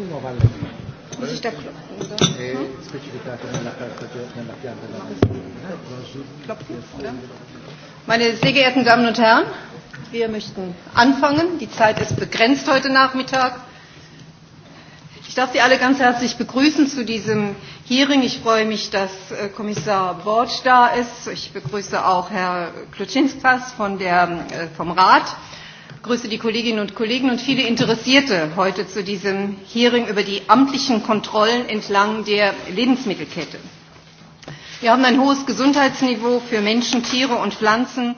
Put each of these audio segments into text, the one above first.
uno vale Questa è eh, specificata nella carta nella pianta della nazione. Meine sehr geehrten Damen und Herren, wir möchten anfangen. Die Zeit ist begrenzt heute Nachmittag. Ich darf Sie alle ganz herzlich begrüßen zu diesem Hearing. Ich freue mich, dass äh, Kommissar Bortsch da ist. Ich begrüße auch Herr Klutschinskas von der, äh, vom Rat grüße die Kolleginnen und Kollegen und viele Interessierte heute zu diesem Hearing über die amtlichen Kontrollen entlang der Lebensmittelkette. Wir haben ein hohes Gesundheitsniveau für Menschen, Tiere und Pflanzen,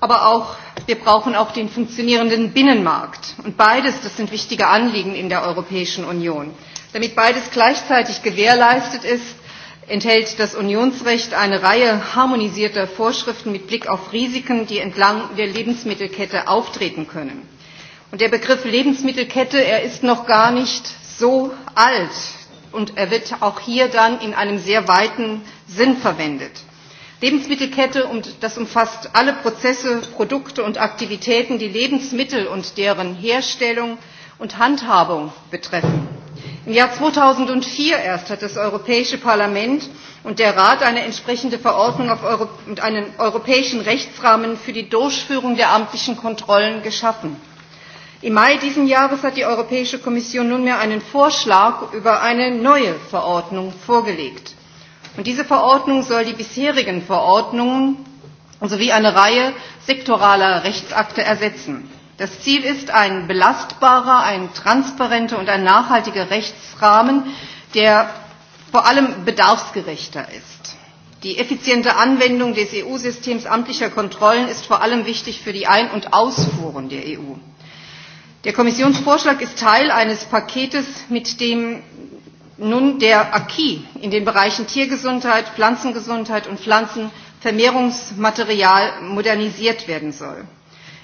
aber auch wir brauchen auch den funktionierenden Binnenmarkt. Und beides, das sind wichtige Anliegen in der Europäischen Union. Damit beides gleichzeitig gewährleistet ist, enthält das Unionsrecht eine Reihe harmonisierter Vorschriften mit Blick auf Risiken, die entlang der Lebensmittelkette auftreten können. Und der Begriff Lebensmittelkette, er ist noch gar nicht so alt und er wird auch hier dann in einem sehr weiten Sinn verwendet. Lebensmittelkette, und das umfasst alle Prozesse, Produkte und Aktivitäten, die Lebensmittel und deren Herstellung und Handhabung betreffen. Im Jahr 2004 erst hat das Europäische Parlament und der Rat eine entsprechende Verordnung auf Euro und einen europäischen Rechtsrahmen für die Durchführung der amtlichen Kontrollen geschaffen. Im Mai diesen Jahres hat die Europäische Kommission nunmehr einen Vorschlag über eine neue Verordnung vorgelegt. Und diese Verordnung soll die bisherigen Verordnungen sowie eine Reihe sektoraler Rechtsakte ersetzen. Das Ziel ist ein belastbarer, ein transparenter und ein nachhaltiger Rechtsrahmen, der vor allem bedarfsgerechter ist. Die effiziente Anwendung des EU-Systems amtlicher Kontrollen ist vor allem wichtig für die Ein- und Ausfuhren der EU. Der Kommissionsvorschlag ist Teil eines Paketes, mit dem nun der Acquis in den Bereichen Tiergesundheit, Pflanzengesundheit und Pflanzenvermehrungsmaterial modernisiert werden soll.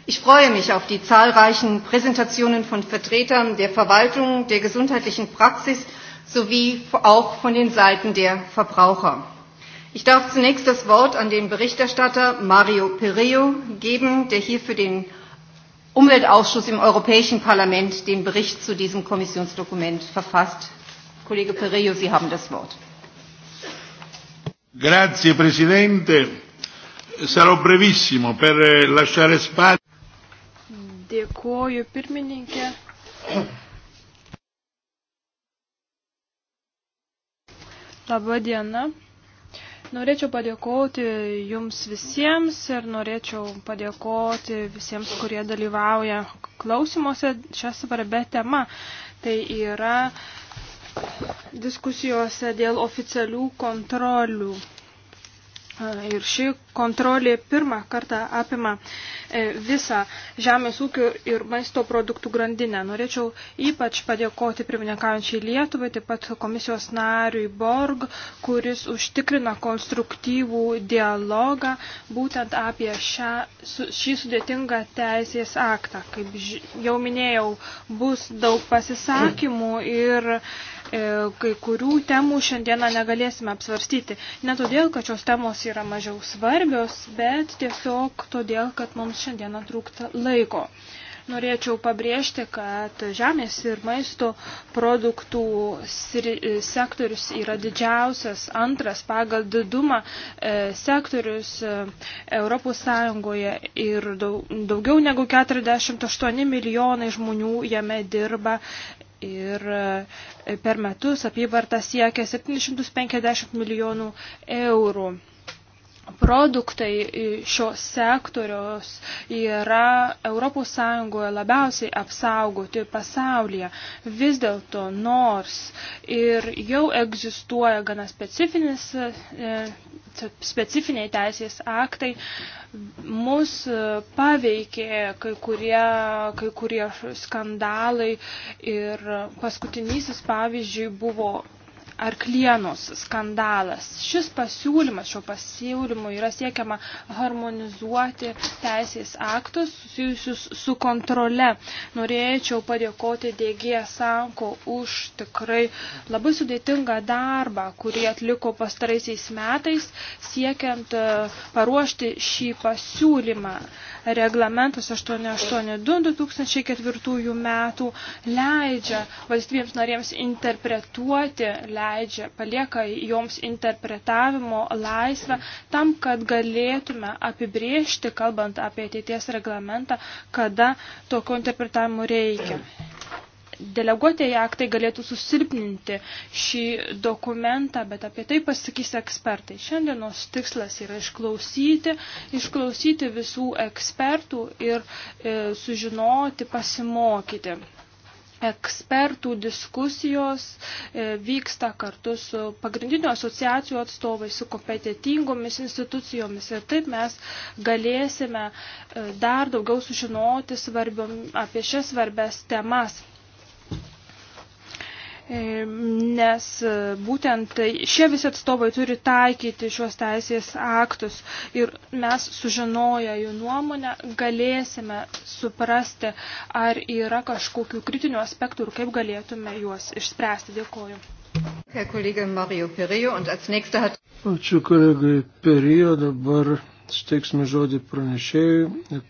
Ich freue mich auf die zahlreichen Präsentationen von Vertretern der Verwaltung, der gesundheitlichen Praxis sowie auch von den Seiten der Verbraucher. Ich darf zunächst das Wort an den Berichterstatter Mario Pereo geben, der hier für den Umweltausschuss im Europäischen Parlament den Bericht zu diesem Kommissionsdokument verfasst. Kollege Pereo, Sie haben das Wort. Grazie Presidente, sarò brevissimo per eh, lasciare spazio. Dėkuoju pirmininkė. Labą dieną. Norėčiau padėkoti jums visiems ir norėčiau padėkoti visiems, kurie dalyvauja klausimuose šią svarbę temą. Tai yra diskusijose dėl oficialių kontrolių. Ir ši kontrolė pirmą kartą apima e, visą žemės ūkio ir maisto produktų grandinę. Norėčiau ypač padėkoti pirmininkaujančiai Lietuvai, taip pat komisijos nariui Borg, kuris užtikrina konstruktyvų dialogą būtent apie šią, šį sudėtingą teisės aktą. Kaip jau minėjau, bus daug pasisakymų ir. Hmm E, kai kurių temų šiandieną negalėsime apsvarstyti. Ne todėl, kad šios temos yra mažiau svarbios, bet tiesiog todėl, kad mums šiandieną trūksta laiko. Norėčiau pabrėžti, kad žemės ir maisto produktų sektorius yra didžiausias, antras pagal didumą e, sektorius ES ir daugiau negu 48 milijonai žmonių jame dirba Ir e, per metus apyvarta siekia 750 milijonų eurų produktai šios sektoriaus yra ES labiausiai apsaugoti pasaulyje. Vis dėlto nors ir jau egzistuoja gana specifinis, e, specifiniai teisės aktai, mus paveikė kai kurie, kai kurie skandalai ir paskutinysis pavyzdžiui buvo arklienos skandalas. Šis pasiūlymas, šio pasiūlymu yra siekiama harmonizuoti teisės aktus susijusius su kontrole. Norėčiau padėkoti DG Sanko už tikrai labai sudėtingą darbą, kurį atliko pastaraisiais metais, siekiant e, paruošti šį pasiūlymą. Reglamentas 882-2004 metų leidžia valstybėms narėms interpretuoti, leidžia leidžia, palieka joms interpretavimo laisvę tam, kad galėtume apibriežti, kalbant apie ateities reglamentą, kada tokio interpretavimo reikia. Deleguotieji aktai galėtų susilpninti šį dokumentą, bet apie tai pasakys ekspertai. Šiandienos tikslas yra išklausyti, išklausyti visų ekspertų ir e, sužinoti, pasimokyti ekspertų diskusijos e, vyksta kartu su pagrindinių asociacijų atstovais, su kompetitingomis institucijomis ir taip mes galėsime e, dar daugiau sužinoti svarbiom, apie šias svarbias temas nes e, būtent tai šie visi atstovai turi taikyti šios teisės aktus ir mes sužinoję jų nuomonę galėsime suprasti, ar yra kažkokių kritinių aspektų ir kaip galėtume juos išspręsti. Dėkuoju. Ačiū kolegai Perijo, dabar steiksime žodį pranešėjui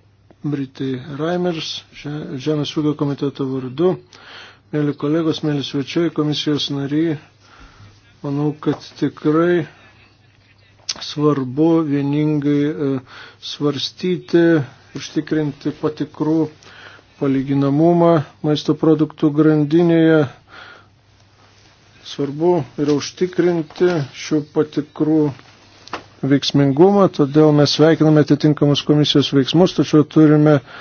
Britai Raimers, Žemės ūkio komiteto vardu. Mėly kolegos, mėly svečiai, komisijos nariai, manau, kad tikrai svarbu vieningai e, svarstyti, užtikrinti patikrų palyginamumą maisto produktų grandinėje. Svarbu yra užtikrinti šių patikrų veiksmingumą, todėl mes sveikiname atitinkamus komisijos veiksmus, tačiau turime uh,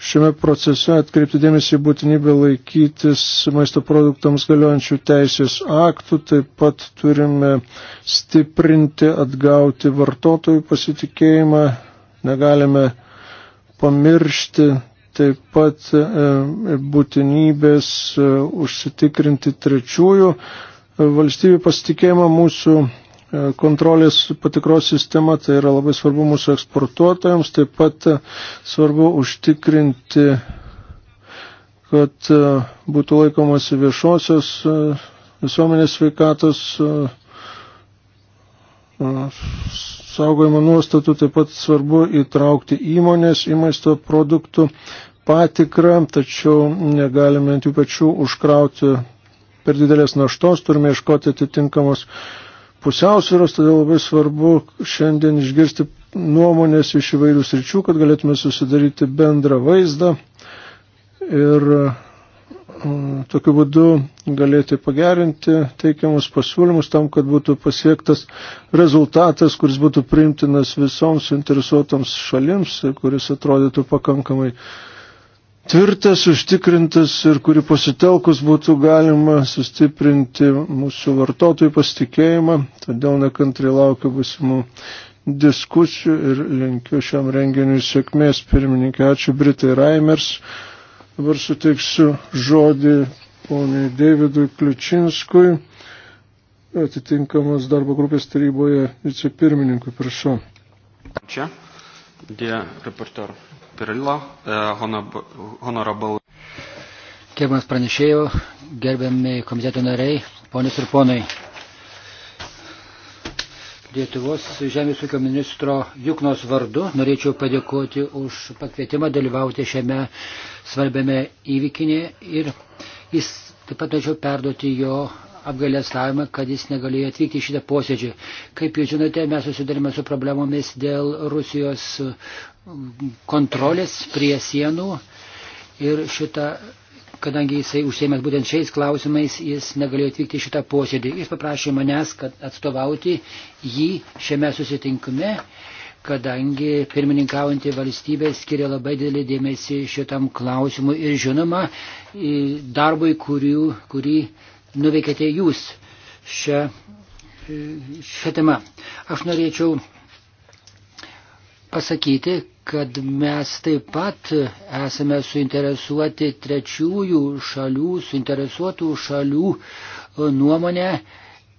šiame procese atkreipti dėmesį į būtinybę laikytis maisto produktams galiojančių teisės aktų, taip pat turime stiprinti, atgauti vartotojų pasitikėjimą, negalime pamiršti taip pat e, būtinybės e, užsitikrinti trečiųjų valstybių pasitikėjimą mūsų E, kontrolės patikros sistema, tai yra labai svarbu mūsų eksportuotojams, taip pat e, svarbu užtikrinti, kad e, būtų laikomasi viešosios visuomenės sveikatos saugojimo nuostatų, taip pat svarbu įtraukti įmonės į maisto produktų patikrą, tačiau negalime ant jų pačių užkrauti per didelės naštos, turime iškoti atitinkamos uh, pusiausvėros, todėl labai svarbu šiandien išgirsti nuomonės iš įvairių sričių, kad galėtume susidaryti bendrą vaizdą ir mm, tokiu būdu galėti pagerinti teikiamus pasiūlymus tam, kad būtų pasiektas rezultatas, kuris būtų priimtinas visoms suinteresuotoms šalims, kuris atrodytų pakankamai uh, tvirtas, užtikrintas ir kuri pasitelkus būtų galima sustiprinti mūsų vartotojų pasitikėjimą. Todėl nekantrai laukiu būsimų diskusijų ir linkiu šiam renginiui sėkmės. Pirmininkė, ačiū Britai Raimers. Dabar suteiksiu žodį poniai Davidui Kliučinskui, atitinkamos darbo grupės taryboje vicepirmininkui. Prašau. Čia, dėl reportero. Pirilo, e, honorable. Gerbiamas pranešėjau, gerbiami komiteto nariai, ponės ir ponai. Lietuvos žemės ūkio ministro Juknos vardu norėčiau padėkoti už pakvietimą dalyvauti šiame svarbiame įvykinėje ir jis taip pat norėčiau perduoti jo apgailestavimą, kad jis negalėjo atvykti į šitą posėdžią. Kaip jūs žinote, mes susidarėme su problemomis dėl Rusijos mm, kontrolės prie sienų ir šitą, kadangi jisai užsėmęs būtent šiais klausimais, jis negalėjo atvykti į šitą posėdį. Jis paprašė manęs, kad atstovauti jį šiame susitinkime kadangi pirmininkaujantį valstybę skiria labai didelį dėmesį šitam klausimui ir žinoma darbui, kurių, kurį nuveikėte jūs šią, šią temą. Aš norėčiau pasakyti, kad mes taip pat esame suinteresuoti trečiųjų šalių, suinteresuotų šalių nuomonę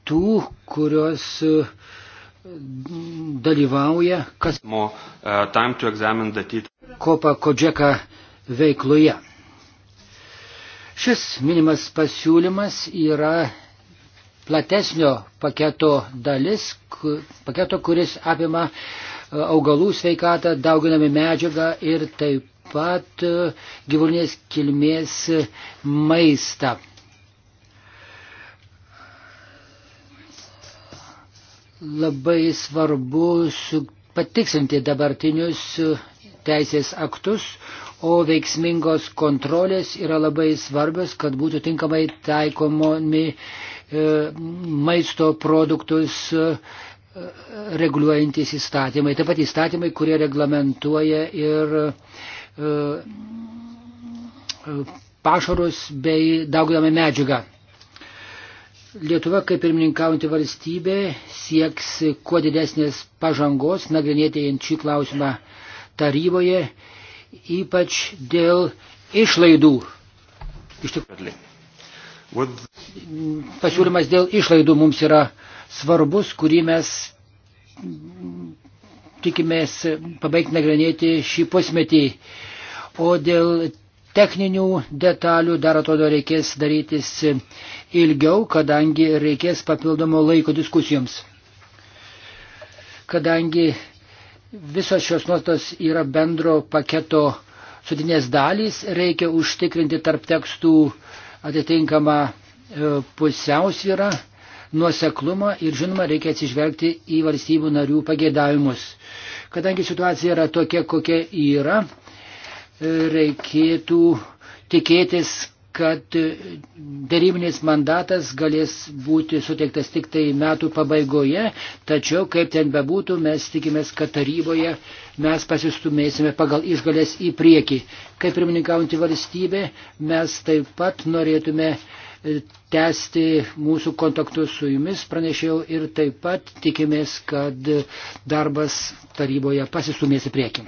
tų, kurios mm, dalyvauja kas eh, kopa kodžeka veikloje. Šis minimas pasiūlymas yra platesnio paketo dalis, paketo, kuris apima e, augalų sveikatą, dauginami medžiagą ir taip pat e, gyvulinės kilmės maistą. Labai svarbu patiksinti dabartinius teisės aktus, o veiksmingos kontrolės yra labai svarbios, kad būtų tinkamai taikomomi e, maisto produktus e, reguliuojantis įstatymai. Taip pat įstatymai, kurie reglamentuoja ir e, pašarus bei dauginamą medžiagą. Lietuva kaip pirmininkaujanti valstybė sieks kuo didesnės pažangos nagrinėti šį klausimą taryboje ypač dėl išlaidų. Iš tikrųjų, pasiūlymas dėl išlaidų mums yra svarbus, kurį mes tikimės pabaigti nagrinėti šį pusmetį. O dėl techninių detalių dar atrodo reikės darytis ilgiau, kadangi reikės papildomo laiko diskusijoms. Kadangi Visos šios nuostatos yra bendro paketo sudinės dalys, reikia užtikrinti tarp tekstų atitinkamą e, pusiausvyrą, nuoseklumą ir žinoma reikia atsižvelgti į valstybių narių pagėdavimus. Kadangi situacija yra tokia, kokia yra, e, reikėtų tikėtis, kad dėrybinis mandatas galės būti suteiktas tik tai metų pabaigoje, tačiau kaip ten bebūtų, mes tikimės, kad taryboje mes pasistumėsime pagal išgalės į priekį. Kaip pirmininkaujantį valstybę, mes taip pat norėtume e, tęsti mūsų kontaktus su jumis, pranešiau, ir taip pat tikimės, kad darbas taryboje pasistumės į priekį.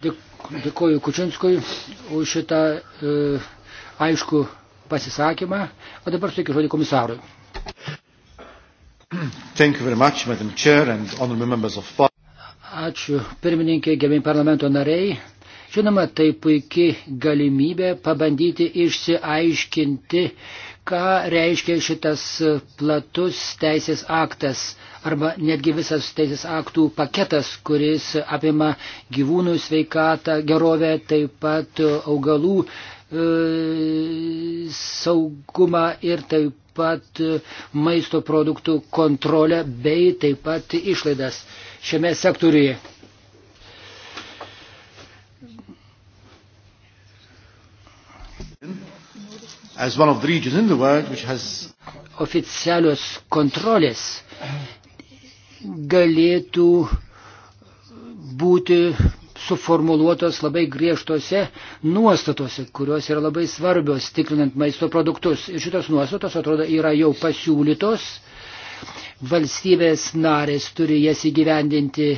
Dėkuoju Kučinskui už šitą e, aišku pasisakymą, o dabar suteikiu žodį komisarui. Much, Chair, of... Ačiū pirmininkė, gerbėjai parlamento nariai. Žinoma, tai puikiai galimybė pabandyti išsiaiškinti ką reiškia šitas platus teisės aktas arba netgi visas teisės aktų paketas, kuris apima gyvūnų sveikatą, gerovę, taip pat augalų e, saugumą ir taip pat maisto produktų kontrolę bei taip pat išlaidas šiame sektoriuje. as one of the regions in the world which has oficialios kontrolės galėtų būti suformuluotos labai griežtose nuostatose, kurios yra labai svarbios tikrinant maisto produktus. Ir šitos nuostatos, atrodo, yra jau pasiūlytos. Valstybės narės turi jas įgyvendinti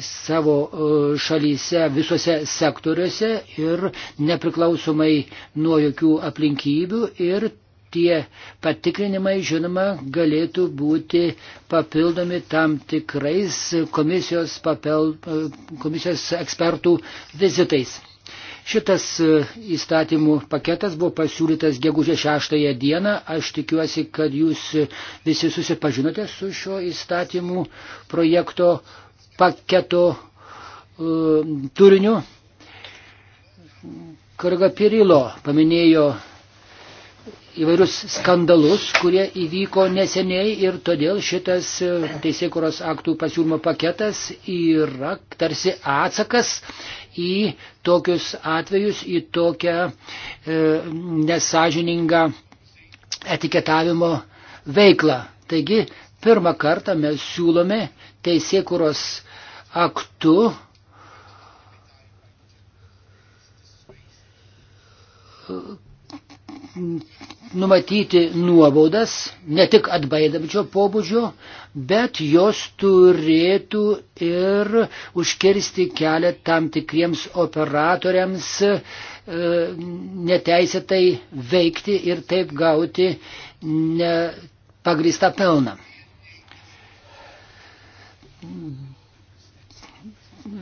savo e, šalyse visuose sektoriuose ir nepriklausomai nuo jokių aplinkybių ir tie patikrinimai, žinoma, galėtų būti papildomi tam tikrais komisijos, papel, e, komisijos ekspertų vizitais. Šitas e, įstatymų paketas buvo pasiūlytas gegužė 6 dieną. Aš tikiuosi, kad jūs visi susipažinote su šio įstatymų projekto paketo e, turiniu. Karga Pirilo paminėjo įvairius skandalus, kurie įvyko neseniai ir todėl šitas e, teisėkuros aktų pasiūlymo paketas yra tarsi atsakas į tokius atvejus, į tokią e, nesažiningą etiketavimo veiklą. Taigi, pirmą kartą mes siūlome teisėkuros aktu numatyti nuobaudas, ne tik atbaidamčio pobūdžio, bet jos turėtų ir užkirsti kelią tam tikriems operatoriams e, neteisėtai veikti ir taip gauti pagrįstą pelną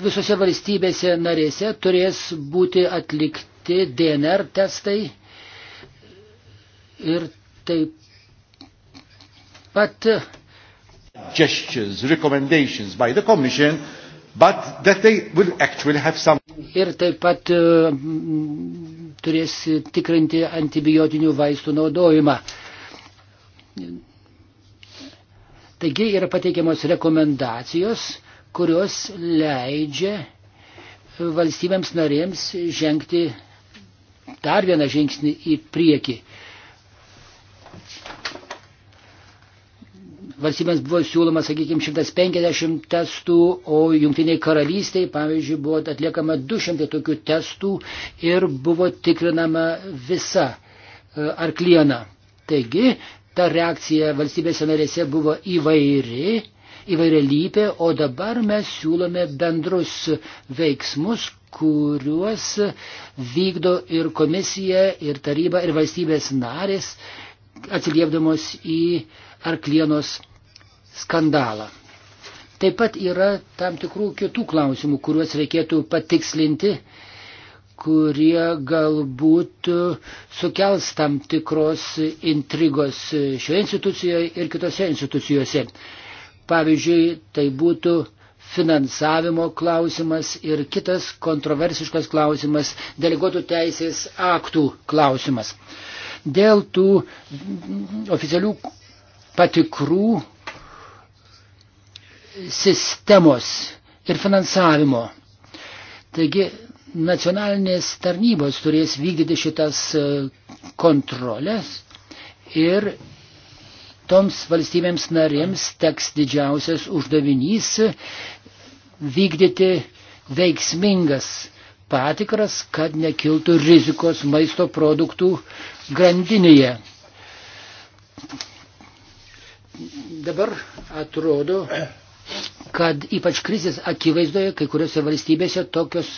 visose valstybėse narėse turės būti atlikti DNR testai ir taip pat gestures, recommendations by the Commission, but that they will actually have some. Ir taip pat e, turės tikrinti antibiotinių vaistų naudojimą. Taigi yra pateikiamos rekomendacijos kurios leidžia valstybėms narėms žengti dar vieną žingsnį į priekį. Valstybėms buvo siūloma, sakykime, 150 testų, o jungtiniai karalystiai, pavyzdžiui, buvo atliekama 200 tokių testų ir buvo tikrinama visa e, arkliena. Taigi, ta reakcija valstybėse narėse buvo įvairi įvairialypė, o dabar mes siūlome bendrus veiksmus, kuriuos vykdo ir komisija, ir taryba, ir valstybės narės, atsiliepdamos į arklienos skandalą. Taip pat yra tam tikrų kitų klausimų, kuriuos reikėtų patikslinti, kurie galbūt sukels tam tikros intrigos šioje institucijoje ir kitose institucijose. Pavyzdžiui, tai būtų finansavimo klausimas ir kitas kontroversiškas klausimas - deleguotų teisės aktų klausimas. Dėl tų oficialių patikrų sistemos ir finansavimo. Taigi nacionalinės tarnybos turės vykdyti šitas kontrolės ir toms valstybėms narėms teks didžiausias uždavinys vykdyti veiksmingas patikras, kad nekiltų rizikos maisto produktų grandinėje. Dabar atrodo, kad ypač krizės akivaizdoje kai kuriuose valstybėse tokios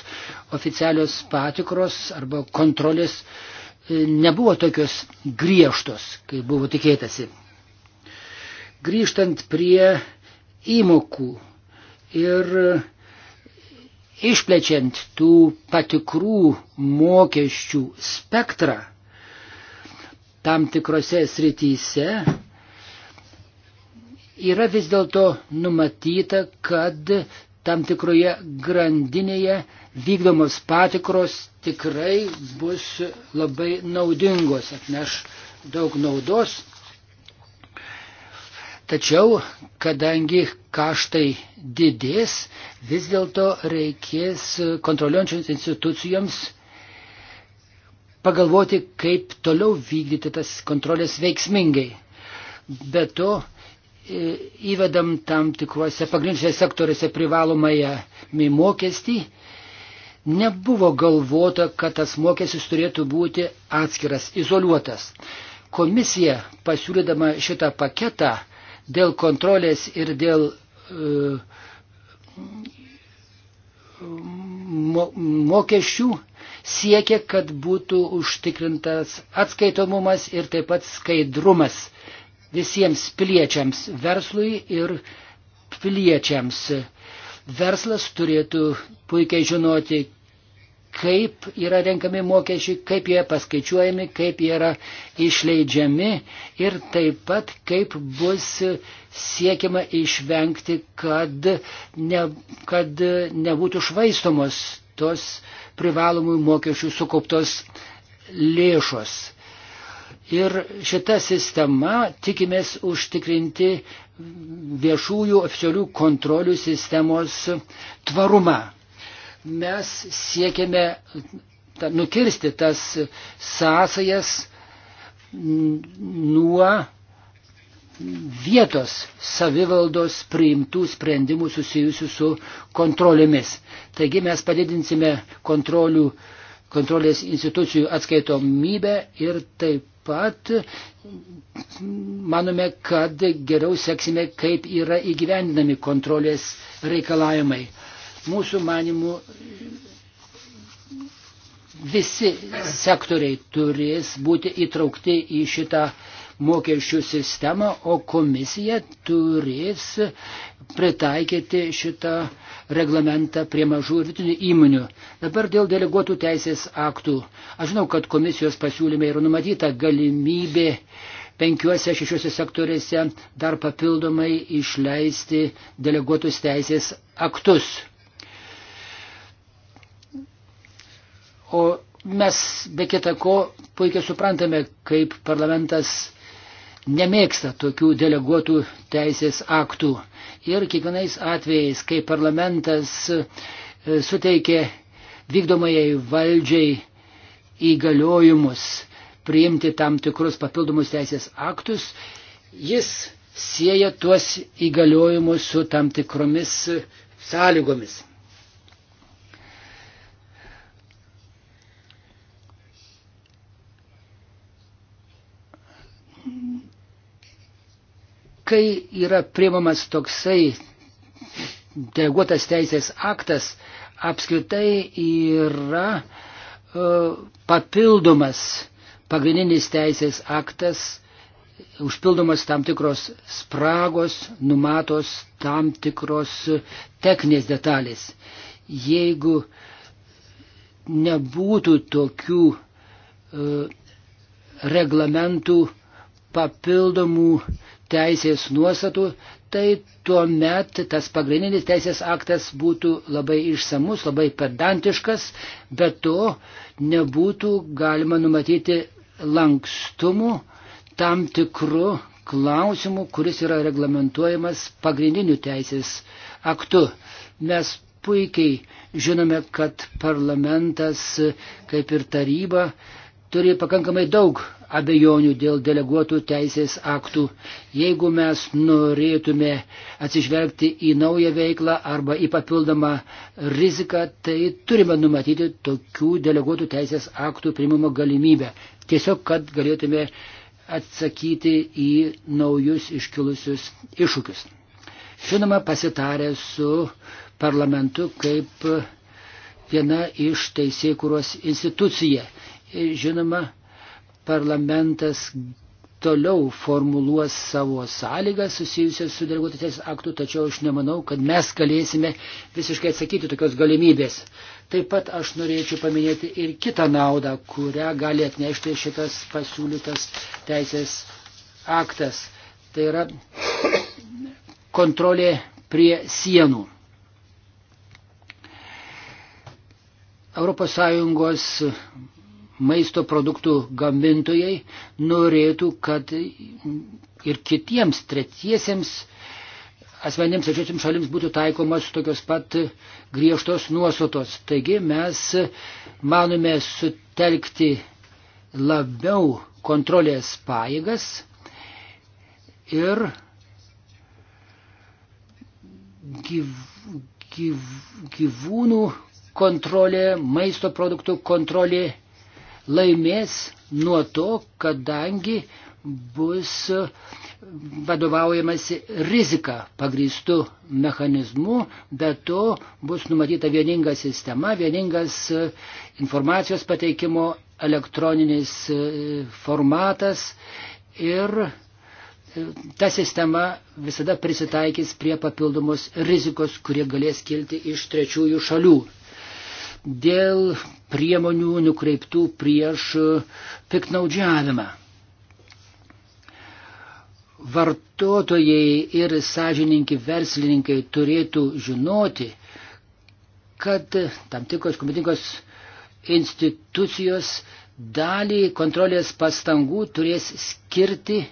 oficialios patikros arba kontrolės e, nebuvo tokios griežtos, kaip buvo tikėtasi. Grįžtant prie įmokų ir išplečiant tų patikrų mokesčių spektrą, tam tikrose srityse yra vis dėlto numatyta, kad tam tikroje grandinėje vykdomos patikros tikrai bus labai naudingos, atneš daug naudos Tačiau, kadangi kaštai didės, vis dėlto reikės kontroliuojančioms institucijoms pagalvoti, kaip toliau vykdyti tas kontrolės veiksmingai. Be to, įvedam tam tikruose pagrindžiuose sektoriuose privalomąją mokestį. Nebuvo galvota, kad tas mokestis turėtų būti atskiras, izoliuotas. Komisija pasiūlydama šitą paketą dėl kontrolės ir dėl e, mo, mokesčių siekia, kad būtų užtikrintas atskaitomumas ir taip pat skaidrumas visiems piliečiams, verslui ir piliečiams. Verslas turėtų puikiai žinoti, kaip yra renkami mokesčiai, kaip jie paskaičiuojami, kaip jie yra išleidžiami ir taip pat kaip bus siekiama išvengti, kad, ne, kad nebūtų švaistomos tos privalomų mokesčių sukauptos lėšos. Ir šita sistema tikimės užtikrinti viešųjų oficialių kontrolių sistemos tvarumą mes siekiame ta, nukirsti tas sąsajas nuo vietos savivaldos priimtų sprendimų susijusių su kontrolėmis. Taigi mes padidinsime kontrolių, kontrolės institucijų atskaitomybę ir taip pat manome, kad geriau seksime, kaip yra įgyvendinami kontrolės reikalavimai. Mūsų manimų visi sektoriai turės būti įtraukti į šitą mokesčių sistemą, o komisija turės pritaikyti šitą reglamentą prie mažų ir vidutinių įmonių. Dabar dėl deleguotų teisės aktų. Aš žinau, kad komisijos pasiūlyme yra numatyta galimybė penkiuose, šešiuose sektoriuose dar papildomai išleisti deleguotus teisės aktus. O mes be kita ko puikiai suprantame, kaip parlamentas nemėgsta tokių deleguotų teisės aktų. Ir kiekvienais atvejais, kai parlamentas e, suteikė vykdomajai valdžiai įgaliojimus priimti tam tikrus papildomus teisės aktus, jis sieja tuos įgaliojimus su tam tikromis sąlygomis. Kai yra priemamas toksai deleguotas teisės aktas, apskritai yra uh, papildomas pagrindinis teisės aktas, užpildomas tam tikros spragos, numatos tam tikros techninės detalės. Jeigu nebūtų tokių uh, reglamentų papildomų teisės nuostatų, tai tuomet tas pagrindinis teisės aktas būtų labai išsamus, labai pedantiškas, bet to nebūtų galima numatyti lankstumu tam tikru klausimu, kuris yra reglamentuojamas pagrindiniu teisės aktu. Mes puikiai žinome, kad parlamentas, kaip ir taryba, turi pakankamai daug abejonių dėl deleguotų teisės aktų. Jeigu mes norėtume atsižvelgti į naują veiklą arba į papildomą riziką, tai turime numatyti tokių deleguotų teisės aktų primimo galimybę. Tiesiog, kad galėtume atsakyti į naujus iškilusius iššūkius. Žinoma, pasitarė su parlamentu kaip viena iš teisėkuros institucija Žinoma, parlamentas toliau formuluos savo sąlygas susijusias su deleguotų teisės aktų, tačiau aš nemanau, kad mes galėsime visiškai atsakyti tokios galimybės. Taip pat aš norėčiau paminėti ir kitą naudą, kurią gali atnešti šitas pasiūlytas teisės aktas. Tai yra kontrolė prie sienų. ES maisto produktų gamintojai norėtų, kad ir kitiems tretiesiems asmenėms trečiosiams šalims būtų taikomas tokios pat griežtos nuostatos. Taigi mes manome sutelkti labiau kontrolės pajėgas ir gyv, gyv, gyvūnų kontrolė, maisto produktų kontrolė laimės nuo to, kadangi bus e, vadovaujamasi rizika pagrįstų mechanizmų, bet to bus numatyta vieninga sistema, vieningas e, informacijos pateikimo elektroninis e, formatas ir ta sistema visada prisitaikys prie papildomos rizikos, kurie galės kilti iš trečiųjų šalių dėl priemonių nukreiptų prieš piknaudžiavimą. Vartotojai ir sąžininkai verslininkai turėtų žinoti, kad tam tikros kompetingos institucijos dalį kontrolės pastangų turės skirti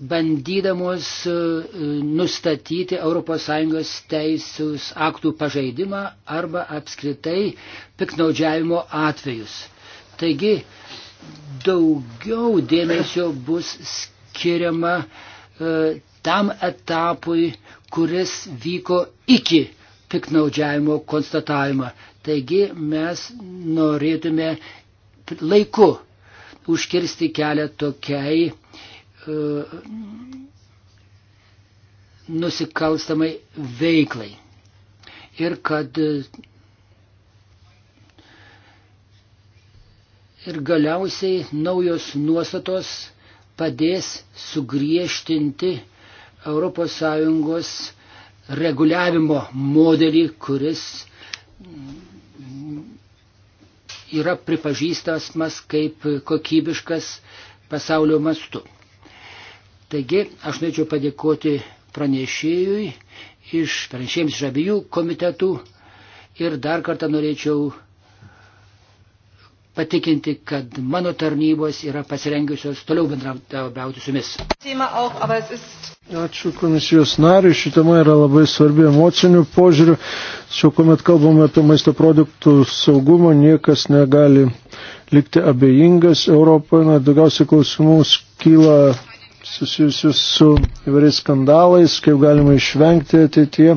bandydamos e, e, nustatyti ES teisės aktų pažeidimą arba apskritai piknaudžiavimo atvejus. Taigi daugiau dėmesio bus skiriama e, tam etapui, kuris vyko iki piknaudžiavimo konstatavimą. Taigi mes norėtume laiku užkirsti kelią tokiai E, nusikalstamai veiklai. Ir kad e, ir galiausiai naujos nuostatos padės sugriežtinti ES reguliavimo modelį, kuris yra pripažįstamas kaip kokybiškas pasaulio mastu. Taigi aš norėčiau padėkoti pranešėjui iš pranešėjams iš abiejų komitetų ir dar kartą norėčiau patikinti, kad mano tarnybos yra pasirengusios toliau bendrauti su jumis. Ačiū komisijos nariui, ši tema yra labai svarbi emocinių požiūrių. Šiuo kuomet kalbame apie maisto produktų saugumą, niekas negali likti abejingas Europoje. Na, daugiausiai klausimų kyla susijusius su įvairiais skandalais, kaip galima išvengti ateitie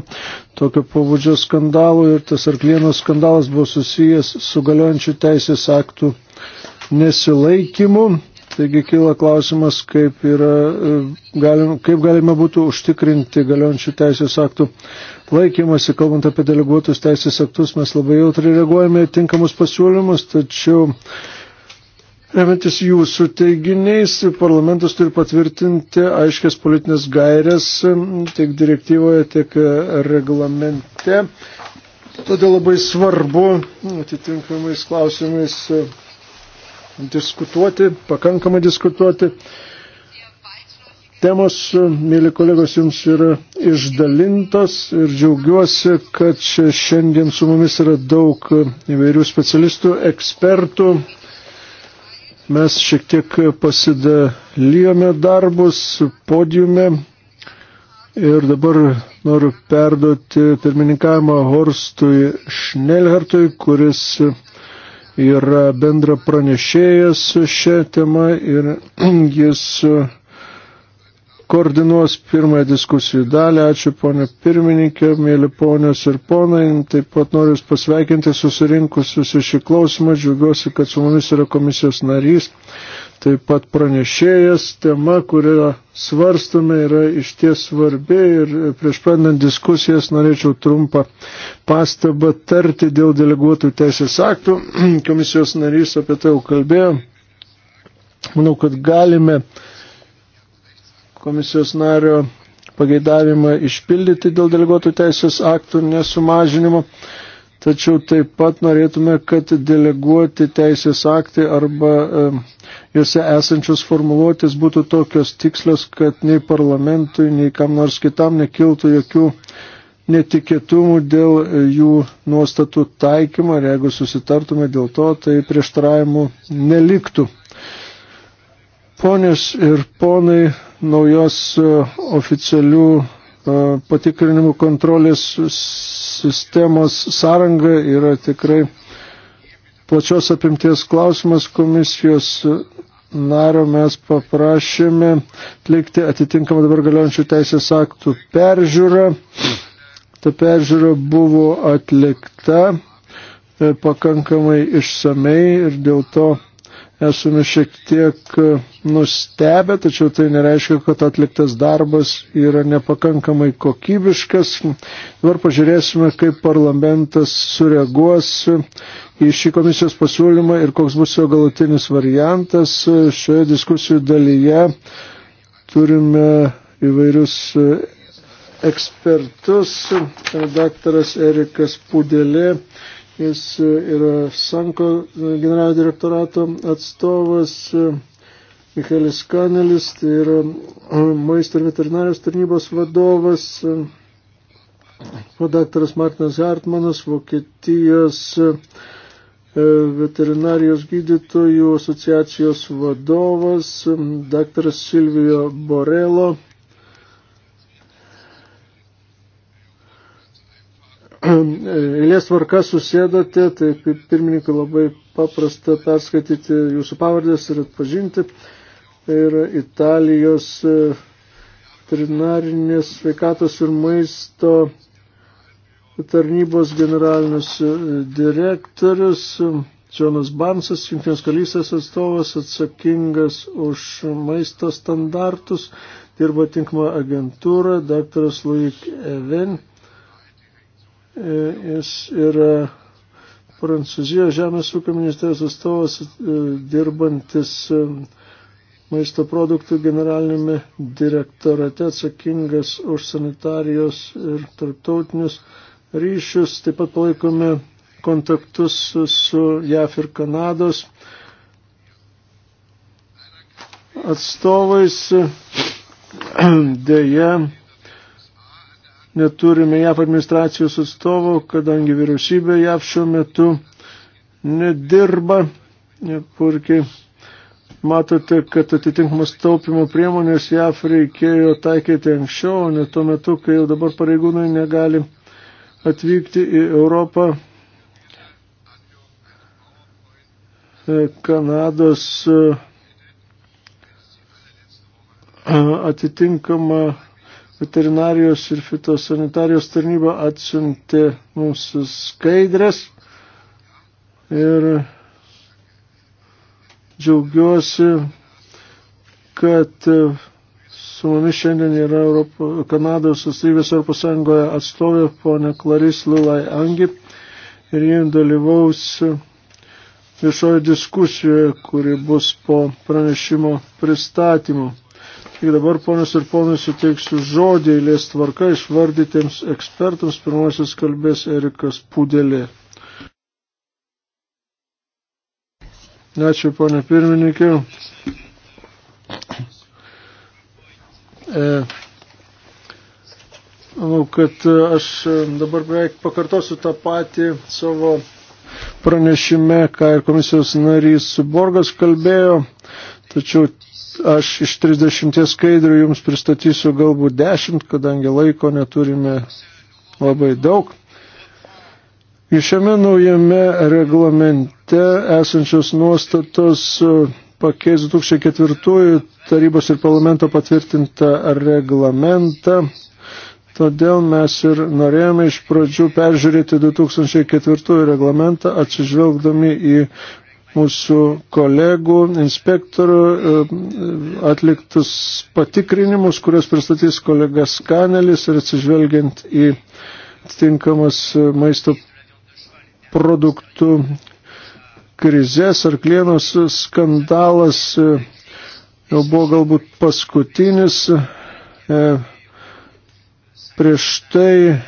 tokio pavudžio skandalų ir tas arklienos skandalas buvo susijęs su galiojančių teisės aktų nesilaikymu. Taigi kyla klausimas, kaip, yra, e, galima, kaip galima būtų užtikrinti galiojančių teisės aktų laikymasi. Kalbant apie deleguotus teisės aktus, mes labai jautriai reaguojame į tinkamus pasiūlymus, tačiau Remiantis jūsų teiginiais, parlamentas turi patvirtinti aiškias politinės gairias tiek direktyvoje, tiek e, reglamente. Todėl labai svarbu atitinkamais klausimais e, diskutuoti, pakankamai diskutuoti. Temos, e, mėly kolegos, jums yra išdalintos ir džiaugiuosi, kad šiandien su mumis yra daug įvairių specialistų, ekspertų Mes šiek tiek pasidalijome darbus podiume ir dabar noriu perduoti pirmininkavimą Horstui Šnelhartui, kuris yra bendra pranešėjas šią temą ir jis koordinuos pirmąją diskusijų dalį. Ačiū ponė pirmininkė, mėly ponios ir ponai. Taip pat noriu Jūs pasveikinti susirinkusius iš šį klausimą. Džiaugiuosi, kad su mumis yra komisijos narys. Taip pat pranešėjas tema, kurią svarstome, yra iš ties svarbi ir prieš pradant diskusijas norėčiau trumpą pastabą tarti dėl deleguotų teisės aktų. Komisijos narys apie tai jau kalbėjo. Manau, kad galime uh, komisijos nario pageidavimą išpildyti dėl deleguotų teisės aktų nesumažinimo, tačiau taip pat norėtume, kad deleguoti teisės aktai arba e, juose esančios formuluotės būtų tokios tikslios, kad nei parlamentui, nei kam nors kitam nekiltų jokių netikėtumų dėl e, jų nuostatų taikymo ir jeigu susitartume dėl to, tai prieštaravimų neliktų. Ponės ir ponai, naujos e, oficialių e, patikrinimų kontrolės sistemos sąranga yra tikrai plačios apimties klausimas komisijos nario mes paprašėme atlikti atitinkamą dabar galiojančių teisės aktų peržiūrą. Ta peržiūra buvo atlikta e, pakankamai išsamei ir dėl to esame šiek tiek e, nustebę, tačiau tai nereiškia, kad atliktas darbas yra nepakankamai kokybiškas. Dabar pažiūrėsime, kaip parlamentas sureaguos į šį komisijos pasiūlymą ir koks bus jo galutinis variantas. Šioje diskusijų dalyje turime įvairius e, ekspertus, daktaras Erikas Pudelė Jis e, yra Sanko e, generalinio direktorato atstovas. E, Michaelis Kanelis, tai yra maisto ir veterinarijos tarnybos vadovas, daktaras Martinas Hartmanas, Vokietijos veterinarijos gydytojų asociacijos vadovas, daktaras Silvijo Borelo, eilės varka susėdote, tai kaip pirmininkai labai paprasta perskaityti jūsų pavardės ir atpažinti. Tai yra Italijos e, veterinarinės sveikatos ir maisto tarnybos generalinis e, direktorius Džonas e, Bansas, Junktinės karalystės atstovas, atsakingas už maisto standartus, dirba tinkama agentūra, daktaras Luik Even jis yra Prancūzijos žemės ūkio ministerijos atstovas, e, dirbantis e, maisto produktų generalinėme direktorate atsakingas už sanitarijos ir tarptautinius ryšius. Taip pat palaikome kontaktus su JAF ir Kanados atstovais. Deja, neturime JAF administracijos atstovų, kadangi vyriausybė JAF šiuo metu nedirba. Purkiai matote, kad atitinkamas taupimo priemonės JAF reikėjo taikyti anksčiau, ne tuo metu, kai jau dabar pareigūnai negali atvykti į Europą. E, Kanados e, atitinkama veterinarijos ir fitosanitarijos tarnyba atsiuntė mums skaidrės ir džiaugiuosi, kad su mumis šiandien yra Europo, Kanados atstovybės Europos Sąjungoje atstovė ponė Klaris Lilai Angi ir jie dalyvaus viešoje diskusijoje, kuri bus po pranešimo pristatymo. Tik dabar, ponas ir ponai, suteiksiu žodį eilės tvarka išvardytiems ekspertams. Pirmasis kalbės Erikas Pudelė. Ačiū, ponė pirmininkė. E, manau, kad aš dabar beveik pakartosiu tą patį savo pranešime, ką ir komisijos narys Borgas kalbėjo, tačiau aš iš 30 skaidrių jums pristatysiu galbūt 10, kadangi laiko neturime labai daug. Iš šiame naujame reglamente esančios nuostatos pakeis 2004 tarybos ir parlamento patvirtintą reglamentą. Todėl mes ir norėjome iš pradžių peržiūrėti 2004 reglamentą, atsižvelgdami į mūsų kolegų, inspektorių e, atliktus patikrinimus, kuriuos pristatys kolegas Kanelis ir atsižvelgiant į tinkamas e, maisto produktų krizės ar klienos skandalas e, jau buvo galbūt paskutinis. Prieš tai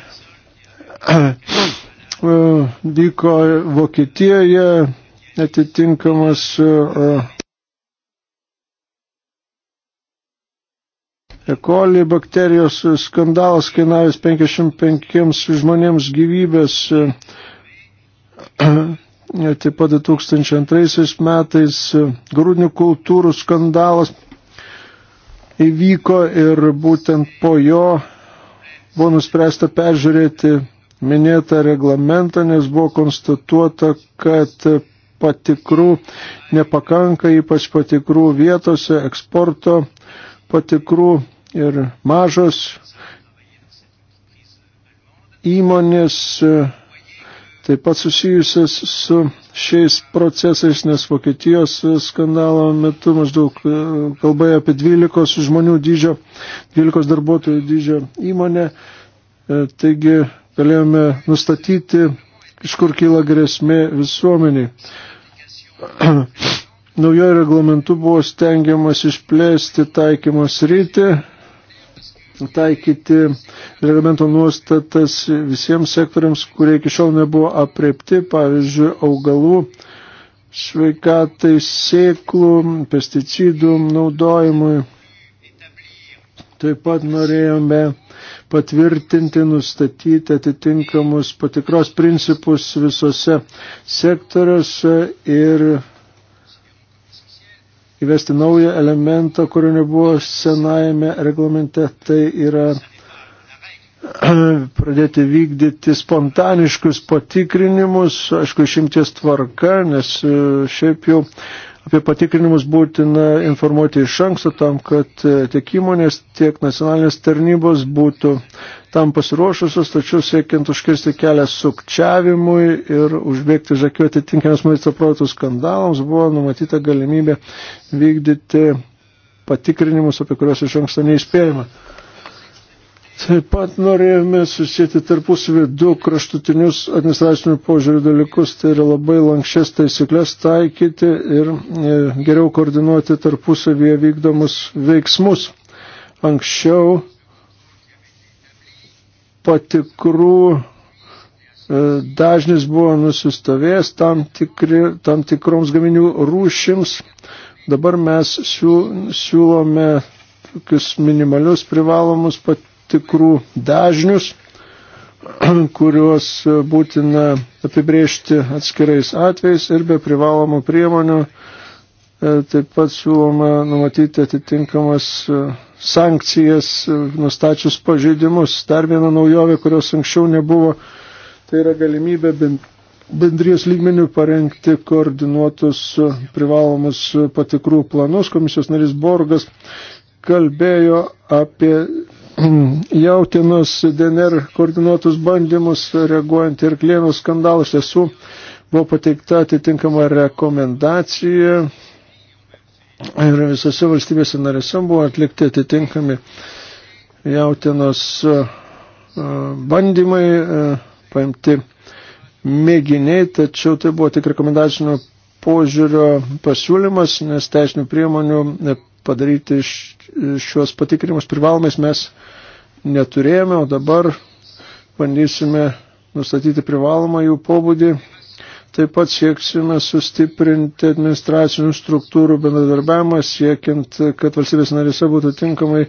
vyko Vokietijoje atitinkamas ekoli e, e. bakterijos skandalas kainavęs 55 žmonėms gyvybės. E, taip pat 2002 metais grūdinių kultūrų skandalas įvyko ir būtent po jo buvo nuspręsta peržiūrėti minėtą reglamentą, nes buvo konstatuota, kad patikrų nepakanka, ypač patikrų vietose, eksporto patikrų ir mažos įmonės taip pat susijusias su šiais procesais, nes Vokietijos skandalo metu maždaug e, kalbai apie 12 žmonių dydžio, 12 darbuotojų dydžio įmonę. E, taigi galėjome nustatyti, iš kur kyla grėsmė visuomeniai. Naujojo reglamentu buvo stengiamas išplėsti taikymos rytį, taikyti reglamento nuostatas visiems sektoriams, kurie iki šiol nebuvo apreipti, pavyzdžiui, augalų sveikatai, sėklų, pesticidų naudojimui. Taip pat norėjome patvirtinti, nustatyti atitinkamus patikros principus visose sektoriuose ir įvesti naują elementą, kurio nebuvo senajame reglamente, tai yra pradėti vykdyti spontaniškus patikrinimus, aišku, šimties tvarka, nes e, šiaip jau Apie patikrinimus būtina informuoti iš anksto tam, kad e, tiek įmonės, tiek nacionalinės tarnybos būtų tam pasiruošusios, tačiau siekiant užkirsti kelią sukčiavimui ir užbėgti žakiu atitinkiamas maisto produktų skandalams, buvo numatyta galimybė vykdyti patikrinimus, apie kuriuos iš anksto neįspėjama. Taip pat norėjome susijęti tarpusavį du kraštutinius administracinių požiūrių dalykus, tai yra labai lankščias taisyklės taikyti ir e, geriau koordinuoti tarpusavyje vykdomus veiksmus. Anksčiau patikrų e, dažnis buvo nusistovėjęs tam, tikri, tam tikroms gaminių rūšims. Dabar mes siūlome tokius minimalius privalomus pat tikrų dažnius, kuriuos e, būtina apibriežti atskirais atvejais ir be privalomų priemonių e, taip pat siūloma numatyti atitinkamas e, sankcijas nustačius pažeidimus. Dar viena naujovė, kurios anksčiau nebuvo, tai yra galimybė bendrijos lygmenių parengti koordinuotus privalomus patikrų planus. Komisijos narys Borgas kalbėjo apie jautinus DNR koordinuotus bandymus, reaguojant ir klienų skandalą. Iš tiesų buvo pateikta atitinkama rekomendacija ir visose valstybėse narėse buvo atlikti atitinkami jautinos e, bandymai, e, paimti mėginiai, tačiau tai buvo tik rekomendacinio požiūrio pasiūlymas, nes teisinių priemonių e, padaryti šiuos patikrinimus privalomais mes neturėjome, o dabar bandysime nustatyti privalomą jų pobūdį. Taip pat sieksime sustiprinti administracinių struktūrų bendradarbiavimą, siekiant, kad valstybės narise būtų tinkamai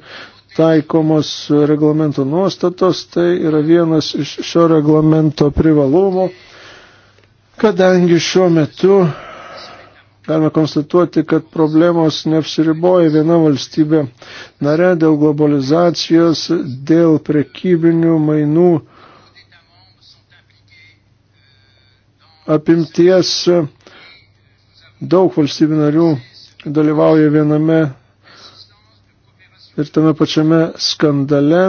taikomos reglamento nuostatos. Tai yra vienas iš šio reglamento privalumų, kadangi šiuo metu Galime konstatuoti, kad problemos neapsiriboja viena valstybė nare dėl globalizacijos, dėl prekybinių mainų apimties. Daug valstybių narių dalyvauja viename ir tame pačiame skandale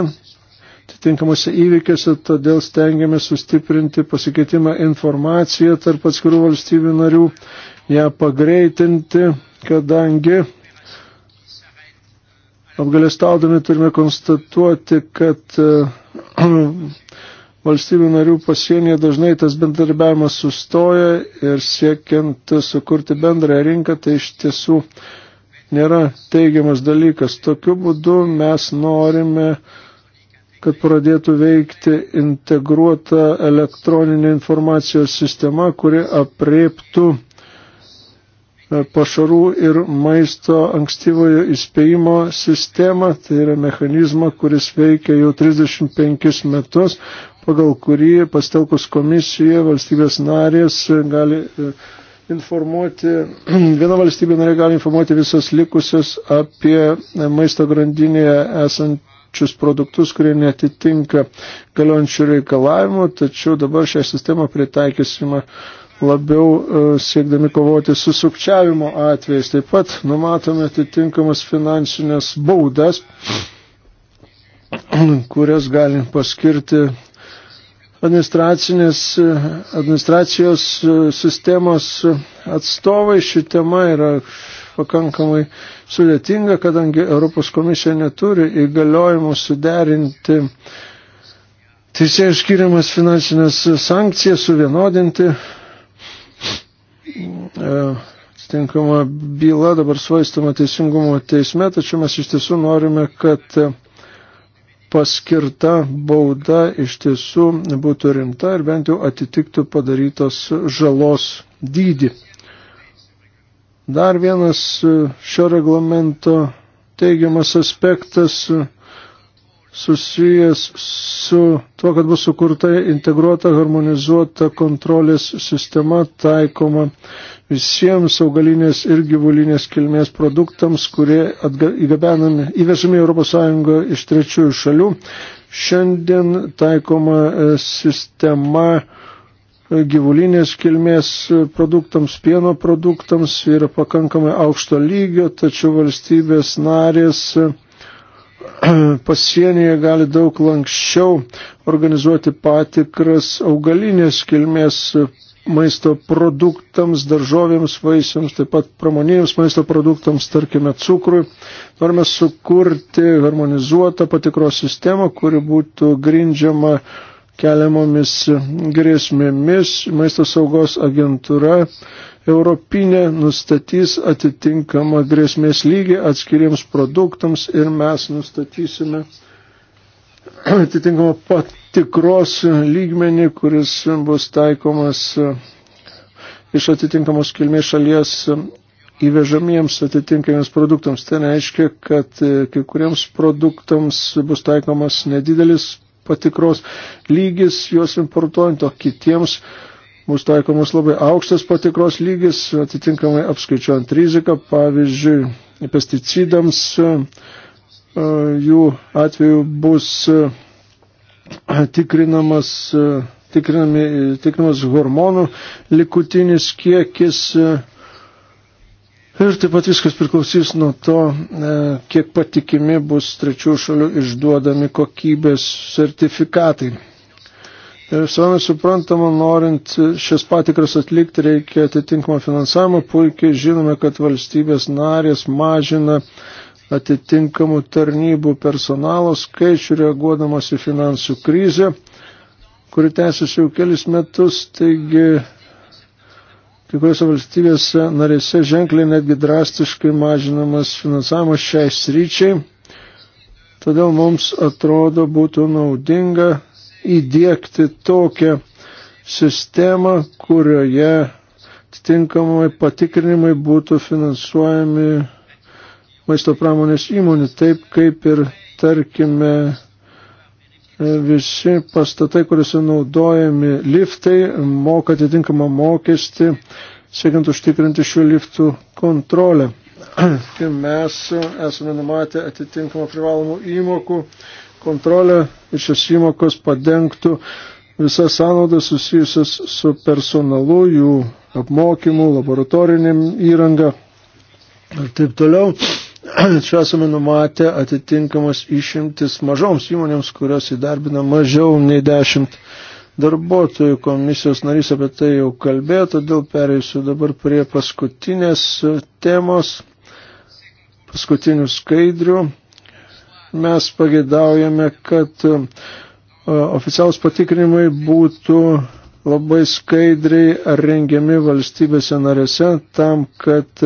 atitinkamuose įvykiuose, todėl stengiamės sustiprinti pasikeitimą informaciją tarp atskirų valstybių narių ją pagreitinti, kadangi apgalėstaudami turime konstatuoti, kad e, valstybių narių pasienyje dažnai tas bendarbiavimas sustoja ir siekiant sukurti bendrąją rinką, tai iš tiesų nėra teigiamas dalykas. Tokiu būdu mes norime, kad pradėtų veikti integruota elektroninė informacijos sistema, kuri apriektų E, pašarų ir maisto ankstyvojo įspėjimo sistemą, tai yra mechanizmą, kuris veikia jau 35 metus, pagal kurį pastelkus komisiją valstybės narės gali e, informuoti, viena valstybė narė gali informuoti visas likusias apie maisto grandinėje esančius produktus, kurie netitinka galiojančių reikalavimų, tačiau dabar šią sistemą pritaikysime labiau e, siekdami kovoti su sukčiavimo atvejais. Taip pat numatome atitinkamas finansinės baudas, kurias gali paskirti administracinės, administracijos e, sistemos atstovai. Ši tema yra pakankamai sudėtinga, kadangi Europos komisija neturi įgaliojimų suderinti teisėjų skiriamas finansinės sankcijas, suvienodinti E, atitinkama byla dabar svaistama teisingumo teisme, tačiau mes iš tiesų norime, kad paskirta bauda iš tiesų būtų rimta ir bent jau atitiktų padarytos žalos dydį. Dar vienas šio reglamento teigiamas aspektas susijęs su tuo, kad bus sukurta integruota, harmonizuota kontrolės sistema taikoma visiems augalinės ir gyvulinės kilmės produktams, kurie įgabenami, įvežami ES iš trečiųjų šalių. Šiandien taikoma e, sistema e, gyvulinės kilmės e, produktams, pieno produktams yra pakankamai aukšto lygio, tačiau valstybės narės pasienyje gali daug lankščiau organizuoti patikras augalinės kilmės maisto produktams, daržovėms, vaisiams, taip pat pramoniniams maisto produktams, tarkime, cukrui. Norime sukurti harmonizuotą patikros sistemą, kuri būtų grindžiama keliamomis grėsmėmis. Maisto saugos agentūra europinė nustatys atitinkamą grėsmės lygį atskiriems produktams ir mes nustatysime atitinkamą patikros lygmenį, kuris bus taikomas iš atitinkamos kilmės šalies įvežamiems atitinkamiems produktams. Tai reiškia, kad kai kuriems produktams bus taikomas nedidelis patikros lygis juos importuojant, o kitiems uh, mūsų taikomus labai aukštas patikros lygis, atitinkamai apskaičiuojant riziką, pavyzdžiui, pesticidams e, jų atveju bus e, tikrinamas, e, tikrinami, tikrinamas hormonų likutinis kiekis ir taip pat viskas priklausys nuo to, kiek patikimi bus trečių šalių išduodami kokybės sertifikatai. Ir savame suprantama, norint šias patikras atlikti, reikia atitinkamą finansavimą. Puikiai žinome, kad valstybės narės mažina atitinkamų tarnybų personalo skaičių reaguodamas į finansų krizę, kuri tęsiasi jau kelis metus. Taigi, kai kuriuose valstybėse narėse ženkliai netgi drastiškai mažinamas finansavimas šiai sryčiai. Todėl mums atrodo būtų naudinga įdėkti tokią sistemą, kurioje atitinkamai patikrinimai būtų finansuojami maisto pramonės įmonių, taip kaip ir, tarkime, visi pastatai, kuriuose naudojami liftai, moka atitinkamą mokestį, siekiant užtikrinti šių liftų kontrolę. Mes esame numatę atitinkamą privalomų įmokų kontrolė iš šios įmokos padengtų visas sąnaudas susijusias su personalu, jų apmokymu, laboratoriniam įranga ir taip toliau. Čia esame numatę atitinkamas išimtis mažoms įmonėms, kurios įdarbina mažiau nei 10 darbuotojų. Komisijos narys apie tai jau kalbėjo, todėl pereisiu dabar prie paskutinės temos, paskutinių skaidrių. Mes pagėdaujame, kad e, oficialus patikrinimai būtų labai skaidriai rengiami valstybėse narėse tam, kad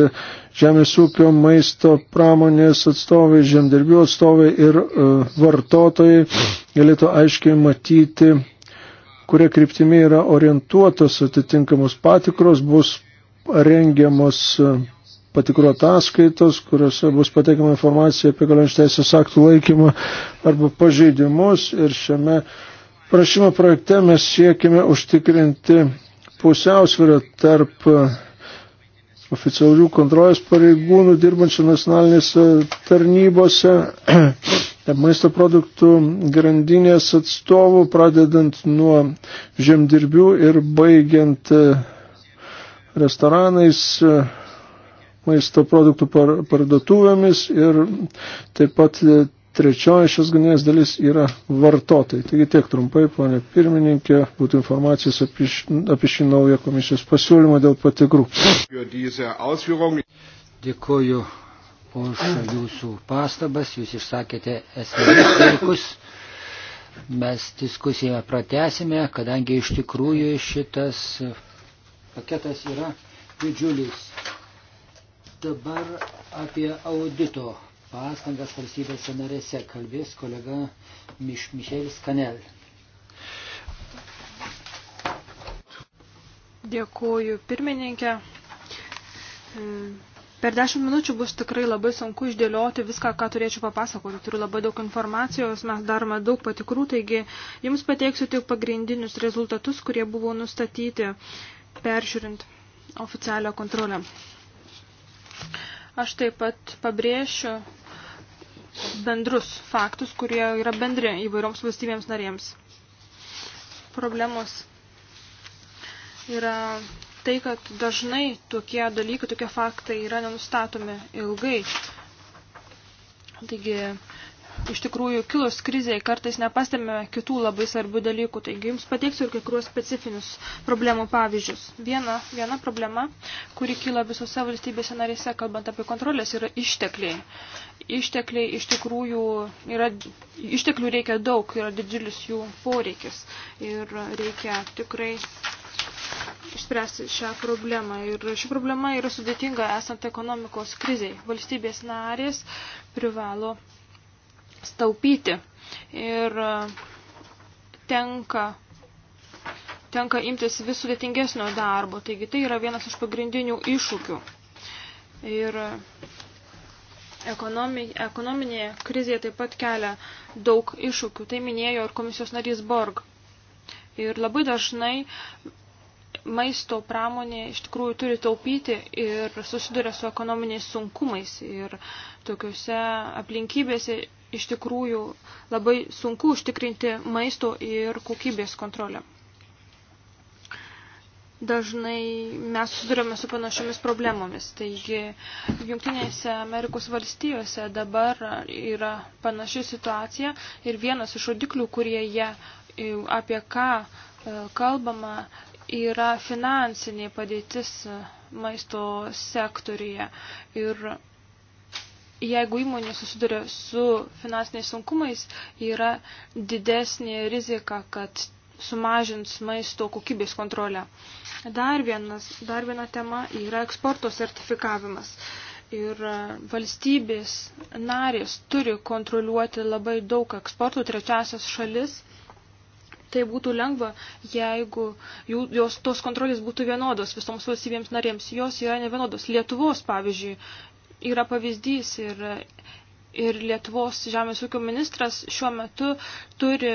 žemės ūkio maisto pramonės atstovai, žemdirbių atstovai ir e, vartotojai galėtų aiškiai matyti, kuria kryptimi yra orientuotos atitinkamos patikros, bus rengiamos e, patikro ataskaitos, kuriuose bus pateikiama informacija apie galiojančių teisės aktų laikymą arba pažeidimus. Ir šiame prašymo projekte mes siekime užtikrinti pusiausvyrą tarp oficialių kontrolės pareigūnų dirbančių nacionalinėse tarnybose, maisto produktų grandinės atstovų, pradedant nuo žemdirbių ir baigiant restoranais, maisto produktų parduotuvėmis ir taip pat e, trečioji šios ganės dalis yra vartotojai. Taigi tiek trumpai, ponė pirmininkė, būtų informacijos apie, apie šį naują komisijos pasiūlymą dėl patikrų. Dėkuoju už jūsų pastabas, jūs išsakėte esminius dalykus. Mes diskusiją pratesime, kadangi iš tikrųjų šitas paketas yra didžiulis. Dabar apie audito pastangas valstybėse narėse kalbės kolega Miš Mišelis Kanel. Dėkuoju pirmininkė. E, per dešimt minučių bus tikrai labai sunku išdėlioti viską, ką turėčiau papasakoti. Turiu labai daug informacijos, mes darome daug patikrų, taigi jums pateiksiu tik pagrindinius rezultatus, kurie buvo nustatyti peržiūrint oficialią kontrolę. Aš taip pat pabrėšiu bendrus faktus, kurie yra bendri įvairioms valstybėms narėms. Problemos yra tai, kad dažnai tokie dalykai, tokie faktai yra nenustatomi ilgai. Taigi iš tikrųjų kilus kriziai kartais nepastebime kitų labai svarbių dalykų. Taigi jums pateiksiu ir kiekvienos specifinius problemų pavyzdžius. Viena, viena problema, kuri kyla visose valstybėse narėse, kalbant apie kontrolės, yra ištekliai. Ištekliai iš tikrųjų yra, išteklių reikia daug, yra didžiulis jų poreikis ir reikia tikrai išspręsti šią problemą. Ir ši problema yra sudėtinga esant ekonomikos kriziai. Valstybės narės privalo staupyti. Ir e, tenka, tenka imtis vis sudėtingesnio darbo. Taigi tai yra vienas iš pagrindinių iššūkių. Ir e, ekonomi, ekonominė krizė taip pat kelia daug iššūkių. Tai minėjo ir komisijos narys Borg. Ir labai dažnai maisto pramonė iš tikrųjų turi taupyti ir susiduria su ekonominiais sunkumais. Ir tokiuose aplinkybėse iš tikrųjų labai sunku užtikrinti maisto ir kokybės kontrolę. Dažnai mes susidurime su panašiomis problemomis. Taigi, Junktinėse Amerikos valstijose dabar yra panaši situacija ir vienas iš rodiklių, kurie jie e, apie ką e, kalbama, yra finansinė padėtis e, maisto sektorija. Ir jeigu įmonė susiduria su finansiniais sunkumais, yra didesnė rizika, kad sumažins maisto kokybės kontrolę. Dar, vienas, dar viena tema yra eksporto sertifikavimas. Ir e, valstybės narės turi kontroliuoti labai daug eksporto trečiasios šalis. Tai būtų lengva, jeigu jų, jos tos kontrolės būtų vienodos visoms valstybėms narėms. Jos yra nevienodos. Lietuvos, pavyzdžiui, yra pavyzdys ir, ir Lietuvos žemės ūkio ministras šiuo metu turi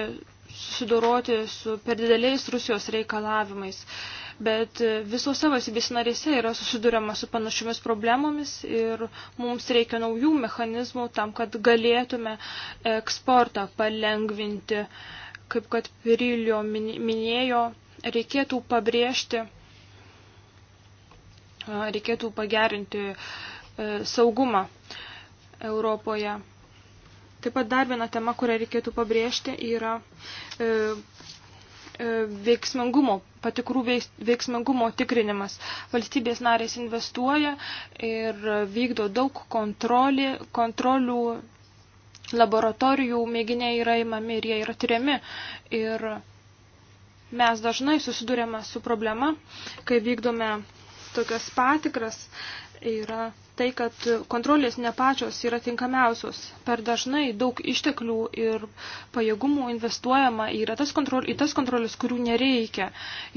susidoroti su per dideliais Rusijos reikalavimais. Bet visose valstybės narėse yra susidurama su panašiomis problemomis ir mums reikia naujų mechanizmų tam, kad galėtume eksportą palengvinti. Kaip kad Pirilio minėjo, reikėtų pabrėžti, reikėtų pagerinti uh, E, saugumą Europoje. Taip pat dar viena tema, kurią reikėtų pabrėžti, yra e, e, veiksmingumo, patikrų veiksmingumo tikrinimas. Valstybės narės investuoja ir vykdo daug kontrolį, kontrolių laboratorijų, mėginiai yra įmami ir jie yra tyriami. Ir mes dažnai susidurėme su problema, kai vykdome tokias patikras yra tai, kad kontrolės ne pačios yra tinkamiausios. Per dažnai daug išteklių ir pajėgumų investuojama yra tas kontrol, į tas kontrolės, kurių nereikia.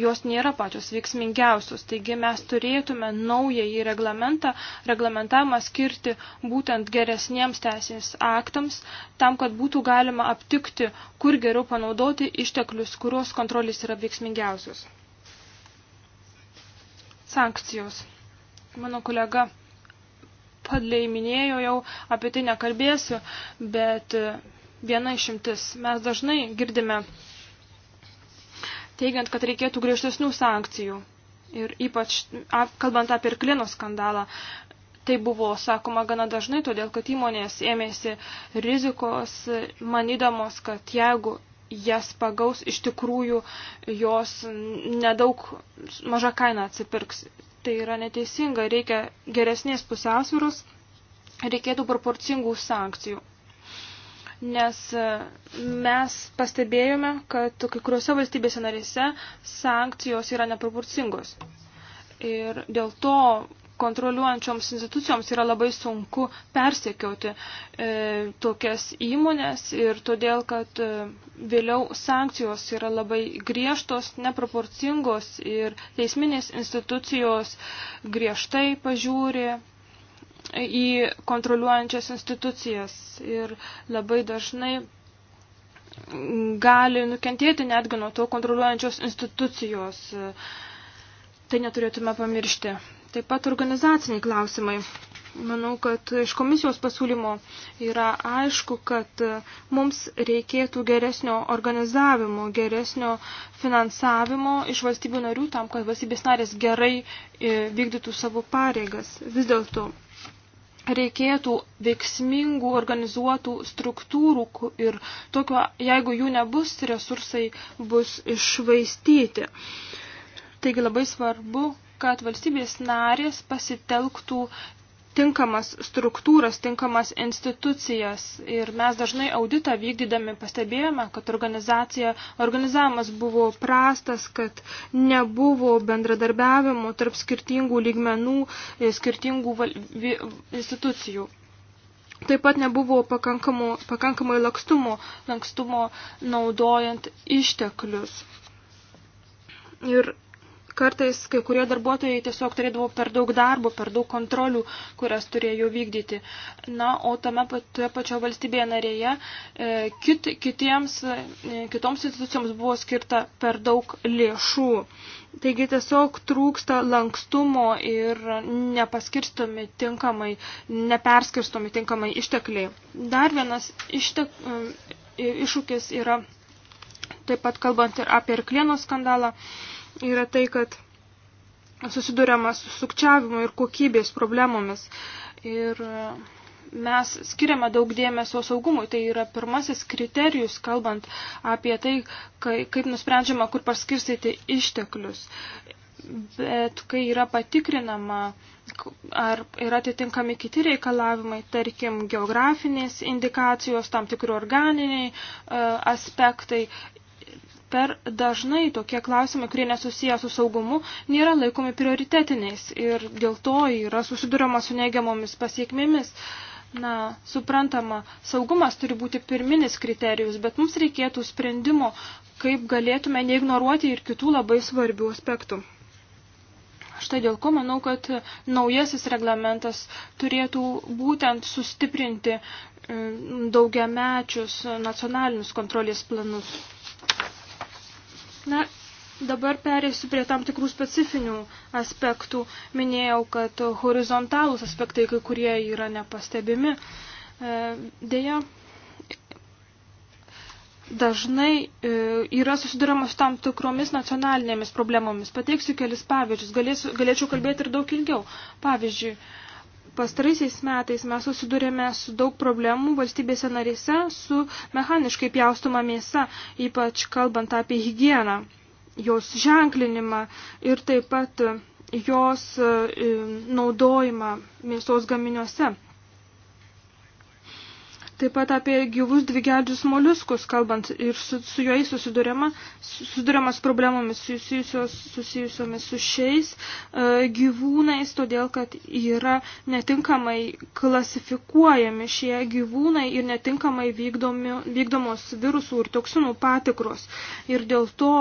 Jos nėra pačios veiksmingiausios. Taigi mes turėtume naująjį reglamentą, reglamentavimą skirti būtent geresniems teisės aktams, tam, kad būtų galima aptikti, kur geriau panaudoti išteklius, kurios kontrolės yra veiksmingiausios sankcijos. Mano kolega padlei minėjo jau, apie tai nekalbėsiu, bet e, viena išimtis. Mes dažnai girdime teigiant, kad reikėtų griežtesnių sankcijų. Ir ypač, kalbant apie Irklino skandalą, tai buvo sakoma gana dažnai, todėl kad įmonės ėmėsi rizikos, manydamos, kad jeigu jas pagaus, iš tikrųjų jos nedaug maža kaina atsipirks. Tai yra neteisinga, reikia geresnės pusiausvyrus, reikėtų proporcingų sankcijų. Nes e, mes pastebėjome, kad kai kuriuose valstybėse narėse sankcijos yra neproporcingos. Ir dėl to kontroliuojančioms institucijoms yra labai sunku persekioti e, tokias įmonės ir todėl, kad e, vėliau sankcijos yra labai griežtos, neproporcingos ir teisminės institucijos griežtai pažiūri į kontroliuojančias institucijas ir labai dažnai gali nukentėti netgi nuo to kontroliuojančios institucijos. Tai neturėtume pamiršti. Taip pat organizaciniai klausimai. Manau, kad iš komisijos pasiūlymo yra aišku, kad mums reikėtų geresnio organizavimo, geresnio finansavimo iš valstybių narių tam, kad valstybės narės gerai e, vykdytų savo pareigas. Vis dėlto reikėtų veiksmingų, organizuotų struktūrų ir tokio, jeigu jų nebus, resursai bus išvaistyti. Taigi labai svarbu kad valstybės narės pasitelktų tinkamas struktūras, tinkamas institucijas. Ir mes dažnai auditą vykdydami pastebėjome, kad organizacija, organizavimas buvo prastas, kad nebuvo bendradarbiavimo tarp skirtingų lygmenų, skirtingų val, vi, institucijų. Taip pat nebuvo pakankamo, pakankamai lankstumo, lankstumo naudojant išteklius. Ir kartais kai kurie darbuotojai tiesiog turėdavo per daug darbo, per daug kontrolių, kurias turėjo vykdyti. Na, o tame toje pačioje valstybėje narėje e, kit, kitiems, e, kitoms institucijoms buvo skirta per daug lėšų. Taigi tiesiog trūksta lankstumo ir nepaskirstomi tinkamai, neperskirstomi tinkamai ištekliai. Dar vienas ištek, e, iššūkis yra, taip pat kalbant ir apie ir klieno skandalą, yra tai, kad susidurėma su sukčiavimu ir kokybės problemomis. Ir e, mes skiriame daug dėmesio saugumui. Tai yra pirmasis kriterijus, kalbant apie tai, kaip nusprendžiama, kur paskirstyti išteklius. Bet kai yra patikrinama, ar yra atitinkami kiti reikalavimai, tarkim, geografinės indikacijos, tam tikri organiniai e, aspektai per dažnai tokie klausimai, kurie nesusiję su saugumu, nėra laikomi prioritetiniais ir dėl to yra susidurama su neigiamomis pasiekmėmis. Na, suprantama, saugumas turi būti pirminis kriterijus, bet mums reikėtų sprendimo, kaip galėtume neignoruoti ir kitų labai svarbių aspektų. Štai dėl ko manau, kad naujasis reglamentas turėtų būtent sustiprinti e, daugiamečius nacionalinius kontrolės planus. Na, dabar perėsiu prie tam tikrų specifinių aspektų. Minėjau, kad horizontalūs aspektai kai kurie yra nepastebimi. E, Deja, dažnai e, yra susidurama su tam tikromis nacionalinėmis problemomis. Pateiksiu kelis pavyzdžius, Galėsiu, galėčiau kalbėti ir daug ilgiau. Pavyzdžiui, pastaraisiais metais mes susidurėme su daug problemų valstybėse narėse su mechaniškai pjaustoma mėsa, ypač kalbant apie higieną, jos ženklinimą ir taip pat jos e, naudojimą mėsos gaminiuose. Taip pat apie gyvus dvigedžius moliuskus, kalbant ir su, su jais susidurima, susiduriamas problemomis susijusios, susijusiomis su šiais e, gyvūnais, todėl kad yra netinkamai klasifikuojami šie gyvūnai ir netinkamai vykdomi, vykdomos virusų ir toksinų patikros. Ir dėl to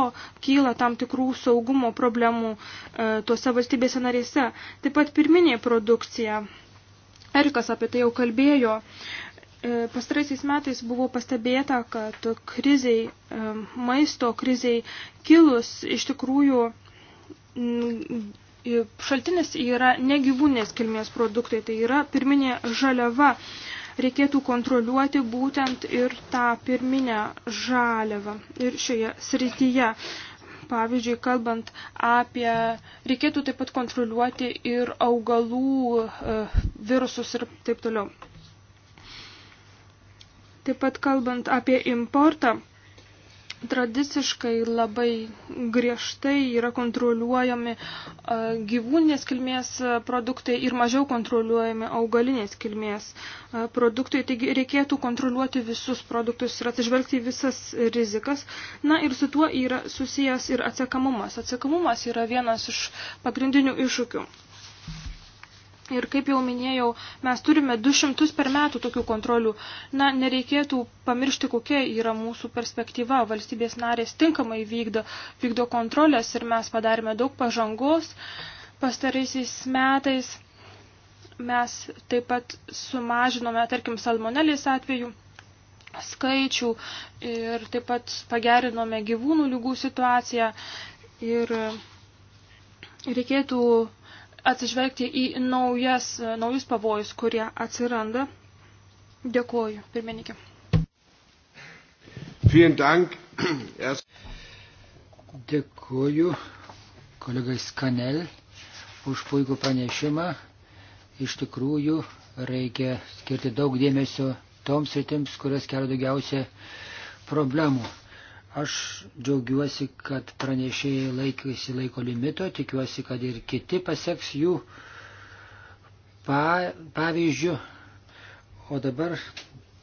kyla tam tikrų saugumo problemų e, tuose valstybėse narėse. Taip pat pirminė produkcija. Erikas apie tai jau kalbėjo. E, E, pastaraisiais metais buvo pastebėta, kad kriziai, e, maisto kriziai kilus iš tikrųjų šaltinis yra negyvūnės kilmės produktai, tai yra pirminė žaliava. Reikėtų kontroliuoti būtent ir tą pirminę žaliavą ir šioje srityje. Pavyzdžiui, kalbant apie, reikėtų taip pat kontroliuoti ir augalų e, virusus ir taip toliau. Taip pat kalbant apie importą, tradiciškai labai griežtai yra kontroliuojami gyvūninės kilmės produktai ir mažiau kontroliuojami augalinės kilmės produktai. Taigi reikėtų kontroliuoti visus produktus ir atsižvelgti į visas rizikas. Na ir su tuo yra susijęs ir atsekamumas. Atsekamumas yra vienas iš pagrindinių iššūkių. Ir kaip jau minėjau, mes turime 200 per metų tokių kontrolių. Na, nereikėtų pamiršti, kokia yra mūsų perspektyva. Valstybės narės tinkamai vykdo, vykdo kontrolės ir mes padarėme daug pažangos pastaraisiais metais. Mes taip pat sumažinome, tarkim, salmonelės atveju skaičių ir taip pat pagerinome gyvūnų lygų situaciją ir reikėtų atsižvelgti į naujas, naujus pavojus, kurie atsiranda. Dėkuoju, pirmininkė. Dėkuoju kolegai Skanel už puikų pranešimą. Iš tikrųjų, reikia skirti daug dėmesio toms rytims, kurias kelia daugiausia problemų. Aš džiaugiuosi, kad pranešėjai laikėsi laiko limito, tikiuosi, kad ir kiti paseks jų pa, pavyzdžių. O dabar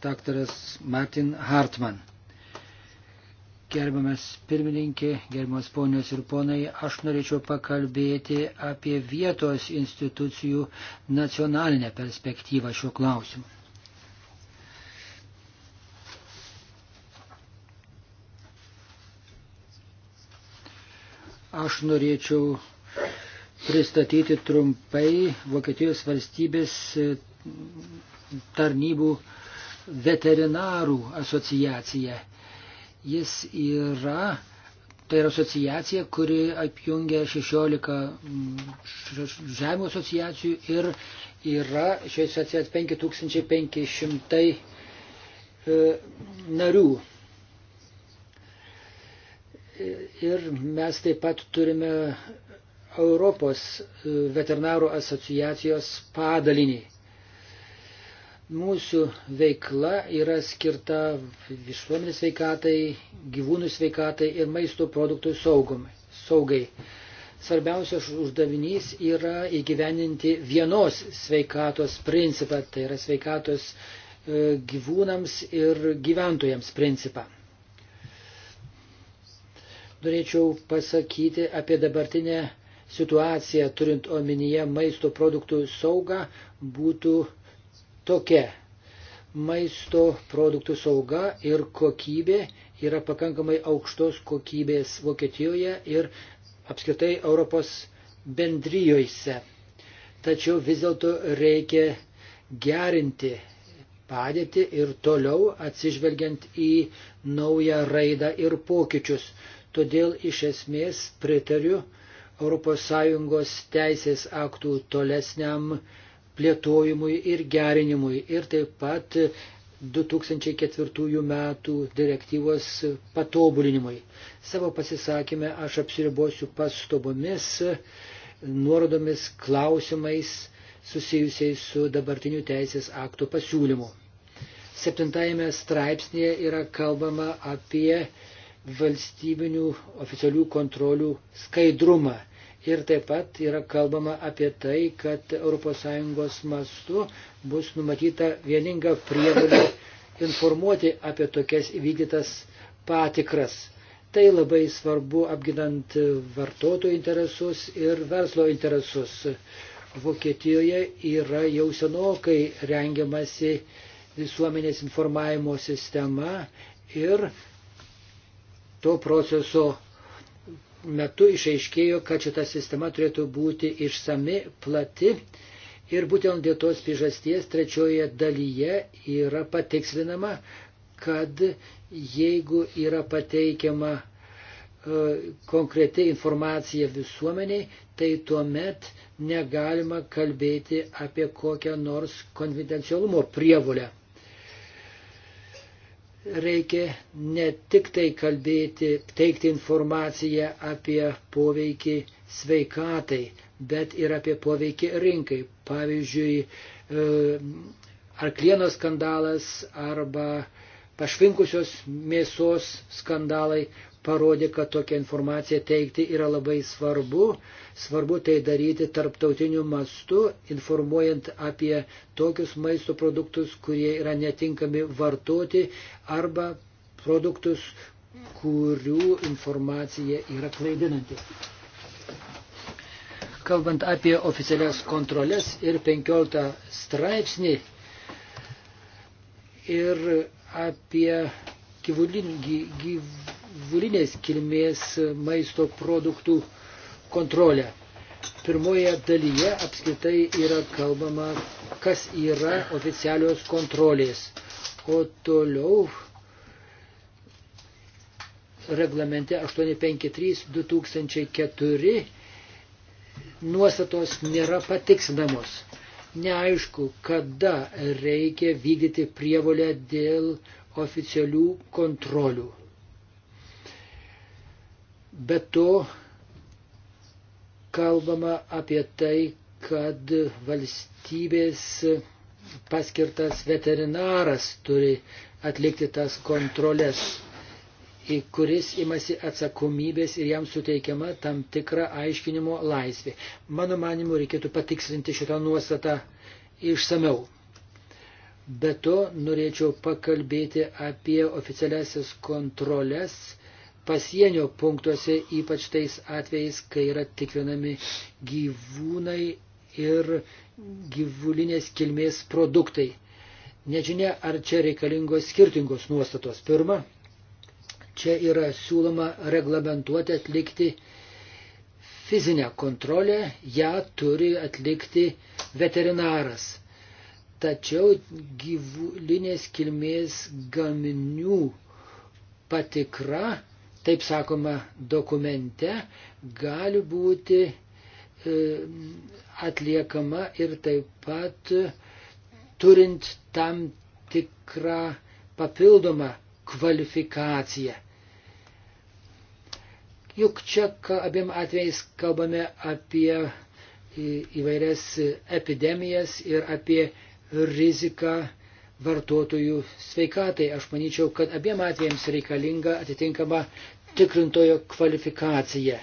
daktaras Martin Hartman. Gerbiamas pirmininkė, gerbiamas ponios ir ponai, aš norėčiau pakalbėti apie vietos institucijų nacionalinę perspektyvą šiuo klausimu. Aš norėčiau pristatyti trumpai Vokietijos valstybės e, tarnybų veterinarų asociaciją. Jis yra, tai yra asociacija, kuri apjungia 16 mm, žemų asociacijų ir yra šioje asociacijoje 5500 narių. Ir mes taip pat turime Europos veterinarų asociacijos padalinį. Mūsų veikla yra skirta visuomenės veikatai, gyvūnų sveikatai ir maisto produktų saugumai, saugai. Svarbiausias uždavinys yra įgyveninti vienos sveikatos principą, tai yra sveikatos e, gyvūnams ir gyventojams principą norėčiau pasakyti apie dabartinę situaciją, turint omenyje maisto produktų saugą, būtų tokia. Maisto produktų sauga ir kokybė yra pakankamai aukštos kokybės Vokietijoje ir apskritai Europos bendryjoise. Tačiau vis dėlto reikia gerinti padėtį ir toliau atsižvelgiant į naują raidą ir pokyčius. Todėl iš esmės pritariu ES teisės aktų tolesniam plėtojimui ir gerinimui ir taip pat 2004 metų direktyvos patobulinimui. Savo pasisakymę aš apsiribosiu pastobomis, nuorodomis, klausimais susijusiais su dabartiniu teisės aktų pasiūlymu. Septintajame straipsnėje yra kalbama apie valstybinių oficialių kontrolių skaidrumą. Ir taip pat yra kalbama apie tai, kad ES mastu bus numatyta vieninga prievalė informuoti apie tokias įvykdytas patikras. Tai labai svarbu apginant vartotojų interesus ir verslo interesus. Vokietijoje yra jau senokai rengiamasi visuomenės informavimo sistema ir to proceso metu išaiškėjo, kad šita sistema turėtų būti išsami, plati ir būtent dėl tos priežasties trečioje dalyje yra patikslinama, kad jeigu yra pateikiama e, konkreti informacija visuomeniai, tai tuomet negalima kalbėti apie kokią nors konfidencialumo prievolę reikia ne tik tai kalbėti, teikti informaciją apie poveikį sveikatai, bet ir apie poveikį rinkai. Pavyzdžiui, e, arklieno skandalas arba pašvinkusios mėsos skandalai parodė, kad tokia informacija teikti yra labai svarbu. Svarbu tai daryti tarptautiniu mastu, informuojant apie tokius maisto produktus, kurie yra netinkami vartoti arba produktus, kurių informacija yra klaidinanti. Kalbant apie oficialias kontrolės ir 15 straipsnį ir apie gyvulin, gy, gyv, gyvulinės kilmės maisto produktų kontrolę. Pirmoje dalyje apskritai yra kalbama, kas yra oficialios kontrolės. O toliau reglamente 853-2004 nuostatos nėra patikslinamos. Neaišku, kada reikia vykdyti prievolę dėl oficialių kontrolių. Bet to kalbama apie tai, kad valstybės paskirtas veterinaras turi atlikti tas kontrolės, į kuris imasi atsakomybės ir jam suteikiama tam tikra aiškinimo laisvė. Mano manimu, reikėtų patikslinti šitą nuostatą išsameu. Be to norėčiau pakalbėti apie oficialiasias kontrolės pasienio punktuose, ypač tais atvejais, kai yra tikrinami gyvūnai ir gyvulinės kilmės produktai. Nežinia, ar čia reikalingos skirtingos nuostatos. Pirma, čia yra siūloma reglamentuoti atlikti fizinę kontrolę, ją turi atlikti veterinaras. Tačiau gyvulinės kilmės gaminių patikra taip sakoma dokumente, gali būti e, atliekama ir taip pat e, turint tam tikrą papildomą kvalifikaciją. Juk čia abiem atvejais kalbame apie įvairias epidemijas ir apie riziką vartotojų sveikatai. Aš manyčiau, kad abiem atvejams reikalinga atitinkama tikrintojo kvalifikaciją.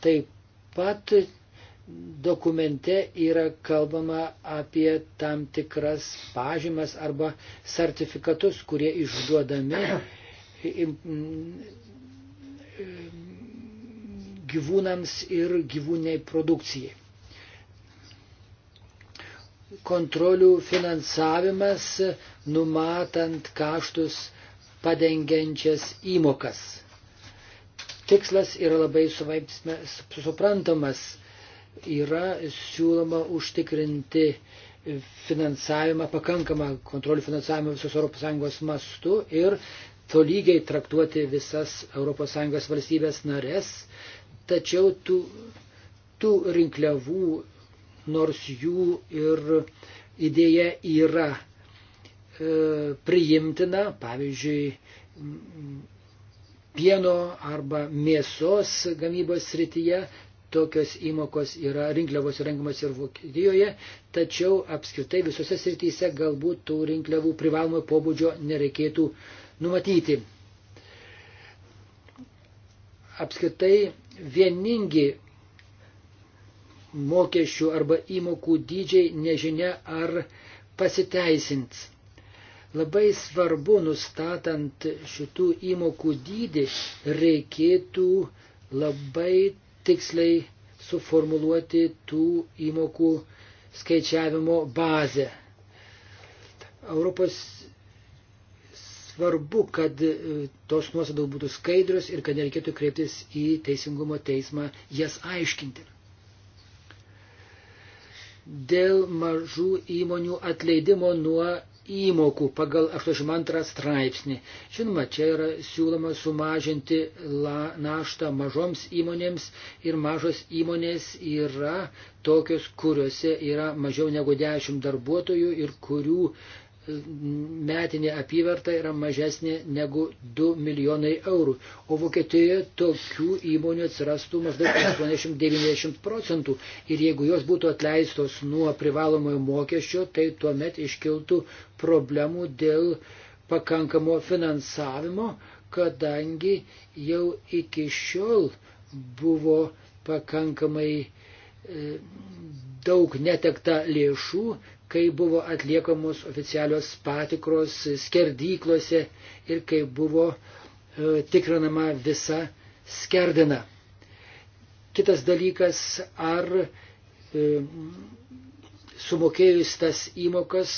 Taip pat dokumente yra kalbama apie tam tikras pažymas arba sertifikatus, kurie išduodami gyvūnams ir gyvūniai produkcijai. Kontrolių finansavimas numatant kaštus padengiančias įmokas tikslas yra labai suprantamas. Yra siūloma užtikrinti finansavimą, pakankamą kontrolių finansavimą visos ES mastu ir tolygiai traktuoti visas ES valstybės narės. Tačiau tų, tų rinkliavų, nors jų ir idėja yra e, priimtina, pavyzdžiui, pieno arba mėsos gamybos srityje. Tokios įmokos yra rinkliavos rengiamas ir Vokietijoje, tačiau apskritai visose srityse galbūt tų rinkliavų privalomo pobūdžio nereikėtų numatyti. Apskritai vieningi mokesčių arba įmokų dydžiai nežinia ar pasiteisins. Labai svarbu, nustatant šitų įmokų dydį, reikėtų labai tiksliai suformuluoti tų įmokų skaičiavimo bazę. Europos svarbu, kad e, tos nuosados būtų skaidrios ir kad nereikėtų kreiptis į Teisingumo teismą jas aiškinti. Dėl mažų įmonių atleidimo nuo įmokų pagal 82 straipsnį. Žinoma, čia yra siūloma sumažinti la, naštą mažoms įmonėms ir mažos įmonės yra tokios, kuriuose yra mažiau negu 10 darbuotojų ir kurių metinė apyvarta yra mažesnė negu 2 milijonai eurų, o Vokietijoje tokių įmonių atsirastų maždaug 80-90 procentų ir jeigu jos būtų atleistos nuo privalomojo mokesčio, tai tuomet iškiltų problemų dėl pakankamo finansavimo, kadangi jau iki šiol buvo pakankamai e, daug netekta lėšų kai buvo atliekamos oficialios patikros skerdyklose ir kai buvo e, tikrinama visa skerdina. Kitas dalykas, ar e, sumokėjus tas įmokas,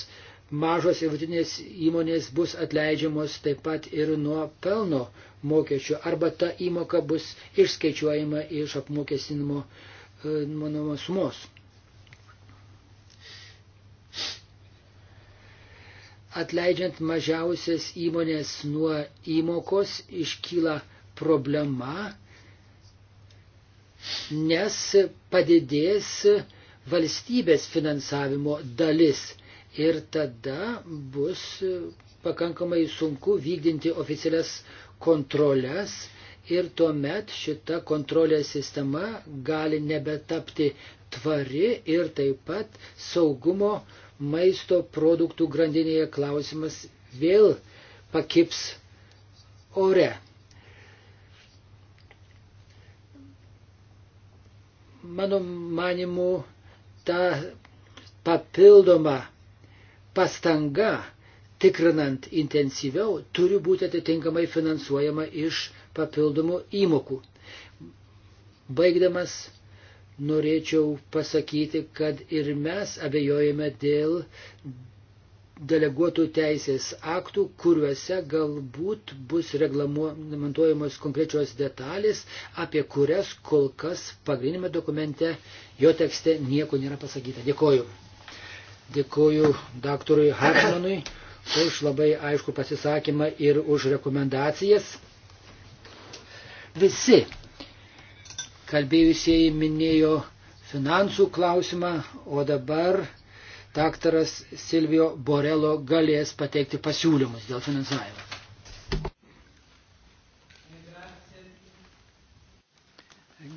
mažos ir vidutinės įmonės bus atleidžiamos taip pat ir nuo pelno mokesčio, arba ta įmoka bus išskaičiuojama iš apmokestinimo e, sumos. atleidžiant mažiausias įmonės nuo įmokos iškyla problema, nes padidės valstybės finansavimo dalis ir tada bus pakankamai sunku vykdinti oficialias kontrolės ir tuomet šita kontrolės sistema gali nebetapti tvari ir taip pat saugumo uh, maisto produktų grandinėje klausimas vėl pakips ore. Mano manimu, ta papildoma pastanga tikrinant intensyviau turi būti atitinkamai finansuojama iš papildomų įmokų. Baigdamas norėčiau pasakyti, kad ir mes abejojame dėl deleguotų teisės aktų, kuriuose galbūt bus reglamentuojamos konkrečios detalės, apie kurias kol kas pagrindinėme dokumente, jo tekste nieko nėra pasakyta. Dėkoju. Dėkoju daktarui Hartmanui už labai aišku pasisakymą ir už rekomendacijas. Visi kalbėjusieji minėjo finansų klausimą, o dabar daktaras Silvio Borelo galės pateikti pasiūlymus dėl finansavimo.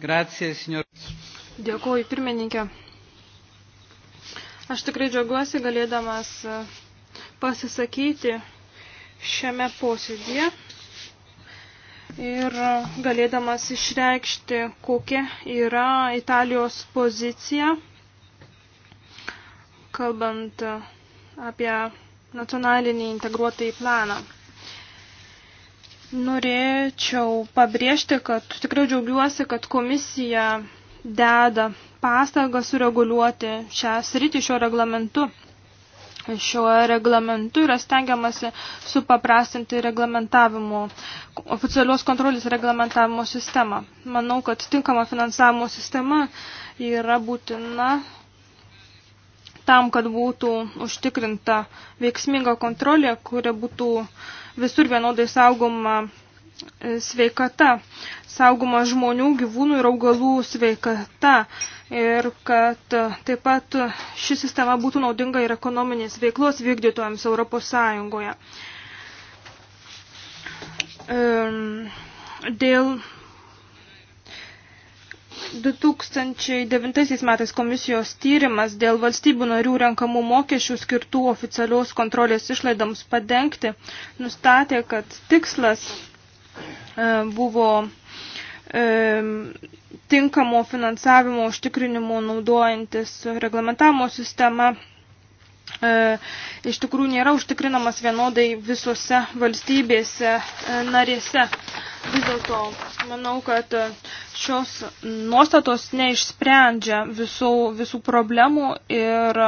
Grazie, signor. Dėkuoju, pirmininkė. Aš tikrai džiaugiuosi galėdamas e, pasisakyti šiame posėdėje ir galėdamas išreikšti, kokia yra Italijos pozicija, kalbant apie nacionalinį integruotą į planą. Norėčiau pabrėžti, kad tikrai džiaugiuosi, kad komisija deda pastangą sureguliuoti šią sritį šio reglamentu. Šiuo reglamentu yra stengiamasi supaprastinti reglamentavimo, oficialios kontrolės reglamentavimo sistemą. Manau, kad tinkama finansavimo sistema yra būtina tam, kad būtų užtikrinta veiksminga kontrolė, kuria būtų visur vienodai saugoma e, sveikata, saugoma žmonių, gyvūnų ir augalų sveikata ir kad taip pat ši sistema būtų naudinga ir ekonominės veiklos vykdytojams Europos Sąjungoje. Dėl 2009 metais komisijos tyrimas dėl valstybių narių renkamų mokesčių skirtų oficialios kontrolės išlaidoms padengti nustatė, kad tikslas e, buvo tinkamo finansavimo užtikrinimo naudojantis reglamentavimo sistema e, iš tikrųjų nėra užtikrinamas vienodai visose valstybėse e, narėse. Vis dėlto manau, kad šios nuostatos neišsprendžia visų, visų problemų ir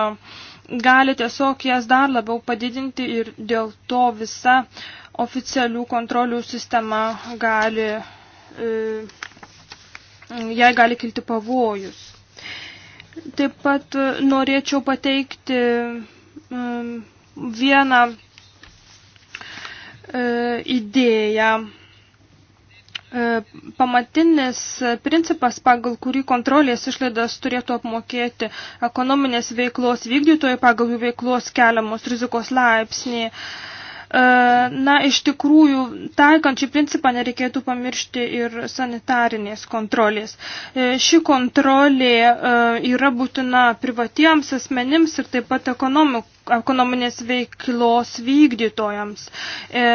gali tiesiog jas dar labiau padidinti ir dėl to visa oficialių kontrolių sistema gali e, jai gali kilti pavojus. Taip pat e, norėčiau pateikti e, vieną e, idėją. Pamatinis principas, pagal kurį kontrolės išlaidas turėtų apmokėti ekonominės veiklos vykdytojai pagal jų veiklos keliamos rizikos laipsnį, E, na, iš tikrųjų, taikant šį principą nereikėtų pamiršti ir sanitarinės kontrolės. E, ši kontrolė e, yra būtina privatiems asmenims ir taip pat ekonomikų ekonominės veiklos vykdytojams. E,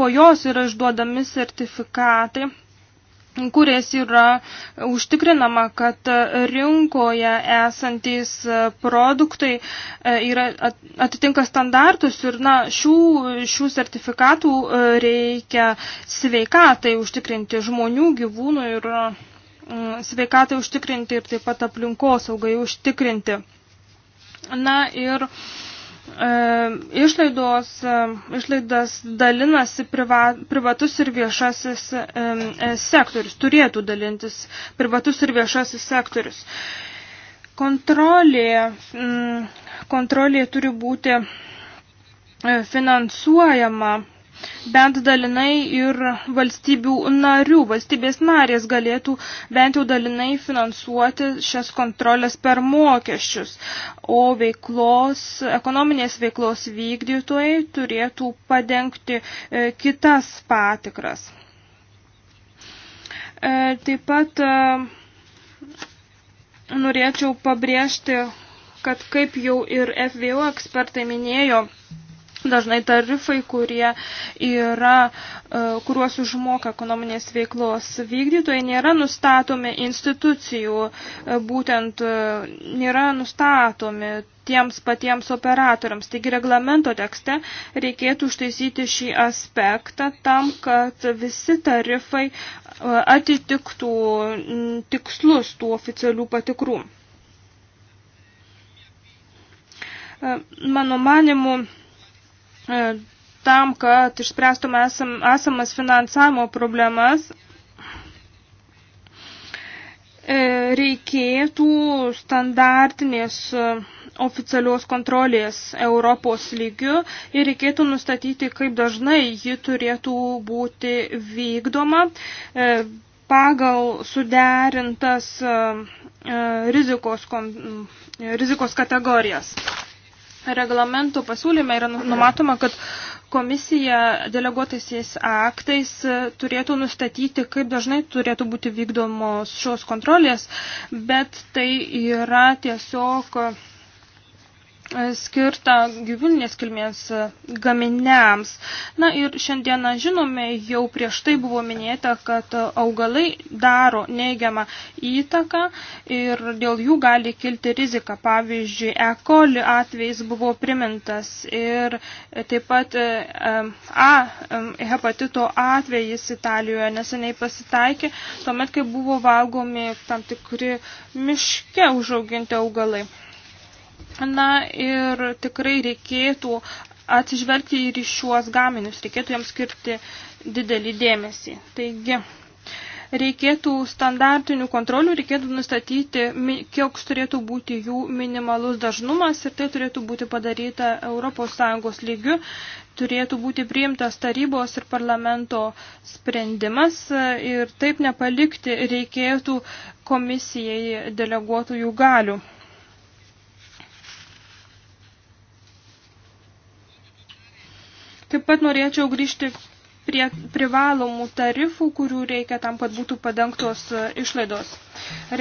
po jos yra išduodami sertifikatai kuriais yra užtikrinama, kad rinkoje esantys produktai e, yra, atitinka standartus ir na, šių, šių sertifikatų e, reikia sveikatai užtikrinti žmonių, gyvūnų ir e, sveikatai užtikrinti ir taip pat aplinkosaugai užtikrinti. Na ir uh, E, išlaidos, e, išlaidas dalinasi priva, privatus ir viešasis e, sektorius, turėtų dalintis privatus ir viešasis sektorius. Kontrolė, mm, kontrolė turi būti finansuojama bent dalinai ir valstybių narių. Valstybės narės galėtų bent jau dalinai finansuoti šias kontrolės per mokesčius, o veiklos, ekonominės veiklos vykdytojai turėtų padengti e, kitas patikras. E, taip pat e, norėčiau pabrėžti, kad kaip jau ir FVO ekspertai minėjo, Dažnai tarifai, kurie yra, e, kuriuos užmoka ekonominės veiklos vykdytojai, nėra nustatomi institucijų, e, būtent e, nėra nustatomi tiems patiems operatoriams. Taigi reglamento tekste reikėtų užtaisyti šį aspektą tam, kad visi tarifai atitiktų tikslus tų oficialių patikrų. Mano manimu, E, tam, kad išspręstume esam, esamas finansavimo problemas, e, reikėtų standartinės e, oficialios kontrolės Europos lygiu ir reikėtų nustatyti, kaip dažnai ji turėtų būti vykdoma pagal suderintas rizikos, rizikos kategorijas reglamento pasiūlyme yra nu, numatoma, kad komisija deleguotaisiais aktais e, turėtų nustatyti, kaip dažnai turėtų būti vykdomos šios kontrolės, bet tai yra tiesiog skirtą gyvulinės kilmės gaminiams. Na ir šiandieną žinome, jau prieš tai buvo minėta, kad augalai daro neigiamą įtaką ir dėl jų gali kilti rizika. Pavyzdžiui, E. coli atvejs buvo primintas ir taip pat e, A hepatito atvejis Italijoje neseniai pasitaikė, tuomet, kai buvo valgomi tam tikri miške užauginti augalai. Na ir tikrai reikėtų atsižvelgti ir į šiuos gaminius, reikėtų jiems skirti didelį dėmesį. Taigi, reikėtų standartinių kontrolių, reikėtų nustatyti, koks turėtų būti jų minimalus dažnumas ir tai turėtų būti padaryta ES lygiu, turėtų būti priimtas tarybos ir parlamento sprendimas ir taip nepalikti reikėtų komisijai deleguotų jų galių. Taip pat norėčiau grįžti prie privalomų tarifų, kurių reikia tam, kad būtų padengtos e, išlaidos.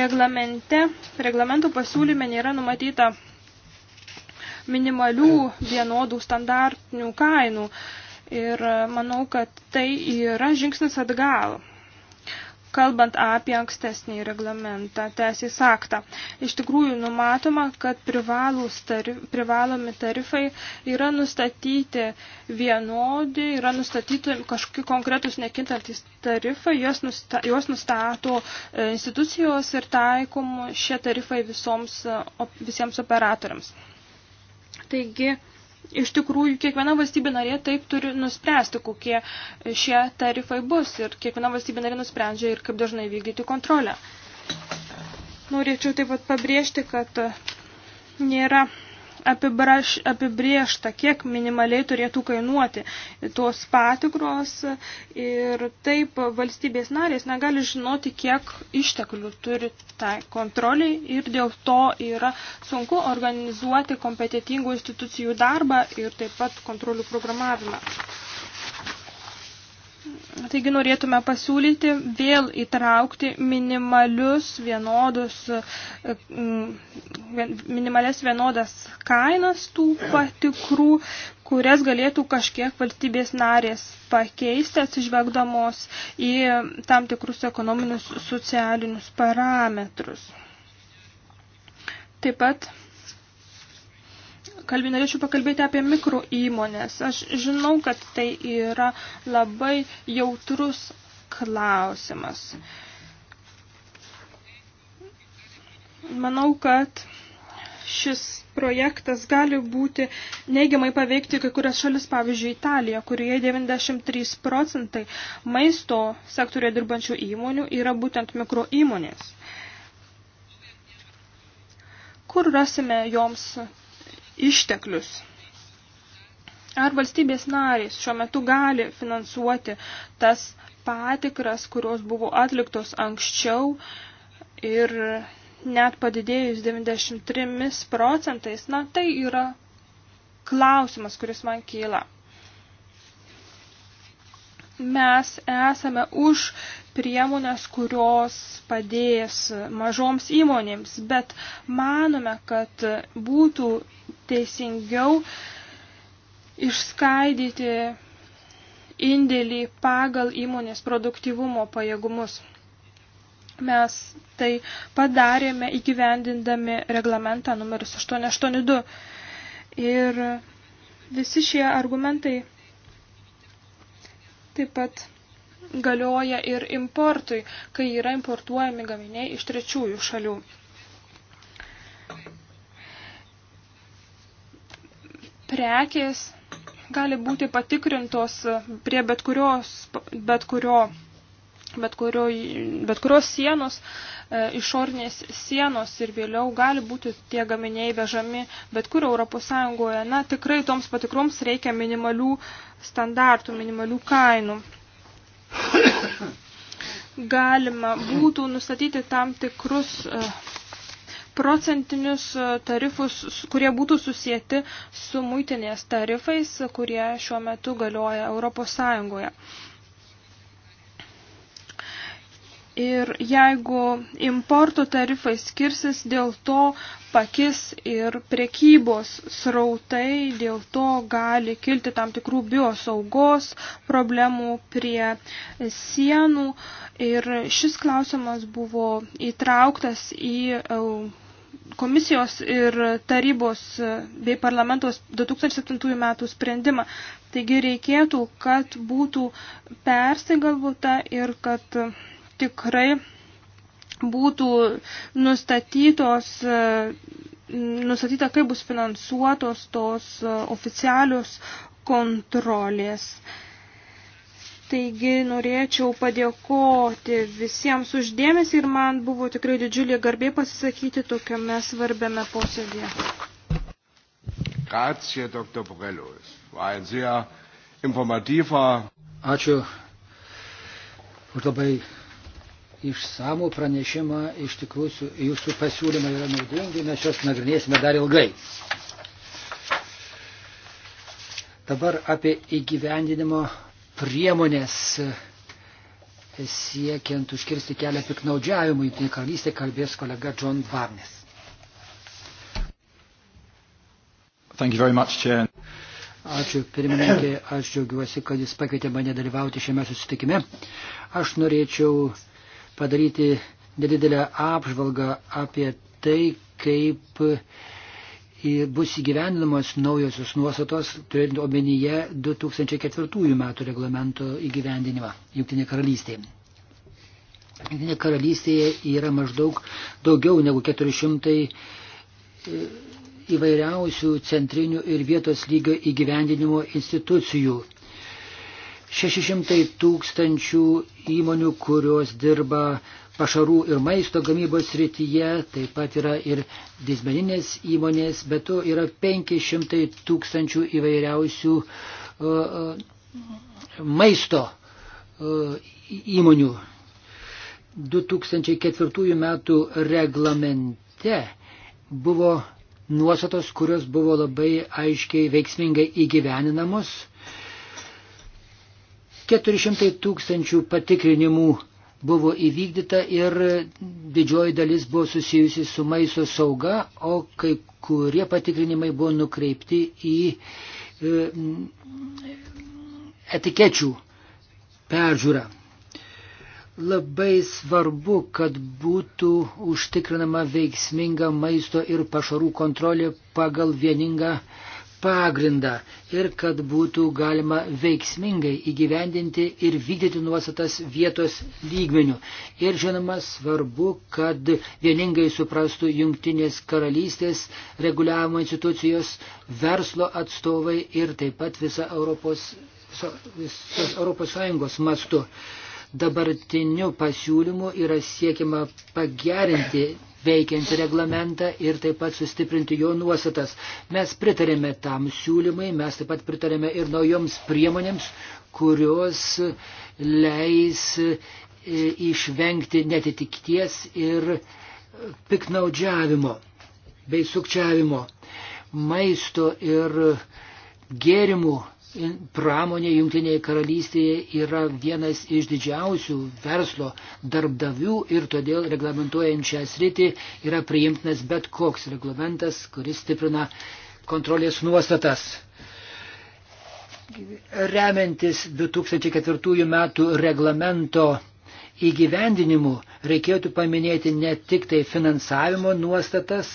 Reglamente, reglamento pasiūlyme nėra numatyta minimalių vienodų standartinių kainų. Ir e, manau, kad tai yra žingsnis atgal kalbant apie ankstesnį reglamentą, teisės aktą. Iš tikrųjų numatoma, kad tarif, privalomi tarifai yra nustatyti vienodi, yra nustatyti kažkokie konkretus nekintantis tarifai, juos, nusta, juos nustato e, institucijos ir taikom šie tarifai visoms, visiems operatoriams. Taigi, iš tikrųjų kiekviena valstybė narė taip turi nuspręsti, kokie šie tarifai bus ir kiekviena valstybė narė nusprendžia ir kaip dažnai vykdyti kontrolę. Norėčiau taip pat pabrėžti, kad nėra apibraš, apibriešta, kiek minimaliai turėtų kainuoti tos patikros ir taip valstybės narės negali žinoti, kiek išteklių turi tai kontroliai ir dėl to yra sunku organizuoti kompetitingų institucijų darbą ir taip pat kontrolių programavimą. Taigi norėtume pasiūlyti vėl įtraukti minimalius vienodus, e, minimales vienodas kainas tų patikrų, kurias galėtų kažkiek valstybės narės pakeisti, atsižvelgdamos į tam tikrus ekonominius socialinius parametrus. Taip pat kalbį norėčiau pakalbėti apie mikro įmonės. Aš žinau, kad tai yra labai jautrus klausimas. Manau, kad šis projektas gali būti neigiamai paveikti kai kurias šalis, pavyzdžiui, Italija, kurioje 93 procentai maisto sektorioje dirbančių įmonių yra būtent mikro įmonės. Kur rasime joms išteklius. Ar valstybės narės šiuo metu gali finansuoti tas patikras, kurios buvo atliktos anksčiau ir net padidėjus 93 procentais, na tai yra klausimas, kuris man kyla mes esame už priemonės, kurios padės mažoms įmonėms, bet manome, kad būtų teisingiau išskaidyti indėlį pagal įmonės produktivumo pajėgumus. Mes tai padarėme įgyvendindami reglamentą numeris 882. Ir visi šie argumentai taip pat galioja ir importui, kai yra importuojami gaminiai iš trečiųjų šalių. Prekės gali būti patikrintos prie bet, kurios, bet kurio bet, kurio, bet kurios sienos, e, išornės sienos ir vėliau gali būti tie gaminiai vežami bet kur Europos Sąjungoje. Na, tikrai toms patikroms reikia minimalių standartų, minimalių kainų. Galima būtų nustatyti tam tikrus e, procentinius e, tarifus, kurie būtų susijęti su muitinės tarifais, kurie šiuo metu galioja Europos Sąjungoje. Ir jeigu importo tarifai skirsis, dėl to pakis ir prekybos srautai, dėl to gali kilti tam tikrų biosaugos problemų prie sienų. Ir šis klausimas buvo įtrauktas į e, komisijos ir tarybos bei parlamentos 2007 metų sprendimą. Taigi reikėtų, kad būtų persigalvota ir kad tikrai būtų nustatytos, e, nustatyta, kaip bus finansuotos tos e, oficialios kontrolės. Taigi norėčiau padėkoti visiems uždėmesį ir man buvo tikrai didžiulė garbė pasisakyti tokiame svarbiame posėdėje. Grazie, Dr. Borellos. War ein sehr informatyver. Ačiū už labai išsamų pranešimą, iš tikrųjų jūsų pasiūlymai yra naudingi, mes juos nagrinėsime dar ilgai. Dabar apie įgyvendinimo priemonės e, siekiant užkirsti kelią piknaudžiavimui, tai karalystė kalbės kolega John Barnes. Thank you very much, Chair. Ačiū pirmininkė, aš džiaugiuosi, kad jis pakvietė mane dalyvauti šiame susitikime. Aš norėčiau padaryti nedidelę apžvalgą apie tai, kaip bus įgyvendinamos naujosios nuostatos, turint omenyje 2004 metų reglamento įgyvendinimą Junktinė karalystėje. Junktinė karalystėje yra maždaug daugiau negu 400 e, įvairiausių centrinių ir vietos lygio įgyvendinimo institucijų. 600 tūkstančių įmonių, kurios dirba pašarų ir maisto gamybos srityje, taip pat yra ir dizmeninės įmonės, bet to yra 500 tūkstančių įvairiausių uh, maisto uh, įmonių. 2004 metų reglamente buvo nuostatos, kurios buvo labai aiškiai veiksmingai įgyveninamos 400 tūkstančių patikrinimų buvo įvykdyta ir didžioji dalis buvo susijusi su maisto sauga, o kai kurie patikrinimai buvo nukreipti į e, etikečių peržiūrą. Labai svarbu, kad būtų užtikrinama veiksminga maisto ir pašarų kontrolė pagal vieningą uh, pagrindą ir kad būtų galima veiksmingai įgyvendinti ir vykdyti nuostatas vietos lygmenių. Ir žinoma, svarbu, kad vieningai suprastų jungtinės karalystės reguliavimo institucijos, verslo atstovai ir taip pat visa Europos, visos Europos Sąjungos mastu. Dabartiniu pasiūlymu yra siekiama pagerinti veikiantį reglamentą ir taip pat sustiprinti jo nuostatas. Mes pritarėme tam siūlymai, mes taip pat pritarėme ir naujoms priemonėms, kurios leis e, išvengti netitikties ir piknaudžiavimo bei sukčiavimo. Maisto ir gėrimų pramonė Junktinėje karalystėje yra vienas iš didžiausių verslo darbdavių ir todėl reglamentuojant šią sritį yra priimtinas bet koks reglamentas, kuris stiprina kontrolės nuostatas. Remiantis 2004 metų reglamento įgyvendinimu reikėtų paminėti ne tik tai finansavimo nuostatas,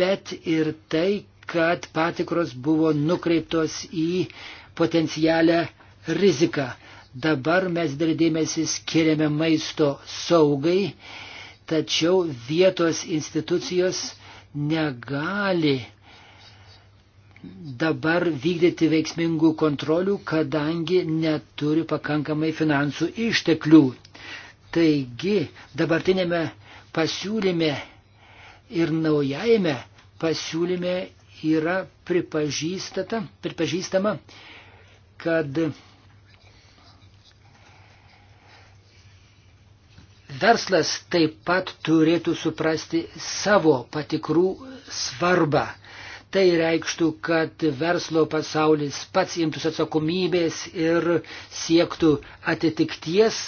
bet ir tai, kad patikros buvo nukreiptos į uh, potencialę riziką. Dabar mes dar dėmesį skiriame maisto saugai, tačiau vietos institucijos negali dabar vykdyti veiksmingų kontrolių, kadangi neturi pakankamai finansų išteklių. Taigi dabartinėme pasiūlyme ir naujajame pasiūlyme yra pripažįstama, kad verslas taip pat turėtų suprasti savo patikrų svarbą. Tai reikštų, kad verslo pasaulis pats imtųsi atsakomybės ir siektų atitikties.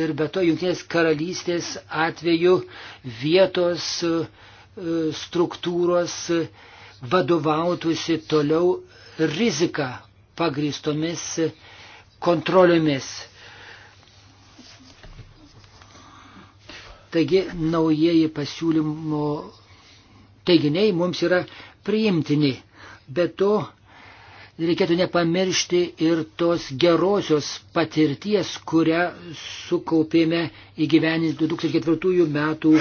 Ir be to Junktinės karalystės atveju vietos e, struktūros vadovautųsi toliau rizika pagristomis kontrolėmis. Taigi naujieji pasiūlymo teiginiai mums yra priimtini. Be to, reikėtų nepamiršti ir tos gerosios patirties, kurią sukaupėme įgyveninti 2004 metų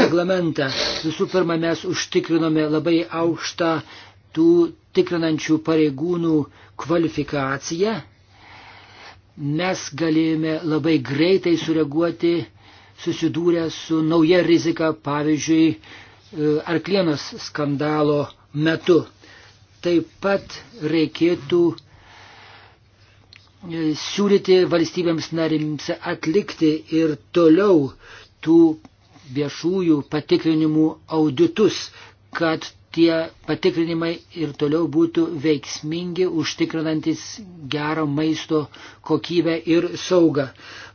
reglamentą. Visų pirma, mes užtikrinome labai aukštą tų tikrinančių pareigūnų kvalifikaciją, mes galėjome labai greitai sureaguoti susidūrę su nauja rizika, pavyzdžiui, e, arklienos skandalo metu. Taip pat reikėtų e, siūlyti valstybėms narims atlikti ir toliau tų viešųjų patikrinimų auditus, kad tie patikrinimai ir toliau būtų veiksmingi, užtikrinantis gerą maisto kokybę ir saugą.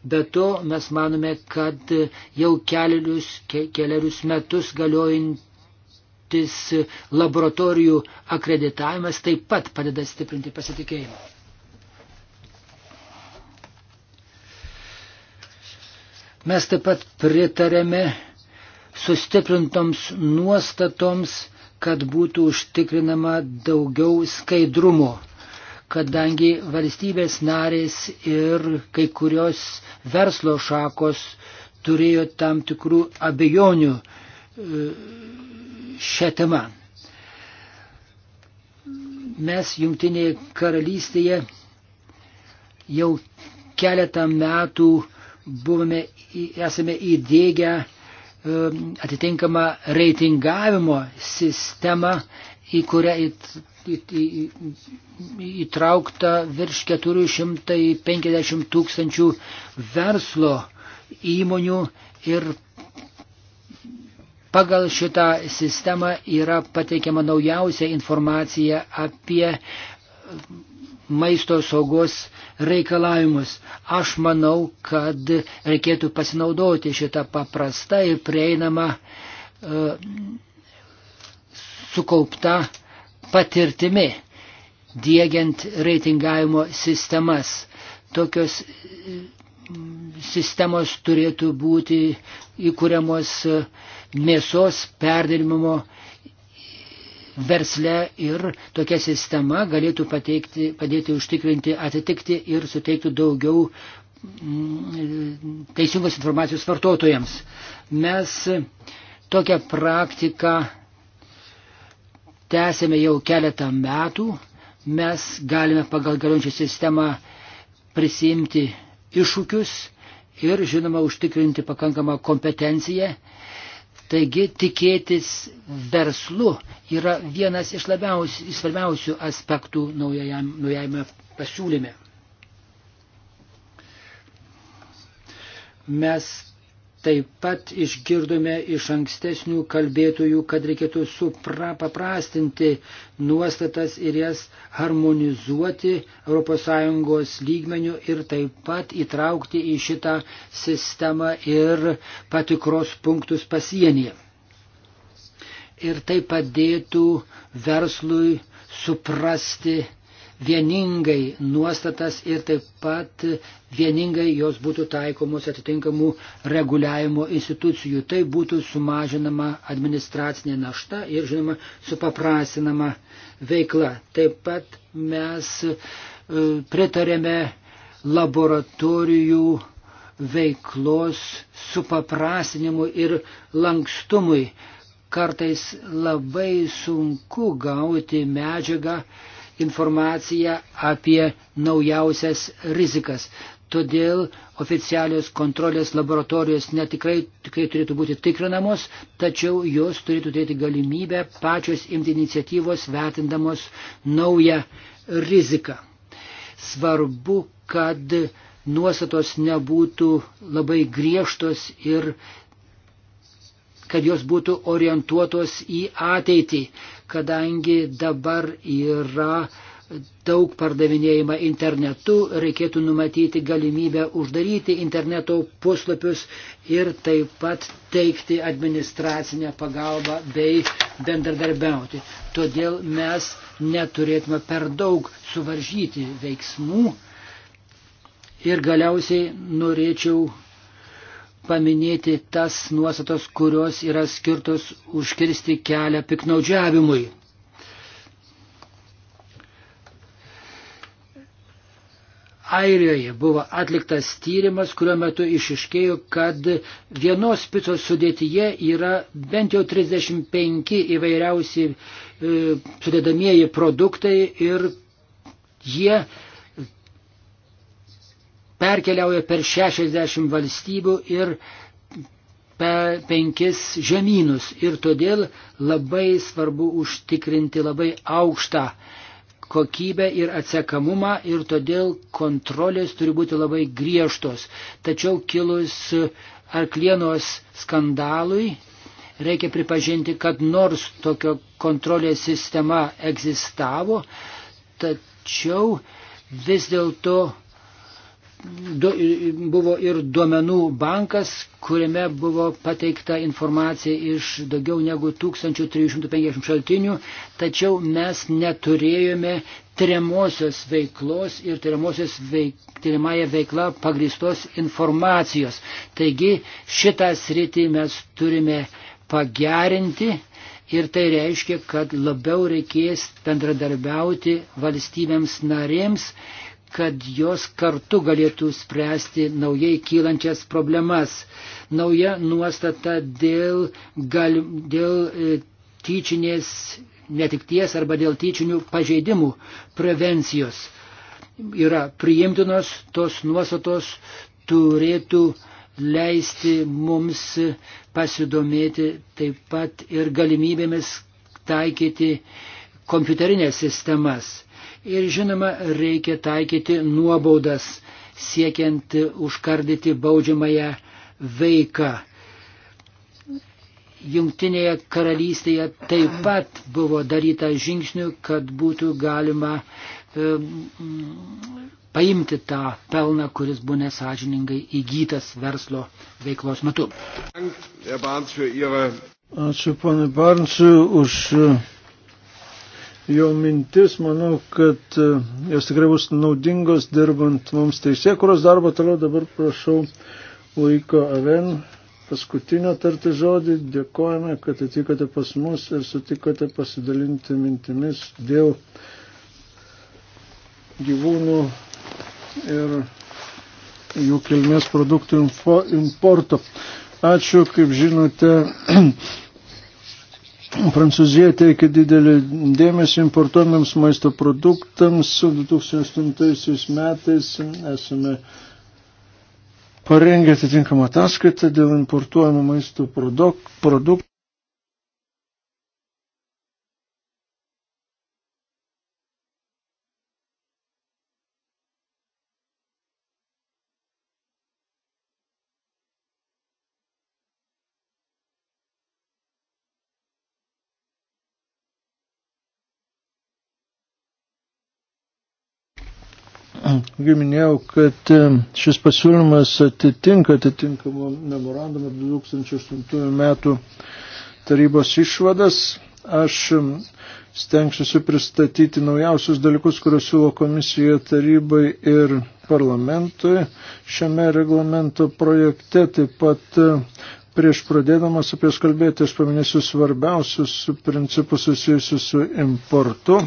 Be to mes manome, kad jau kelius, ke, kelius metus galiojantis laboratorijų akreditavimas taip pat padeda stiprinti pasitikėjimą. Mes taip pat pritarėme sustiprintoms nuostatoms kad būtų užtikrinama daugiau skaidrumo, kadangi valstybės narės ir kai kurios verslo šakos turėjo tam tikrų abejonių e, šią temą. Mes Jungtinėje karalystėje jau keletą metų buvome, esame įdėgę Um, atitinkamą reitingavimo sistemą, į kurią įtraukta virš 450 tūkstančių verslo įmonių ir pagal šitą sistemą yra pateikiama naujausia informacija apie maisto saugos reikalavimus. Aš manau, kad reikėtų pasinaudoti šitą paprastą ir prieinamą e, sukaupta patirtimi, dėgiant reitingavimo sistemas. Tokios e, sistemos turėtų būti įkūriamos e, mėsos perdirbimo versle ir tokia sistema galėtų pateikti, padėti užtikrinti, atitikti ir suteikti daugiau mm, teisingos informacijos vartotojams. Mes tokią praktiką tęsėme jau keletą metų. Mes galime pagal galiojančią sistemą prisimti iššūkius ir, žinoma, užtikrinti pakankamą kompetenciją Taigi tikėtis verslu yra vienas iš svarbiausių aspektų naujajame, naujajame pasiūlyme. Mes Taip pat išgirdome iš ankstesnių kalbėtojų, kad reikėtų supra, paprastinti nuostatas ir jas harmonizuoti ES lygmenių ir taip pat įtraukti į šitą sistemą ir patikros punktus pasienyje. Ir tai padėtų verslui suprasti vieningai nuostatas ir taip pat vieningai jos būtų taikomos atitinkamų reguliavimo institucijų. Tai būtų sumažinama administracinė našta ir, žinoma, supaprasinama veikla. Taip pat mes e, pritarėme laboratorijų veiklos supaprasinimu ir lankstumui. Kartais labai sunku gauti medžiagą, informaciją apie naujausias rizikas. Todėl oficialios kontrolės laboratorijos netikrai tikrai turėtų būti tikrinamos, tačiau jos turėtų turėti galimybę pačios imti iniciatyvos vertindamos naują riziką. Svarbu, kad nuostatos nebūtų labai griežtos ir kad jos būtų orientuotos į ateitį kadangi dabar yra daug pardavinėjama internetu, reikėtų numatyti galimybę uždaryti interneto puslapius ir taip pat teikti administracinę pagalbą bei bendradarbiauti. Todėl mes neturėtume per daug suvaržyti veiksmų ir galiausiai norėčiau paminėti tas nuostatos, kurios yra skirtos užkirsti kelią piknaudžiavimui. Airijoje buvo atliktas tyrimas, kurio metu išiškėjo, kad vienos picos sudėtyje yra bent jau 35 įvairiausi e, sudėdamieji produktai ir jie perkeliauja per 60 valstybių ir per penkis žemynus. Ir todėl labai svarbu užtikrinti labai aukštą kokybę ir atsekamumą ir todėl kontrolės turi būti labai griežtos. Tačiau kilus arklienos skandalui reikia pripažinti, kad nors tokio kontrolės sistema egzistavo, tačiau vis dėlto du, buvo ir duomenų bankas, kuriame buvo pateikta informacija iš daugiau negu 1350 šaltinių, tačiau mes neturėjome tyriamosios veiklos ir tyriamosios veik, tyriamąją veiklą pagristos informacijos. Taigi šitą sritį mes turime pagerinti. Ir tai reiškia, kad labiau reikės bendradarbiauti valstybėms narėms, kad jos kartu galėtų spręsti naujai kylančias problemas. Nauja nuostata dėl, gal, dėl e, tyčinės netikties arba dėl tyčinių pažeidimų prevencijos yra priimtinos, tos nuostatos turėtų leisti mums pasidomėti taip pat ir galimybėmis taikyti kompiuterinės sistemas ir žinoma reikia taikyti nuobaudas siekiant užkardyti baudžiamąją veiką. Jungtinėje karalystėje taip pat buvo daryta žingsnių, kad būtų galima e, paimti tą pelną, kuris buvo nesažiningai įgytas verslo veiklos metu. Ačiū, ponai Barnsui, už jo mintis, manau, kad e, jos tikrai bus naudingos dirbant mums teisė, kurios darbo toliau dabar prašau laiko Aven paskutinio tarti žodį. Dėkojame, kad atvykote pas mus ir sutikote pasidalinti mintimis dėl gyvūnų ir jų kilmės produktų importo. Ačiū, kaip žinote, Prancūzija teikia didelį dėmesį importuojamiams maisto produktams. 2008 metais esame parengę atitinkamą ataskaitą dėl importuojamų maisto produktų. Giminėjau, kad šis pasiūlymas atitinka atitinkamo memorandumą 2008 metų tarybos išvadas. Aš stengsiuosi pristatyti naujausius dalykus, kuriuos siūlo komisija tarybai ir parlamentui. Šiame reglamento projekte taip pat prieš pradėdamas apie skalbėti, aš paminėsiu svarbiausius principus susijusius su importu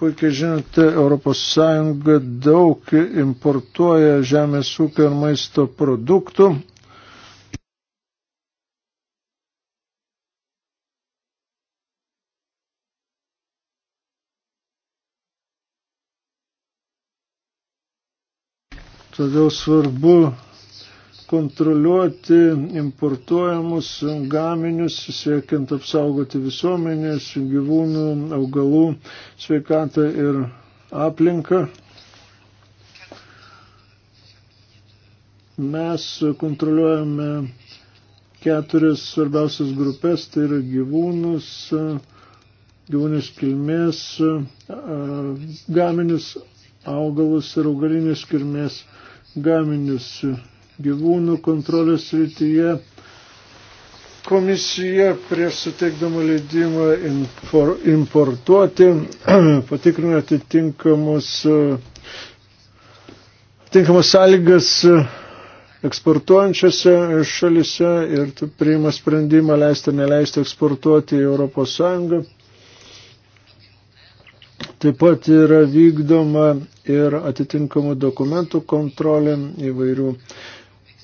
puikiai žinote, ES daug importuoja žemės ūkio ir maisto produktų. Todėl svarbu kontroliuoti importuojamus gaminius, siekiant apsaugoti visuomenės, gyvūnų, augalų sveikatą ir aplinką. Mes kontroliuojame keturias svarbiausias grupės, tai yra gyvūnus, gyvūnės kilmės, gaminius, augalus ir augalinės kilmės gaminius gyvūnų kontrolės srityje. Komisija prieš suteikdama leidimą importuoti patikrino atitinkamus tinkamas sąlygas eksportuojančiose šalise ir priima sprendimą leisti ar neleisti eksportuoti į Europos Sąjungą. Taip pat yra vykdoma ir atitinkamų dokumentų kontrolė įvairių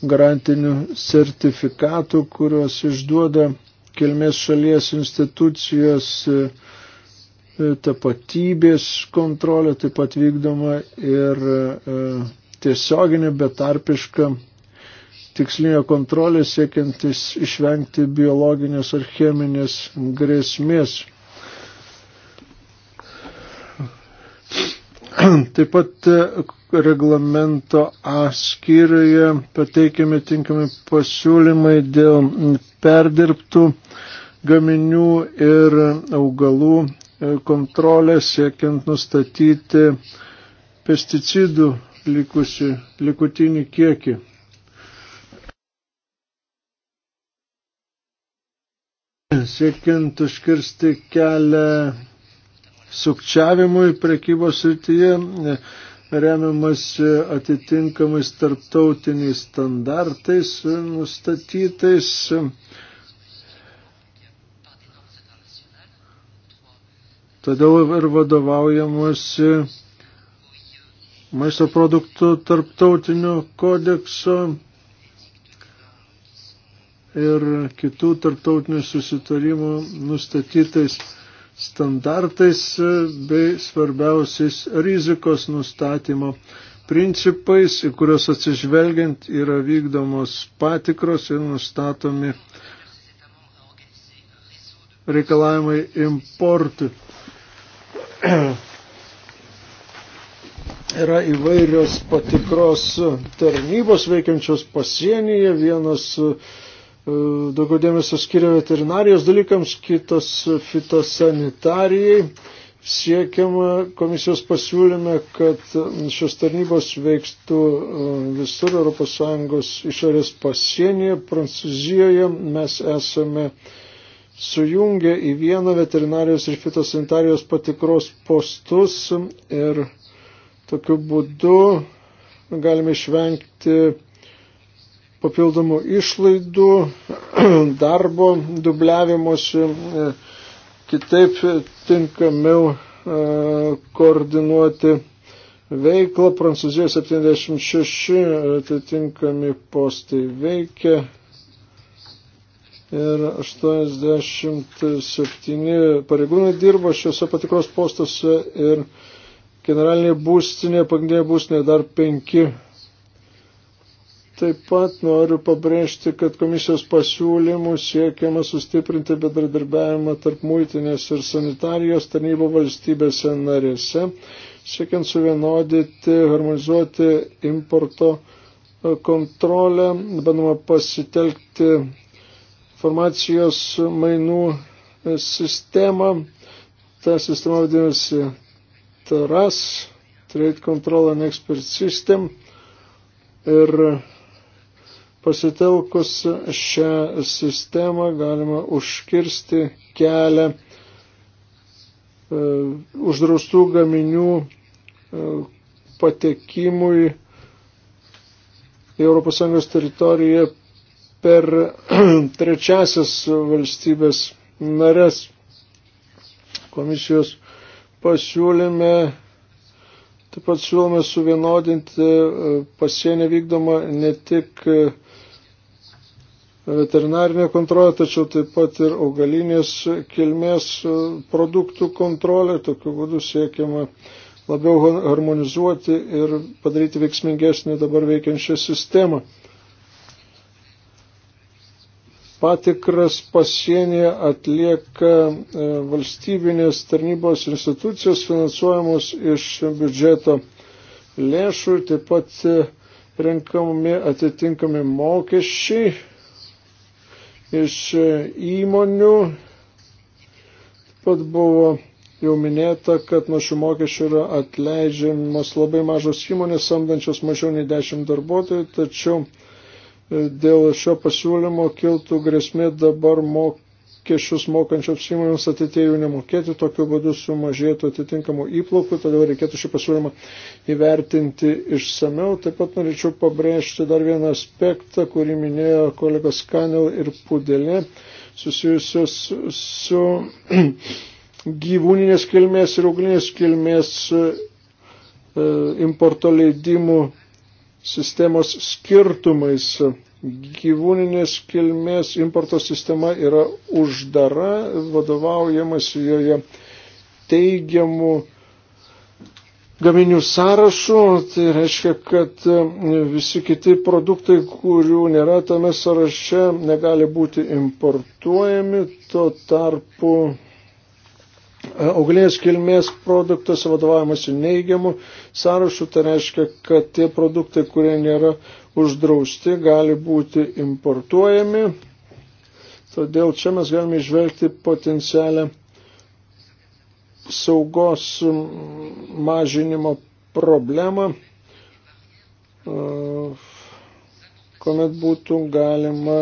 garantinių sertifikatų, kuriuos išduoda kilmės šalies institucijos e, tapatybės kontrolė, taip pat vykdoma ir e, tiesioginė betarpiška tikslinė kontrolė siekiantis išvengti biologinės ar cheminės grėsmės. Taip pat e, reglamento A skyriuje pateikiami tinkami pasiūlymai dėl perdirbtų gaminių ir augalų e, kontrolę siekiant nustatyti pesticidų likusi, likutinį kiekį. Siekiant užkirsti kelią sukčiavimui prekybos srityje, e, remiamas e, atitinkamais tarptautiniais standartais e, nustatytais. Todėl ir vadovaujamasi maisto produktų tarptautinio kodekso ir kitų tarptautinių susitarimų nustatytais standartais e, bei svarbiausiais rizikos nustatymo principais, į kuriuos atsižvelgiant yra vykdomos patikros ir nustatomi reikalavimai importui. yra įvairios patikros tarnybos veikiančios pasienyje, vienos uh, daugiau dėmesio skiria veterinarijos dalykams, kitas fitosanitarijai. Siekiama komisijos pasiūlyme, kad šios tarnybos veiktų e, visur ES išorės pasienyje. Prancūzijoje mes esame sujungę į vieną veterinarijos ir fitosanitarijos patikros postus ir tokiu būdu galime išvengti papildomų išlaidų, darbo dubliavimuose, e, kitaip tinkamiau e, koordinuoti veiklą. Prancūzijoje 76 atitinkami postai veikia ir 87 pareigūnai dirbo šiuose patikros postuose ir generalinė būstinė, pagrindinė būstinė dar 5 Taip pat noriu pabrėžti, kad komisijos pasiūlymų siekiama sustiprinti bedradarbiavimą tarp muitinės ir sanitarijos tarnybų valstybėse narėse, siekiant suvienodyti, harmonizuoti importo e, kontrolę, bandoma pasitelkti informacijos mainų e, sistemą. Ta sistema vadinasi TRAS, Trade Control and Expert System. Ir Pasitelkus šią sistemą galima užkirsti kelią e, uždraustų gaminių e, patekimui į ES teritoriją per trečiasias valstybės narės komisijos pasiūlyme. Taip pat siūlome suvienodinti e, pasienį vykdomą ne tik veterinarinė kontrolė, tačiau taip pat ir augalinės kilmės produktų kontrolė. Tokiu būdu siekiama labiau harmonizuoti ir padaryti veiksmingesnį dabar veikiančią sistemą. Patikras pasienyje atlieka e, valstybinės tarnybos institucijos finansuojamos iš biudžeto lėšų ir taip pat e, renkami atitinkami mokesčiai iš e, įmonių. Pat buvo jau minėta, kad nuo šių mokesčių yra atleidžiamos labai mažos įmonės, samdančios mažiau nei 10 darbuotojų, tačiau e, dėl šio pasiūlymo kiltų grėsmė dabar mok mokesčius mokančioms įmonėms ateitie jų nemokėti, tokiu būdu sumažėtų atitinkamų įplaukų, todėl reikėtų šį pasiūlymą įvertinti išsameu. Taip pat norėčiau pabrėžti dar vieną aspektą, kurį minėjo kolegos Kanel ir Pudelė, susijusios su gyvūninės kilmės ir ugninės kilmės e, importo leidimų sistemos skirtumais gyvūninės kilmės importo sistema yra uždara, vadovaujamas joje teigiamų gaminių sąrašų, tai reiškia, kad e, visi kiti produktai, kurių nėra tame sąraše, negali būti importuojami, tuo tarpu e, auglinės kilmės produktas vadovavimasi neigiamu sąrašu, tai reiškia, kad tie produktai, kurie nėra uždrausti, gali būti importuojami. Todėl čia mes galime išvelgti potencialę saugos mažinimo problemą, kuomet būtų galima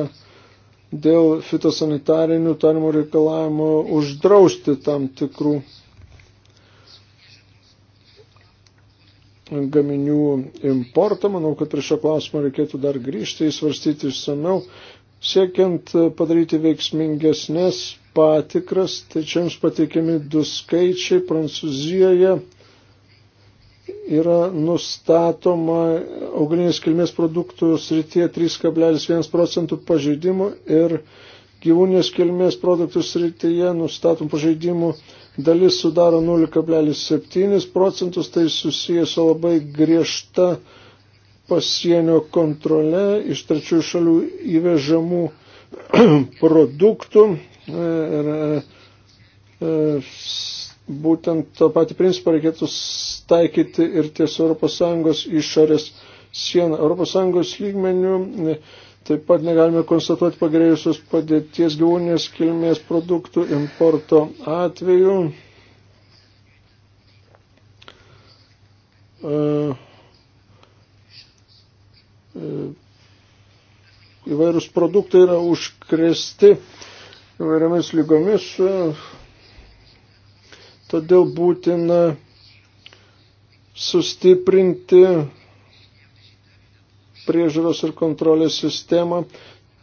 dėl fitosanitarinių tarimų reikalavimų uždrausti tam tikrų gaminių importą. Manau, kad prie šio klausimo reikėtų dar grįžti, įsvarstyti išsameu, siekiant padaryti veiksmingesnės patikras. Tai čia jums pateikiami du skaičiai. Prancūzijoje yra nustatoma augalinės kilmės produktų srityje 3,1 procentų pažeidimų ir gyvūnės kilmės produktų srityje nustatom pažeidimų 0,5 dalis sudaro 0,7 procentus, tai susijęs su labai griežta pasienio kontrole iš trečiųjų šalių įvežamų produktų. E, ir, e, e, būtent tą patį principą reikėtų taikyti ir ties ES išorės sieną. ES lygmenių Taip pat negalime konstatuoti pagerėjusios padėties gyvūninės kilmės produktų importo atveju. E, e, įvairūs produktai yra užkresti įvairiamis lygomis, e, todėl būtina sustiprinti priežiūros ir kontrolės sistemą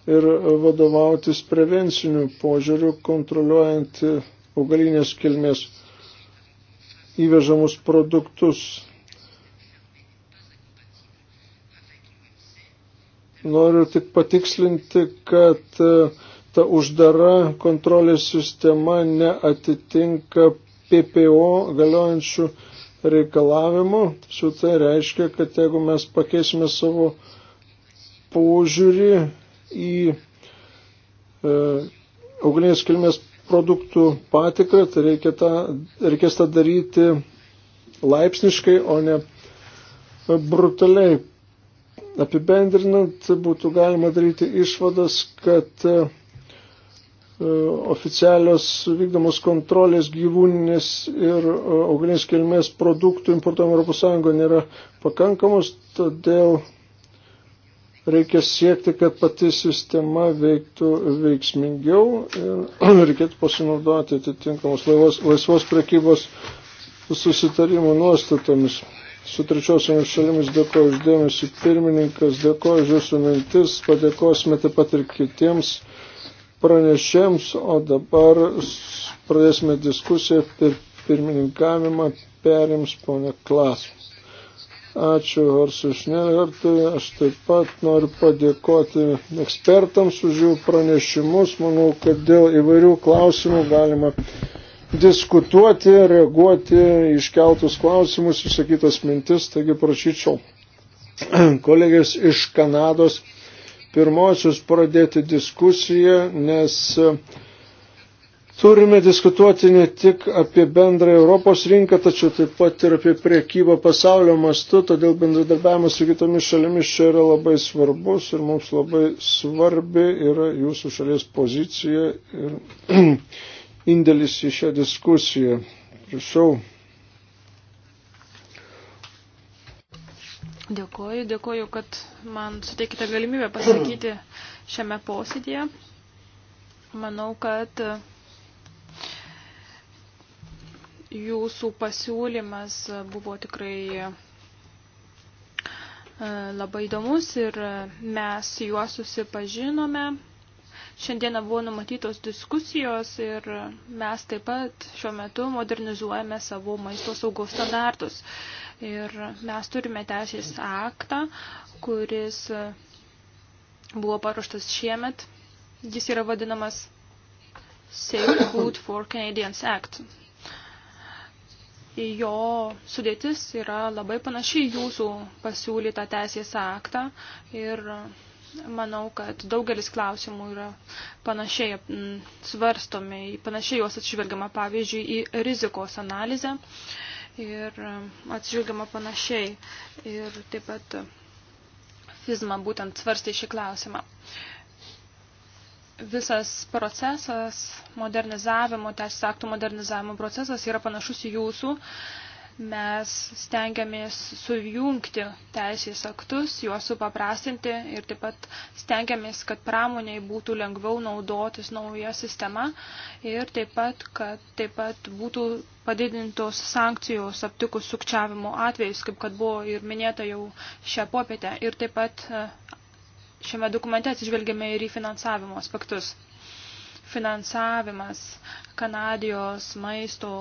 ir vadovautis prevenciniu požiūriu, kontroliuojant augalinės kilmės įvežamus produktus. Noriu tik patikslinti, kad e, ta uždara kontrolės sistema neatitinka PPO galiojančių reikalavimų. Su tai reiškia, kad jeigu mes pakeisime savo požiūrį į e, augalinės kilmės produktų patikrą, tai reikia tą, reikės tą daryti laipsniškai, o ne brutaliai. Apibendrinant, būtų galima daryti išvadas, kad e, E, oficialios vykdomos kontrolės gyvūninės ir e, augalinės kilmės produktų importuojama ES nėra pakankamos, todėl reikia siekti, kad pati sistema veiktų veiksmingiau ir reikėtų pasinaudoti atitinkamos laivos, laisvos prekybos susitarimo nuostatomis. Su trečiosiomis šalimis dėkoju uždėmesi pirmininkas, dėkoju už jūsų mintis, padėkosime taip pat ir kitiems pranešėms, o dabar pradėsime diskusiją ir pirmininkavimą perims ponė Klas. Ačiū Horsui Šnelertui, aš taip pat noriu padėkoti ekspertams už jų pranešimus. Manau, kad dėl įvairių klausimų galima diskutuoti, reaguoti iškeltus klausimus, išsakytas mintis, taigi prašyčiau kolegės iš Kanados pirmosius pradėti diskusiją, nes e, turime diskutuoti ne tik apie bendrą Europos rinką, tačiau taip pat ir apie priekybą pasaulio mastu, todėl bendradarbiavimas su kitomis šalimis čia yra labai svarbus ir mums labai svarbi yra jūsų šalies pozicija ir indėlis į šią diskusiją. Prašau. Dėkoju, dėkoju, kad man suteikite galimybę pasakyti šiame posėdėje. Manau, kad jūsų pasiūlymas buvo tikrai e, labai įdomus ir mes juo susipažinome. Šiandieną buvo numatytos diskusijos ir mes taip pat šiuo metu modernizuojame savo maisto saugos standartus. Ir mes turime teisės aktą, kuris buvo paruoštas šiemet. Jis yra vadinamas Safe Food for Canadians Act. Jo sudėtis yra labai panaši jūsų pasiūlytą teisės aktą ir manau, kad daugelis klausimų yra panašiai svarstomi, panašiai juos atšvelgiama, pavyzdžiui, į rizikos analizę. Uh, ir um, atsižvelgiama panašiai. Ir taip pat um, FISMA būtent svarstė šį klausimą. Visas procesas modernizavimo, teisės aktų modernizavimo procesas yra panašus į jūsų. Uh, mes stengiamės sujungti teisės aktus, juos supaprastinti ir taip pat stengiamės, kad pramoniai būtų lengviau naudotis nauja sistema ir taip pat, kad taip pat būtų padidintos sankcijos aptikus sukčiavimo atvejais, kaip kad buvo ir minėta jau šią popietę. Ir taip pat e, šiame dokumente atsižvelgiame ir į finansavimo aspektus finansavimas Kanadijos maisto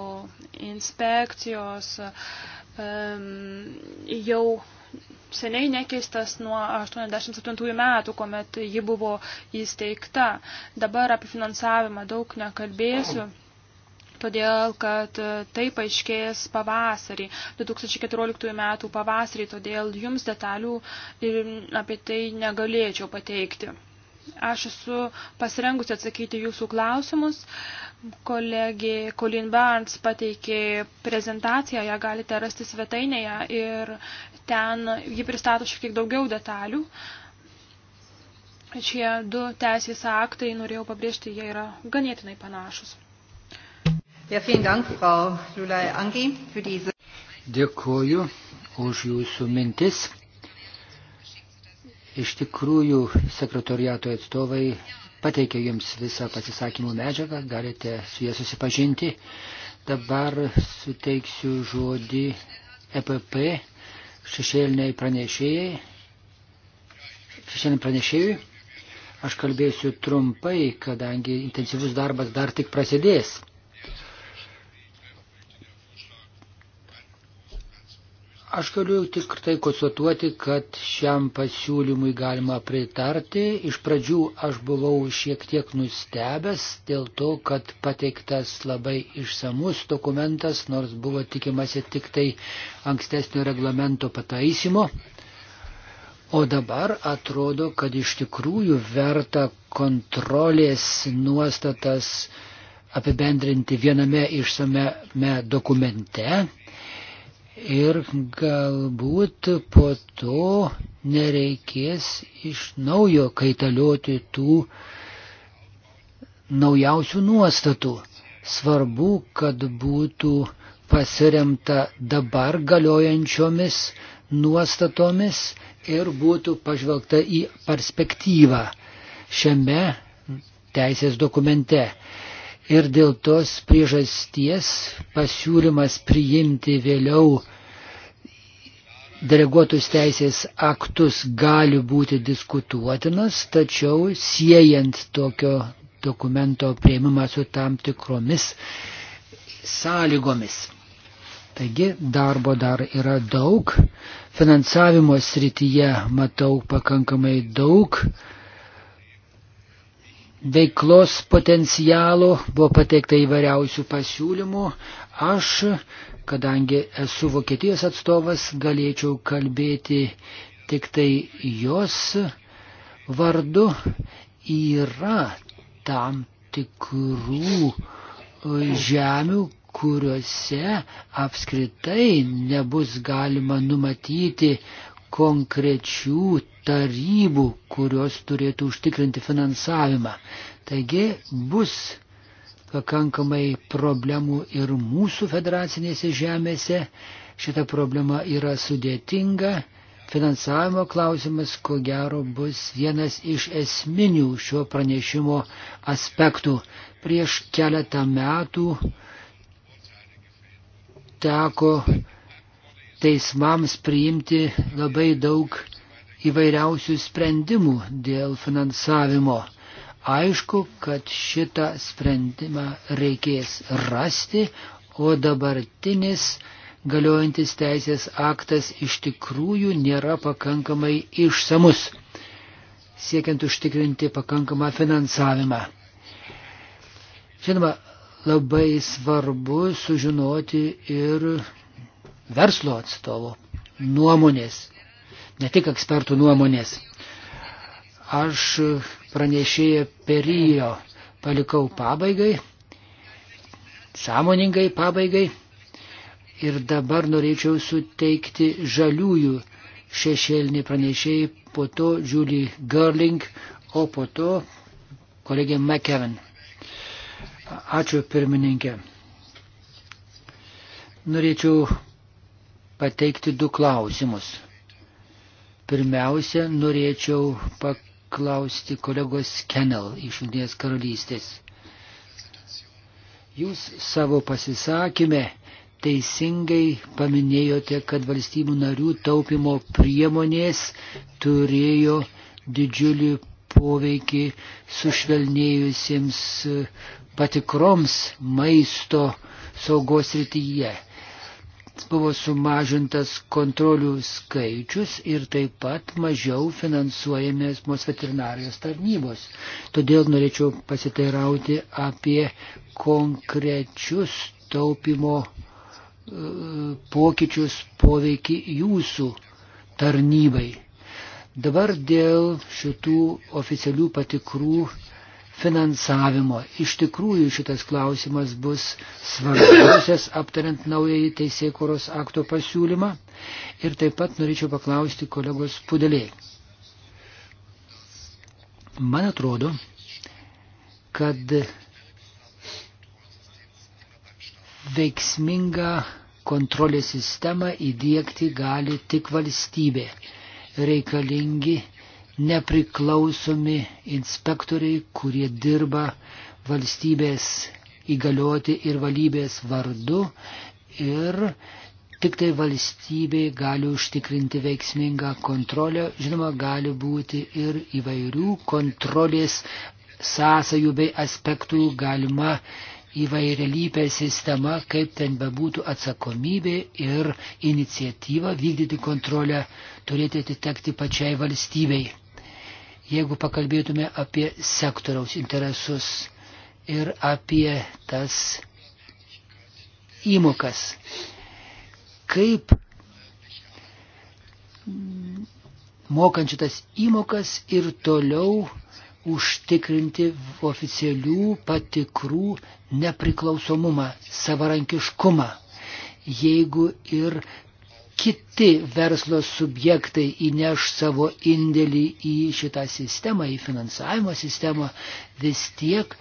inspekcijos jau seniai nekeistas nuo 87 metų, kuomet ji buvo įsteigta. Dabar apie finansavimą daug nekalbėsiu todėl kad tai paaiškės pavasarį, 2014 metų pavasarį, todėl jums detalių ir apie tai negalėčiau pateikti. Aš esu pasirengusi atsakyti jūsų klausimus. Kolegė Colin Barnes pateikė prezentaciją, ją galite rasti svetainėje ir ten ji pristato šiek tiek daugiau detalių. Šie du teisės aktai, norėjau pabrėžti, jie yra ganėtinai panašus. Ja, vielen Dank, Frau Lulai Angi, für diese. Dėkuoju už jūsų mintis. Iš tikrųjų, sekretoriato atstovai pateikė jums visą pasisakymų medžiagą, galite su jie susipažinti. Dabar suteiksiu žodį EPP šešėliniai pranešėjai. Šešėliniai pranešėjui. Aš kalbėsiu trumpai, kadangi intensyvus darbas dar tik prasidės. Aš galiu tik tai konstatuoti, kad šiam pasiūlymui galima pritarti. Iš pradžių aš buvau šiek tiek nustebęs dėl to, kad pateiktas labai išsamus dokumentas, nors buvo tikimasi tik tai ankstesnio reglamento pataisimo. O dabar atrodo, kad iš tikrųjų verta kontrolės nuostatas apibendrinti viename išsame dokumente ir galbūt po to nereikės iš naujo kaitalioti tų naujausių nuostatų. Svarbu, kad būtų pasiremta dabar galiojančiomis nuostatomis ir būtų pažvelgta į perspektyvą šiame teisės dokumente ir dėl tos priežasties pasiūlymas priimti vėliau deleguotus teisės aktus gali būti diskutuotinas, tačiau siejant tokio dokumento prieimimą su tam tikromis sąlygomis. Taigi darbo dar yra daug, finansavimo srityje matau pakankamai daug veiklos potencialo, buvo pateikta įvairiausių pasiūlymų. Aš, kadangi esu Vokietijos atstovas, galėčiau kalbėti tik tai jos vardu. Yra tam tikrų e, žemių, kuriuose apskritai nebus galima numatyti konkrečių tarybų, kurios turėtų užtikrinti finansavimą. Taigi bus pakankamai problemų ir mūsų federacinėse žemėse. Šita problema yra sudėtinga. Finansavimo klausimas, ko gero, bus vienas iš esminių šio pranešimo aspektų. Prieš keletą metų teko teismams priimti labai daug įvairiausių sprendimų dėl finansavimo. Aišku, kad šitą sprendimą reikės rasti, o dabartinis galiojantis teisės aktas iš tikrųjų nėra pakankamai išsamus, siekiant užtikrinti pakankamą finansavimą. Žinoma, labai svarbu sužinoti ir verslo atstovo nuomonės, ne tik ekspertų nuomonės. Aš pranešėję perijo palikau pabaigai, sąmoningai pabaigai ir dabar norėčiau suteikti žaliųjų šešėlinį pranešėjai, po to Julie Gerling, o po to kolegė McKevin. Ačiū pirmininkė. Norėčiau pateikti du klausimus. Pirmiausia, norėčiau paklausti kolegos Kennel iš Jungtinės karalystės. Jūs savo pasisakymę teisingai paminėjote, kad valstybių narių taupimo priemonės turėjo didžiulį poveikį sušvelnėjusiems patikroms maisto saugos rytyje buvo sumažintas kontrolių skaičius ir taip pat mažiau finansuojamės mūsų veterinarijos tarnybos. Todėl norėčiau pasiteirauti apie konkrečius taupimo e, pokyčius poveikį jūsų tarnybai. Dabar dėl šitų oficialių patikrų finansavimo. Iš tikrųjų šitas klausimas bus svarbiausias aptariant naująjį teisėkuros akto pasiūlymą. Ir taip pat norėčiau paklausti kolegos Pudelėj. Man atrodo, kad veiksmingą kontrolės sistemą įdėkti gali tik valstybė. Reikalingi nepriklausomi inspektoriai, kurie dirba valstybės įgalioti ir valybės vardu ir tik tai valstybė gali užtikrinti veiksmingą kontrolę. Žinoma, gali būti ir įvairių kontrolės sąsajų bei aspektų galima įvairialypė sistema, kaip ten bebūtų atsakomybė ir iniciatyva vykdyti kontrolę turėtų atitekti pačiai valstybei jeigu pakalbėtume apie sektoriaus interesus ir apie tas įmokas. Kaip mokant šitas įmokas ir toliau užtikrinti oficialių patikrų nepriklausomumą, savarankiškumą. Jeigu ir kiti verslo subjektai įneš savo indėlį į šitą sistemą, į finansavimo sistemą, vis tiek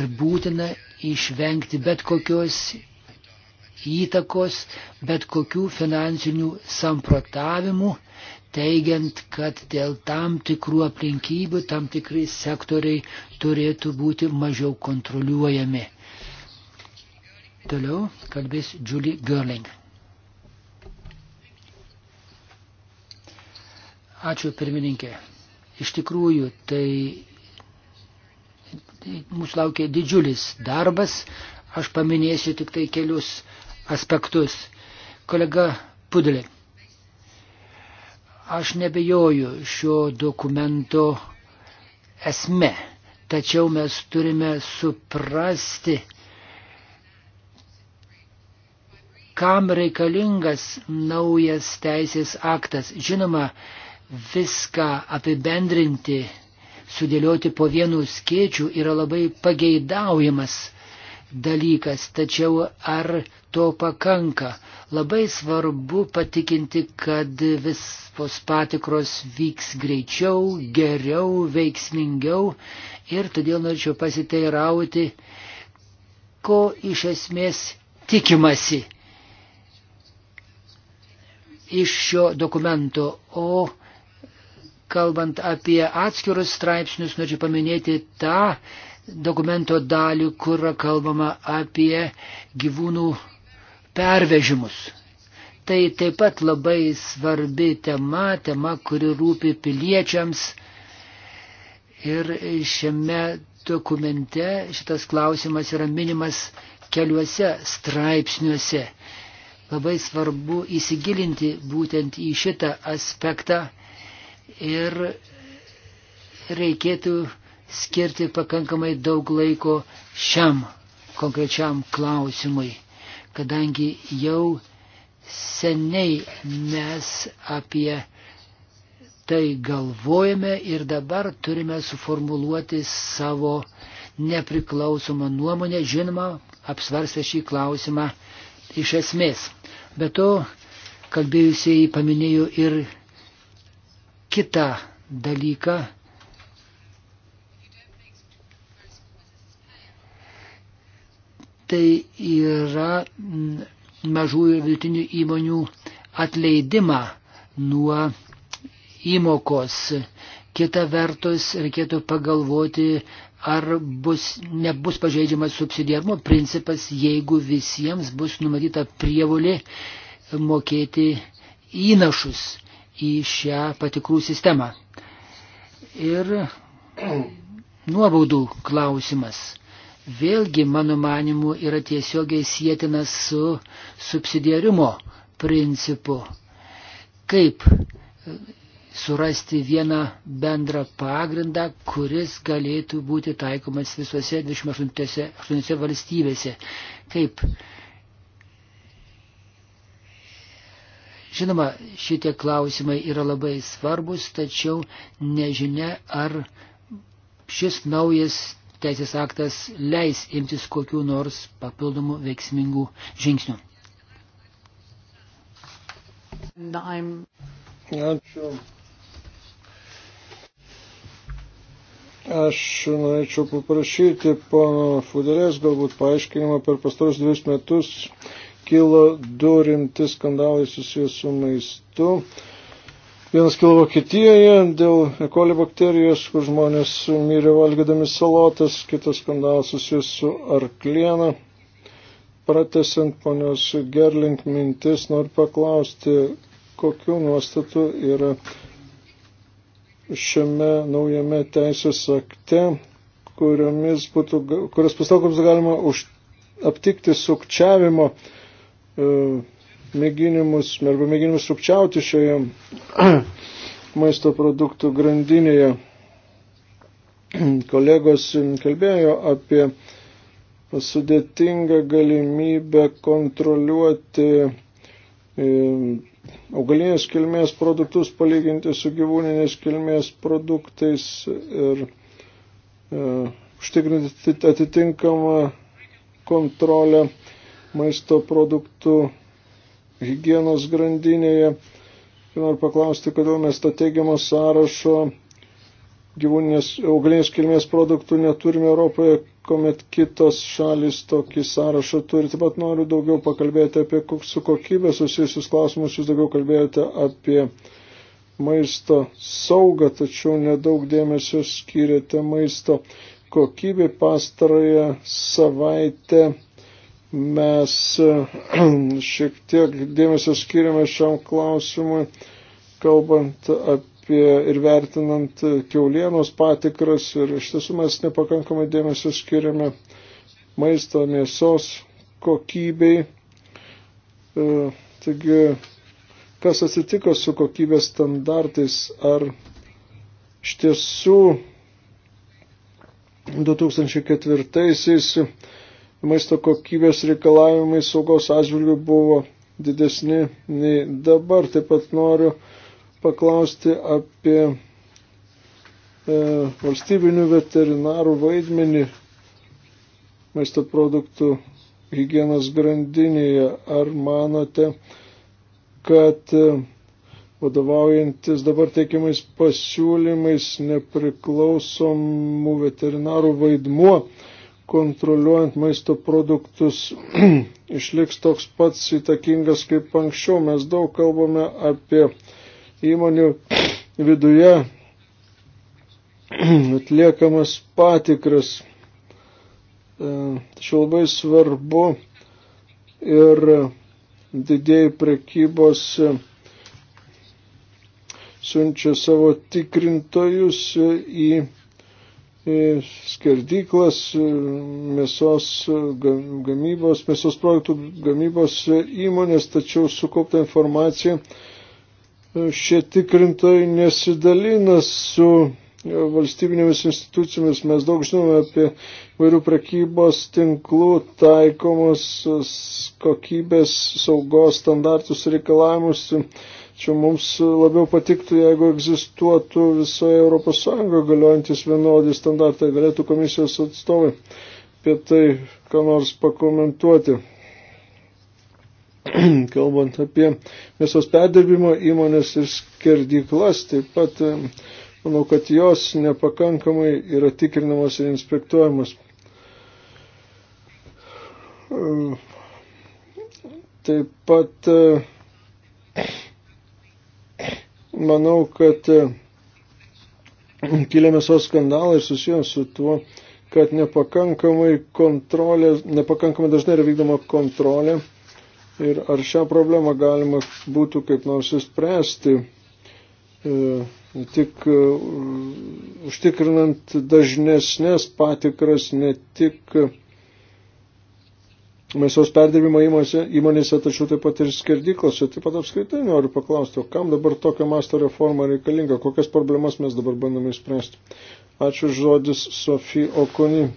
ir būtina išvengti bet kokios įtakos, bet kokių finansinių samprotavimų, teigiant, kad dėl tam tikrų aplinkybių tam tikrai sektoriai turėtų būti mažiau kontroliuojami. Toliau kalbės Julie Görling. Ačiū pirmininkė. Iš tikrųjų, tai mūsų laukia didžiulis darbas. Aš paminėsiu tik tai kelius aspektus. Kolega Pudelė, aš nebejoju šio dokumento esme, tačiau mes turime suprasti, kam reikalingas naujas teisės aktas. Žinoma, viską apibendrinti, sudėlioti po vienu skėčiu yra labai pageidaujamas dalykas, tačiau ar to pakanka? Labai svarbu patikinti, kad visos patikros vyks greičiau, geriau, veiksmingiau ir todėl norėčiau pasiteirauti, ko iš esmės tikimasi iš šio dokumento, o Kalbant apie atskirus straipsnius, norėčiau paminėti tą dokumento dalį, kur kalbama apie gyvūnų pervežimus. Tai taip pat labai svarbi tema, tema, kuri rūpi piliečiams. Ir šiame dokumente šitas klausimas yra minimas keliuose straipsniuose. Labai svarbu įsigilinti būtent į šitą aspektą ir reikėtų skirti pakankamai daug laiko šiam konkrečiam klausimui, kadangi jau seniai mes apie tai galvojame ir dabar turime suformuluoti savo nepriklausomą nuomonę, žinoma, apsvarstę šį klausimą iš esmės. Be to, kalbėjusiai paminėjo ir kitą dalyką. Tai yra mažų ir vidutinių įmonių atleidimą nuo įmokos. Kita vertus, reikėtų pagalvoti, ar bus, nebus pažeidžiamas subsidiarumo principas, jeigu visiems bus numatyta prievolė mokėti įnašus į šią patikrų sistemą. Ir nuobaudų klausimas vėlgi, mano manimu, yra tiesiogiai sėtinas su subsidiarumo principu. Kaip surasti vieną bendrą pagrindą, kuris galėtų būti taikomas visose 28 valstybėse. Kaip Žinoma, šitie klausimai yra labai svarbus, tačiau nežinia, ar šis naujas teisės aktas leis imtis kokiu nors papildomų veiksmingų žingsnių. Ačiū. Aš norėčiau paprašyti pono Fuderės galbūt paaiškinimą per pastarus dvius metus kilo du rimti skandalai susijęs su maistu. Vienas kilo Vokietijoje dėl ekoli bakterijos, kur žmonės mirė valgydami salotas, kitas skandalas susijęs su arkliena. Pratesant ponios Gerling mintis, noriu paklausti, kokiu nuostatu yra šiame naujame teisės akte, kuriomis būtų, kurios pastokoms galima už, aptikti sukčiavimo E, mėginimus, arba mėginimus sukčiauti šioje maisto produktų grandinėje. Kolegos kalbėjo apie sudėtingą galimybę kontroliuoti e, augalinės kilmės produktus palyginti su gyvūninės kilmės produktais ir e, užtikrinti atitinkamą kontrolę maisto produktų hygienos grandinėje. Ir noriu paklausti, kodėl mes to teigiamo sąrašo gyvūninės augalinės kilmės produktų neturime Europoje, kuomet kitos šalis tokį sąrašą turi. Taip pat noriu daugiau pakalbėti apie su kokybė susijusius klausimus. Jūs daugiau kalbėjote apie maisto saugą, tačiau nedaug dėmesio skiriate maisto kokybė pastarąją savaitę mes eh, šiek tiek dėmesio skiriame šiam klausimui, kalbant apie ir vertinant keulienos patikras ir iš tiesų mes nepakankamai dėmesio skiriame maisto mėsos kokybei. Eh, taigi, kas atsitiko su kokybės standartais, ar iš tiesų 2004-aisiais maisto kokybės reikalavimai saugos atžvilgių buvo didesni nei dabar. Taip pat noriu paklausti apie e, valstybinių veterinarų vaidmenį maisto produktų hygienos grandinėje. Ar manote, kad e, vadovaujantis dabar teikiamais pasiūlymais nepriklausomų veterinarų vaidmuo kontroliuojant maisto produktus išliks toks pats įtakingas kaip anksčiau. Mes daug kalbame apie įmonių viduje atliekamas patikras. E, tačiau labai svarbu ir didėjai prekybos siunčia savo tikrintojus į skerdyklas, mėsos gamybos, mėsos projektų gamybos įmonės, tačiau sukaupta informacija e, šie tikrintojai nesidalina su valstybinėmis institucijomis. Mes daug žinome apie vairių prekybos tinklų taikomus kokybės saugos standartus reikalavimus Čia mums labiau patiktų, jeigu egzistuotų visoje Europos Sąjungoje galiojantis vienodi standartai. Galėtų komisijos atstovai apie tai, ką nors pakomentuoti. Kalbant apie mėsos perdirbimo įmonės ir skerdyklas, taip pat manau, kad jos nepakankamai yra tikrinamos ir inspektuojamos. Taip pat Manau, kad e, kilę mėsos skandalai susijęs su tuo, kad nepakankamai, kontrolė, nepakankamai dažnai yra vykdoma kontrolė ir ar šią problemą galima būtų kaip nors įspręsti, e, tik e, užtikrinant dažnesnės patikras ne tik mėsos perdirbimo įmonėse, įmonėse, tačiau taip pat ir skerdyklose. Taip pat apskritai noriu paklausti, o kam dabar tokio masto reforma reikalinga, kokias problemas mes dabar bandome išspręsti. Ačiū žodis Sofija Okoni.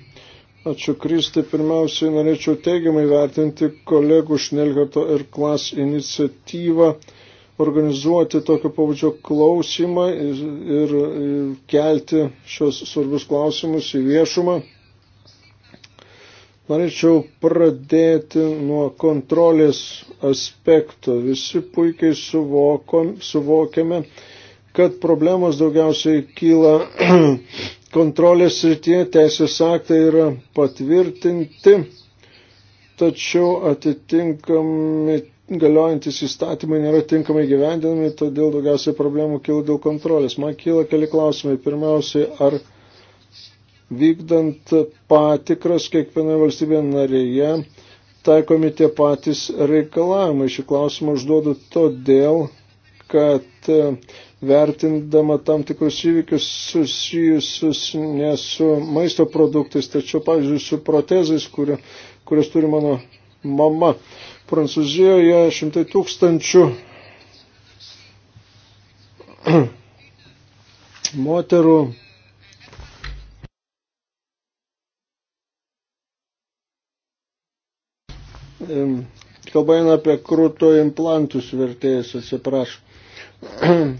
Ačiū Kristai. Pirmiausiai norėčiau teigiamai vertinti kolegų Šnelgarto ir Klas iniciatyvą organizuoti tokio pavadžio klausimą ir, ir, ir kelti šios svarbius klausimus į viešumą. Norėčiau pradėti nuo kontrolės aspekto. Visi puikiai suvokom, suvokiame, kad problemos daugiausiai kyla kontrolės srityje, teisės aktai yra patvirtinti, tačiau atitinkami galiojantis įstatymai nėra tinkamai gyvendinami, todėl daugiausiai problemų kyla dėl kontrolės. Man kyla keli klausimai. Pirmiausiai, ar vykdant patikras kiekvienoje valstybėje narėje taikomi tie patys reikalavimai. Šį klausimą užduodu todėl, kad e, vertindama tam tikrus įvykius susijusius ne su maisto produktais, tačiau, pavyzdžiui, su protezais, kurie, kurias turi mano mama. Prancūzijoje šimtai tūkstančių moterų Kalba eina apie krūto implantus vertėjus, atsiprašau.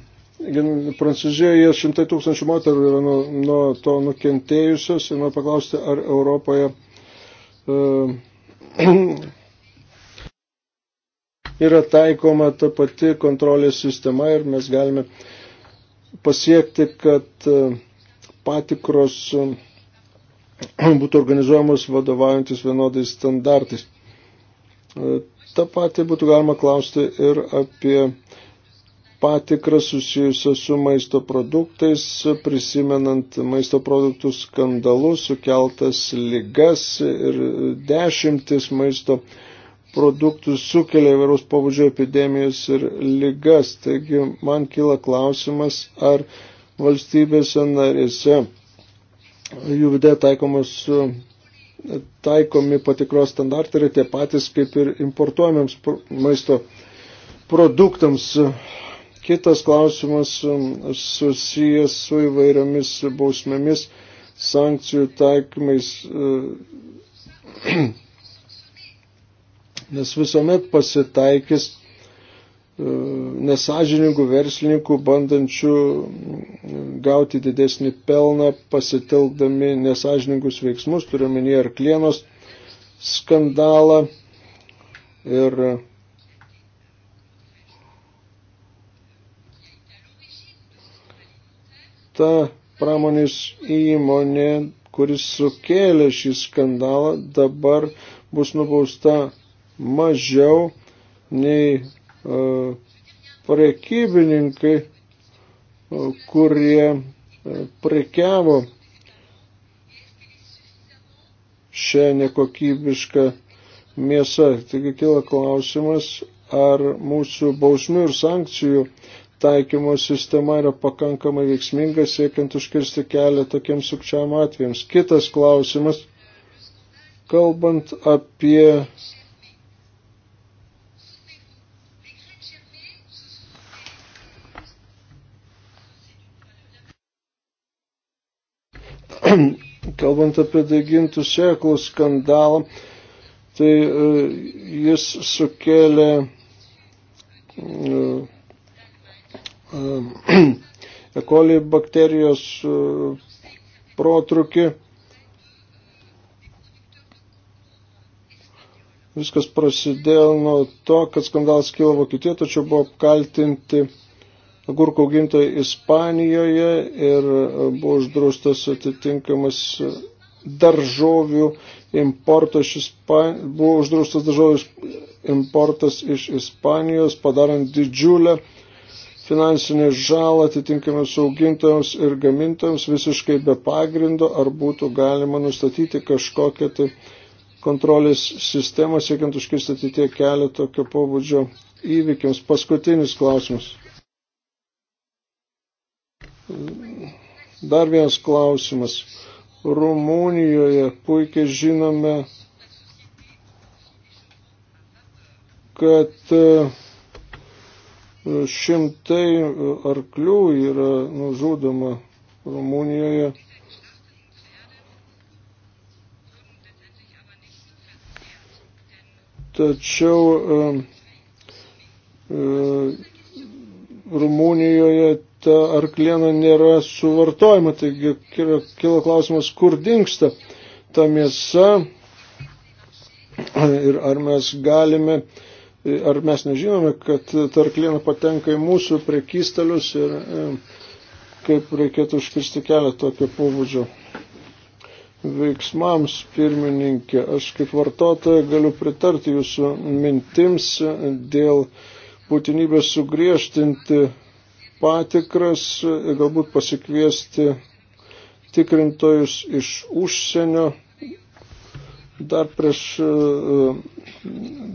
Prancūzijoje šimtai tūkstančių moterų yra nuo, nuo to nukentėjusios ir noriu paklausti, ar Europoje uh, yra taikoma ta pati kontrolės sistema ir mes galime pasiekti, kad patikros būtų organizuojamos vadovaujantis vienodais standartais. E, Ta pati būtų galima klausti ir apie patikrą susijusią su maisto produktais, prisimenant maisto produktų skandalus, sukeltas ligas ir dešimtis maisto produktų sukelia įvairūs pavadžio epidemijos ir ligas. Taigi man kyla klausimas, ar valstybėse narėse jų vidė taikomos taikomi patikros standartai yra tie patys kaip ir importuojamiams maisto produktams. Kitas klausimas um, susijęs su įvairiomis bausmėmis, sankcijų taikymais, uh, nes visuomet pasitaikys nesažiningų verslininkų, bandančių gauti didesnį pelną, pasitelkdami nesažiningus veiksmus, turiuomenį ar klienos skandalą ir ta pramonės įmonė, kuris sukėlė šį skandalą, dabar bus nubausta mažiau nei E, prekybininkai, e, kurie e, prekiavo šią nekokybišką mėsą. Taigi kila klausimas, ar mūsų bausmių ir sankcijų taikymo sistema yra pakankamai veiksminga siekiant užkirsti kelią tokiems sukčiam atvejams. Kitas klausimas, kalbant apie Kalbant apie degintų sėklų skandalą, tai e, jis sukėlė ekoli e, e. bakterijos protrukį. Viskas prasidėjo nuo to, kad skandalas kilo Vokietijoje, tačiau buvo apkaltinti agurkų augintojai Ispanijoje ir e, buvo uždraustas atitinkamas e, daržovių importas iš Ispanijos, buvo uždraustas daržovių importas iš Ispanijos, padarant didžiulę finansinę žalą atitinkamiems augintojams ir gamintojams visiškai be pagrindo, ar būtų galima nustatyti kažkokią tai kontrolės sistemą, siekiant užkirsti ateitie kelią tokio pobūdžio įvykiams. Paskutinis klausimas. Dar vienas klausimas. Rumunijoje puikiai žinome, kad e, šimtai arklių yra nužudoma Rumunijoje. Tačiau e, e, Rumunijoje ta arkliena nėra suvartojama, taigi kilo klausimas, kur dinksta ta mėsa ir ar mes galime, ar mes nežinome, kad ta arkliena patenka į mūsų prekystalius ir e, kaip reikėtų užkirsti kelią tokio pobūdžio veiksmams, pirmininkė. Aš kaip vartotoja galiu pritarti jūsų mintims dėl būtinybės sugriežtinti patikras, galbūt pasikviesti tikrintojus iš užsienio. Dar prieš, e,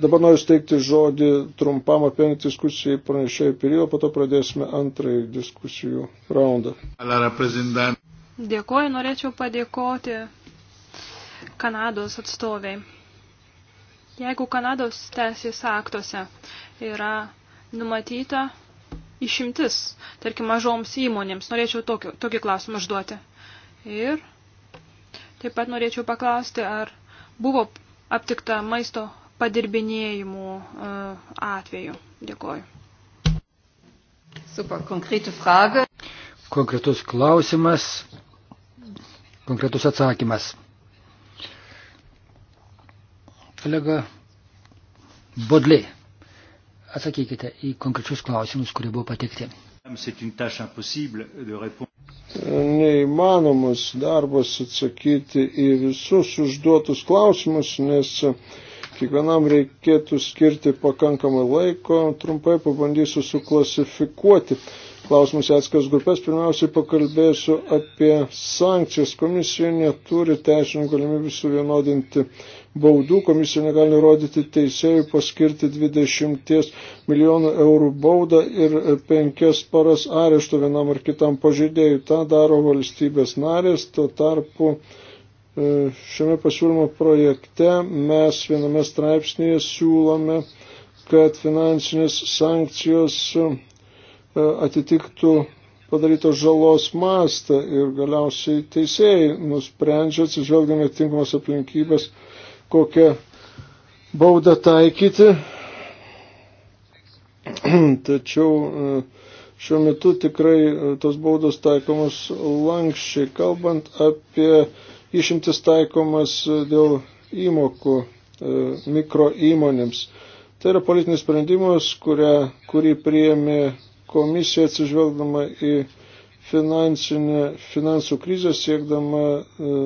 dabar noriu steigti žodį trumpam apie diskusijai pranešėjai periodą, po to pradėsime antrąjį diskusijų raundą. Dėkuoju, norėčiau padėkoti Kanados atstoviai. Jeigu Kanados teisės aktuose yra numatyta išimtis, tarkim, mažoms įmonėms. Norėčiau tokį, tokį klausimą užduoti. Ir taip pat norėčiau paklausti, ar buvo aptikta maisto padirbinėjimų e, atveju. Dėkoju. Super, konkreti fraga. Konkretus klausimas, konkretus atsakymas. Kolega Bodlė. Atsakykite į konkrečius klausimus, kurie buvo patikti. Neįmanomas darbas atsakyti į visus užduotus klausimus, nes kiekvienam reikėtų skirti pakankamai laiko. Trumpai pabandysiu suklasifikuoti klausimus atskiras grupės. Pirmiausiai pakalbėsiu apie sankcijas. Komisija neturi teisinių galimybių suvienodinti baudų. Komisija negali rodyti teisėjų paskirti 20 milijonų eurų baudą ir 5 paras arešto vienam ar kitam pažeidėjui. Ta daro valstybės narės. Tuo tarpu e, šiame pasiūlymo projekte mes viename straipsnėje siūlome kad finansinės sankcijos E, atitiktų padarytos žalos mastą ir galiausiai teisėjai nusprendžia, atsižvelgdami tinkamas aplinkybės, kokią baudą taikyti. Tačiau e, šiuo metu tikrai e, tos baudos taikomos lankščiai, kalbant apie išimtis taikomas dėl įmokų mikro įmonėms. Tai yra politinis sprendimas, kurią, kurį priėmė komisija atsižvelgdama į finansų krizę siekdama e,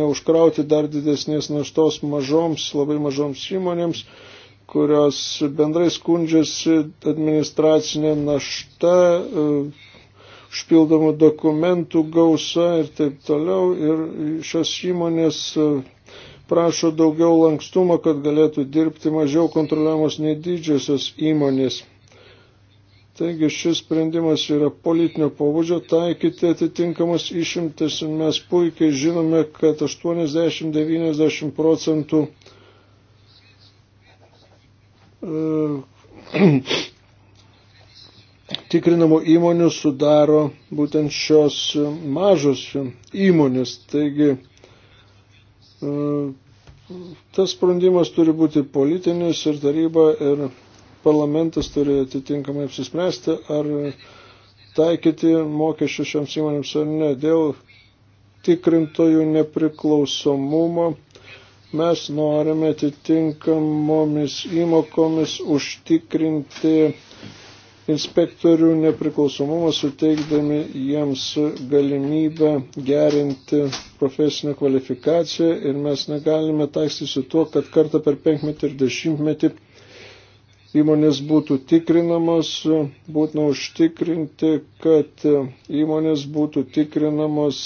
neužkrauti dar didesnės naštos mažoms, labai mažoms įmonėms, kurios bendrai skundžiasi administracinė našta, e, užpildomų dokumentų gausa ir taip toliau. Ir šios įmonės e, prašo daugiau lankstumo, kad galėtų dirbti mažiau kontroliuojamos nedidžiosios įmonės. Taigi šis sprendimas yra politinio pobūdžio taikyti atitinkamas išimtis ir mes puikiai žinome, kad 80-90 procentų e, tikrinamų įmonių sudaro būtent šios mažos įmonės. Taigi e, tas sprendimas turi būti politinis ir taryba ir parlamentas turi atitinkamai apsispręsti, ar taikyti mokesčius šiams įmonėms ar ne. Dėl tikrintojų nepriklausomumo mes norime atitinkamomis įmokomis užtikrinti inspektorių nepriklausomumą, suteikdami jiems galimybę gerinti profesinę kvalifikaciją ir mes negalime taikstyti su tuo, kad kartą per penkmetį ir dešimtmetį įmonės būtų tikrinamos, būtina užtikrinti, kad įmonės būtų tikrinamos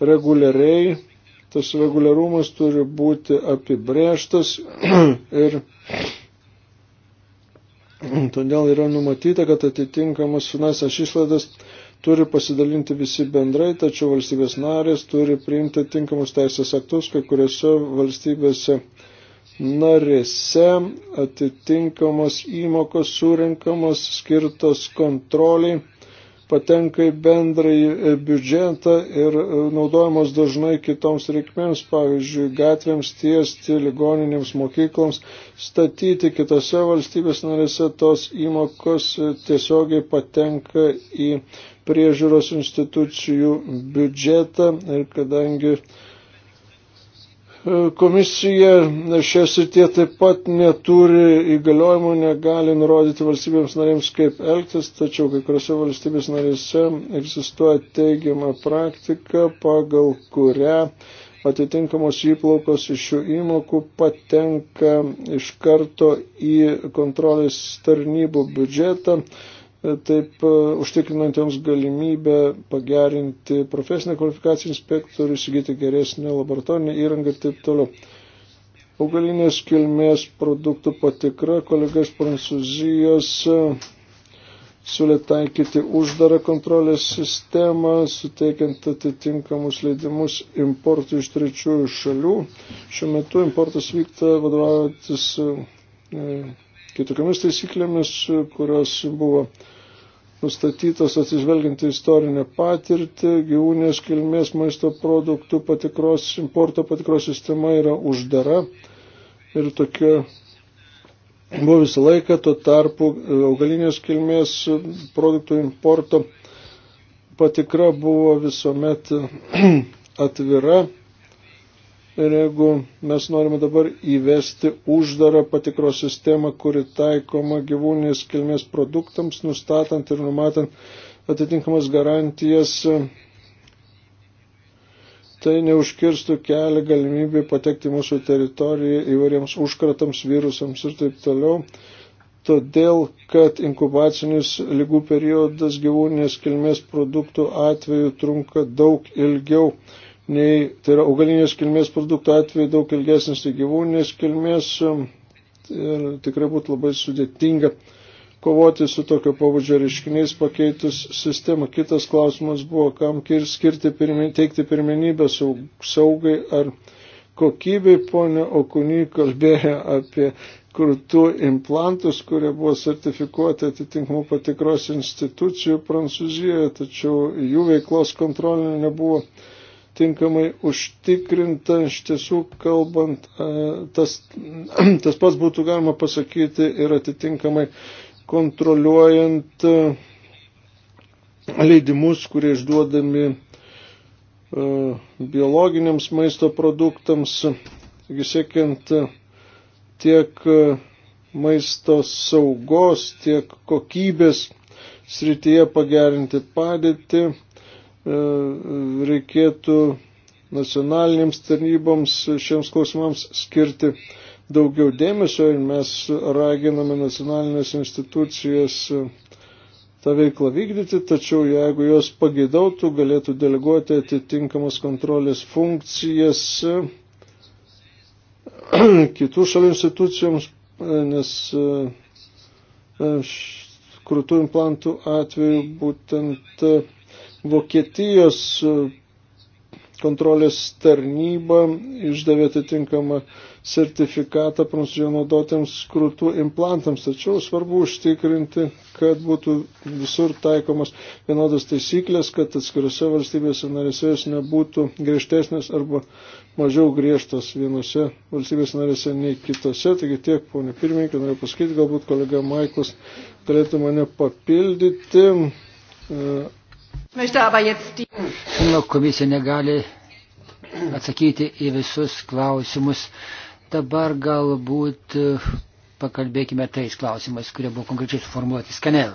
reguliariai, tas reguliarumas turi būti apibrėžtas ir todėl yra numatyta, kad atitinkamas finansinės išlaidas turi pasidalinti visi bendrai, tačiau valstybės narės turi priimti tinkamus teisės aktus, kai kuriuose valstybėse narėse atitinkamos įmokos surinkamos skirtos kontroliai patenka į bendrąjį e, biudžetą ir e, naudojamos dažnai kitoms reikmėms, pavyzdžiui, gatvėms tiesti, ligoninėms, mokykloms, statyti kitose valstybės narėse tos įmokos e, tiesiogiai patenka į priežiūros institucijų biudžetą ir kadangi uh, Komisija šioje srityje taip pat neturi įgaliojimų, negali nurodyti valstybėms narėms, kaip elgtis, tačiau kai kuriuose valstybės narėse egzistuoja teigiama praktika, pagal kurią atitinkamos įplaukos iš šių įmokų patenka iš karto į kontrolės tarnybų biudžetą taip e, užtikrinant joms galimybę pagerinti profesinę kvalifikaciją inspektorių, įsigyti geresnę laboratorinę įrangą ir taip toliau. Augalinės kilmės produktų patikra, kolega iš Prancūzijos e, siūlė taikyti uždarą kontrolės sistemą, suteikiant atitinkamus leidimus importui iš trečiųjų šalių. Šiuo metu importas vyksta vadovautis e, kitokiamis taisyklėmis, kurios buvo nustatytos atsižvelgiant į istorinę patirtį, gyvūnės kilmės maisto produktų patikros, importo patikros sistema yra uždara ir tokia buvo visą laiką, tuo tarpu e, augalinės kilmės produktų importo patikra buvo visuomet atvira Ir jeigu mes norime dabar įvesti uždarą patikros sistemą, kuri taikoma gyvūninės kilmės produktams, nustatant ir numatant atitinkamas garantijas, tai neužkirstų kelią galimybę patekti mūsų teritoriją įvairiems užkratams, virusams ir taip toliau todėl, kad inkubacinis lygų periodas gyvūninės kilmės produktų atveju trunka daug ilgiau nei, tai yra augalinės kilmės produktų atveju daug ilgesnis nei gyvūninės kilmės ir tikrai būtų labai sudėtinga kovoti su tokio pabudžio reiškiniais pakeitus sistemą. Kitas klausimas buvo, kam skirti pirmin, teikti pirmenybę saugai ar kokybei. Pone Okuny kalbėjo apie krūtų implantus, kurie buvo sertifikuoti atitinkamų patikros institucijų Prancūzijoje, tačiau jų veiklos kontrolinė nebuvo tinkamai užtikrinta, iš tiesų kalbant, tas, tas pats būtų galima pasakyti ir atitinkamai kontroliuojant leidimus, kurie išduodami biologiniams maisto produktams, taigi siekiant tiek maisto saugos, tiek kokybės srityje pagerinti padėtį E, reikėtų nacionalinėms tarnyboms šiems klausimams skirti daugiau dėmesio ir mes raginame nacionalinės institucijas tą veiklą vykdyti, tačiau jeigu jos pagėdautų, galėtų deleguoti atitinkamas kontrolės funkcijas kitų šalių institucijoms, nes e, e, krūtų implantų atveju būtent Vokietijos e, kontrolės tarnyba išdavė atitinkamą sertifikatą prancūzijoje naudotiems krūtų implantams, tačiau svarbu užtikrinti, kad būtų visur taikomas vienodas taisyklės, kad atskirose valstybėse narėse jos nebūtų griežtesnės arba mažiau griežtos vienose valstybės narėse nei kitose. Taigi tiek, ponė pirmininkė, noriu pasakyti, galbūt kolega Maiklas galėtų mane papildyti. E, Žinoma, komisija negali atsakyti į visus klausimus. Dabar galbūt e, pakalbėkime tais klausimais, kurie buvo konkrečiai suformuoti. Skanel.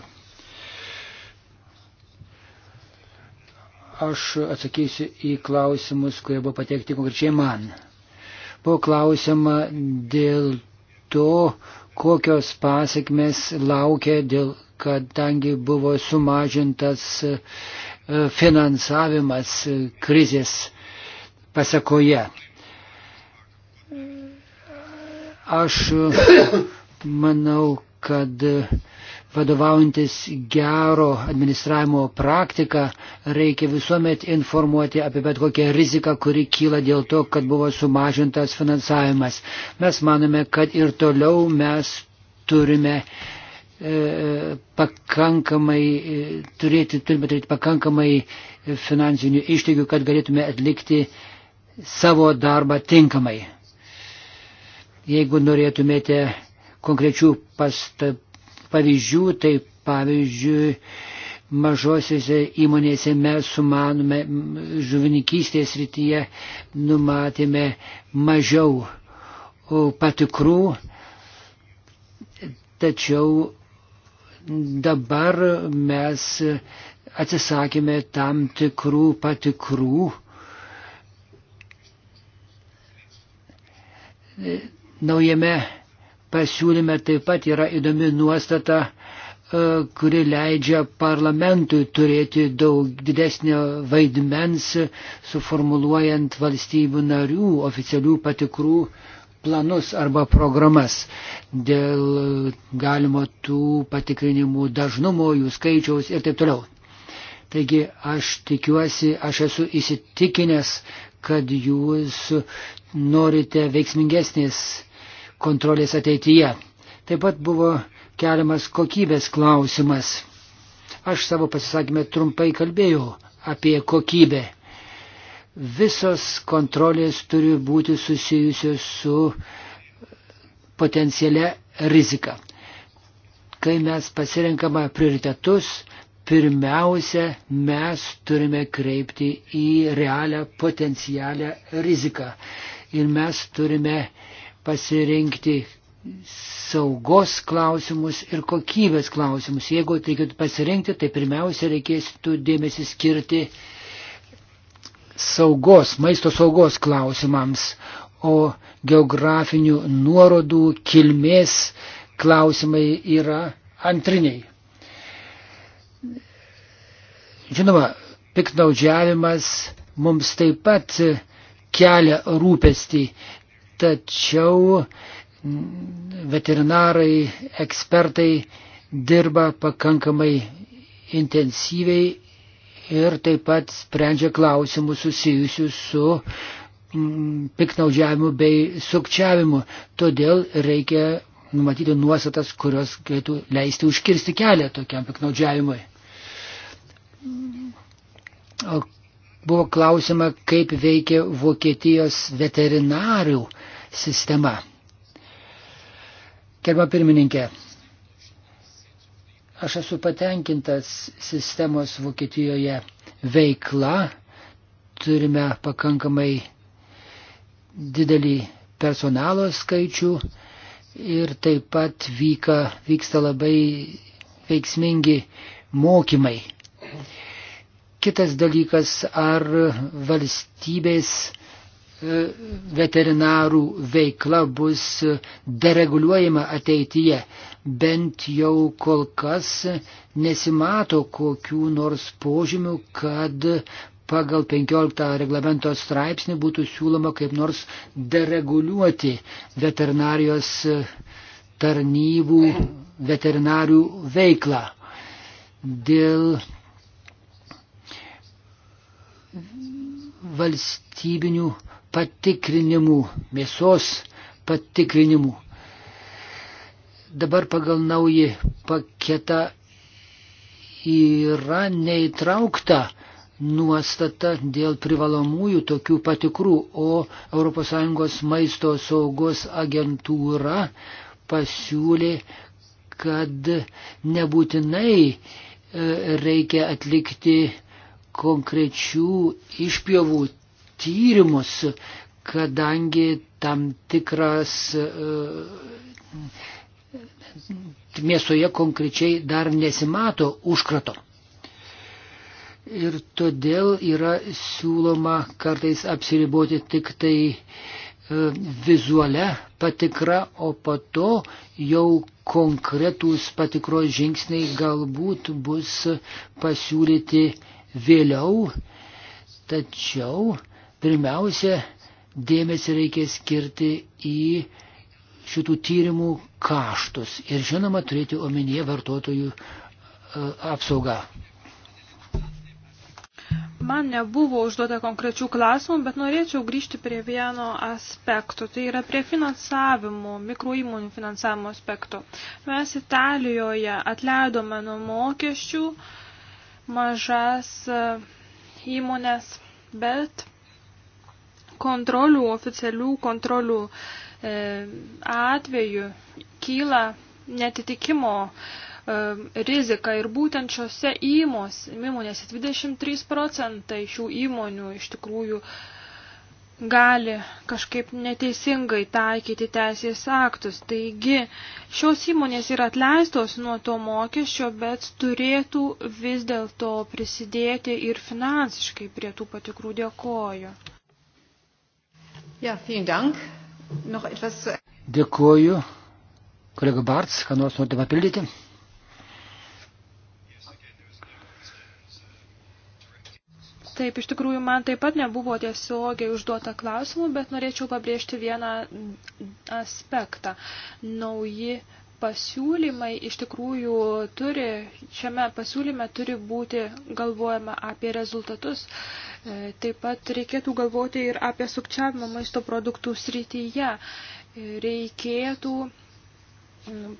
Aš atsakysiu į klausimus, kurie buvo pateikti konkrečiai man. Buvo klausima dėl to, kokios pasiekmes laukia dėl kadangi buvo sumažintas e, finansavimas e, krizės pasakoje. Aš e, manau, kad vadovaujantis gero administravimo praktiką, reikia visuomet informuoti apie bet kokią riziką, kuri kyla dėl to, kad buvo sumažintas finansavimas. Mes manome, kad ir toliau mes turime E, pakankamai, e, turėti, turime turėti pakankamai finansinių išteklių, kad galėtume atlikti savo darbą tinkamai. Jeigu norėtumėte konkrečių pasta, pavyzdžių, tai pavyzdžiui, mažosiuose įmonėse mes sumanome žuvininkystės rytyje, numatėme mažiau patikrų, tačiau dabar mes atsisakėme tam tikrų patikrų. Naujame pasiūlyme taip pat yra įdomi nuostata, e, kuri leidžia parlamentui turėti daug didesnio vaidmens, suformuluojant valstybių narių oficialių patikrų planus arba programas dėl galimo tų patikrinimų dažnumo, jų skaičiaus ir taip toliau. Taigi aš tikiuosi, aš esu įsitikinęs, kad jūs norite veiksmingesnės kontrolės ateityje. Taip pat buvo keliamas kokybės klausimas. Aš savo pasisakymę trumpai kalbėjau apie kokybę. Visos kontrolės turi būti susijusios su potencialia rizika. Kai mes pasirenkame prioritetus, pirmiausia, mes turime kreipti į realią potencialią riziką. Ir mes turime pasirinkti saugos klausimus ir kokybės klausimus. Jeigu reikėtų pasirinkti, tai pirmiausia reikės tų dėmesį skirti saugos, maisto saugos klausimams, o geografinių nuorodų kilmės klausimai yra antriniai. Žinoma, piknaudžiavimas mums taip pat kelia rūpestį, tačiau veterinarai, ekspertai dirba pakankamai intensyviai ir taip pat sprendžia klausimus susijusius su mm, piknaudžiavimu bei sukčiavimu. Todėl reikia numatyti nuostatas, kurios galėtų leisti užkirsti kelią tokiam piknaudžiavimui. O buvo klausima, kaip veikia Vokietijos veterinarių sistema. Gerba pirmininkė, Aš esu patenkintas sistemos Vokietijoje veikla, turime pakankamai didelį personalo skaičių ir taip pat vyka, vyksta labai veiksmingi mokymai. Kitas dalykas, ar valstybės veterinarų veikla bus dereguliuojama ateityje. Bent jau kol kas nesimato kokių nors požymių, kad pagal 15 reglamento straipsnį būtų siūloma kaip nors dereguliuoti veterinarijos tarnybų, veterinarių veiklą. Dėl valstybinių patikrinimų, mėsos patikrinimų. Dabar pagal naują paketą yra neįtraukta nuostata dėl privalomųjų tokių patikrų, o ES maisto saugos agentūra pasiūlė, kad nebūtinai e, reikia atlikti konkrečių išpjovų tyrimus, kadangi tam tikras e, mėsoje konkrečiai dar nesimato užkrato. Ir todėl yra siūloma kartais apsiriboti tik tai e, vizuale patikra, o po to jau konkretūs patikros žingsniai galbūt bus pasiūlyti vėliau. Tačiau Pirmiausia, dėmesį reikia skirti į šitų tyrimų kaštus ir žinoma turėti omenyje vartotojų e, apsaugą. Man nebuvo užduota konkrečių klausimų, bet norėčiau grįžti prie vieno aspekto. Tai yra prie finansavimo, mikroįmonių finansavimo aspekto. Mes Italijoje atleidome nuo mokesčių mažas e, įmonės, bet kontrolių, oficialių kontrolių e, atveju kyla netitikimo e, rizika ir būtent šiuose įmos, įmonėse 23 procentai šių įmonių iš tikrųjų gali kažkaip neteisingai taikyti teisės aktus. Taigi, šios įmonės yra atleistos nuo to mokesčio, bet turėtų vis dėlto prisidėti ir finansiškai prie tų patikrų dėkoju. Ja, vielen Dank. Noch etwas zu... Dėkuoju. Kolega Barts, ką nors norite papildyti? Taip, iš tikrųjų, man taip pat nebuvo tiesiogiai užduota klausimų, bet norėčiau pabrėžti vieną aspektą. Nauji pasiūlymai iš tikrųjų turi, šiame pasiūlyme turi būti galvojama apie rezultatus. E, taip pat reikėtų galvoti ir apie sukčiavimą maisto produktų srityje. E, reikėtų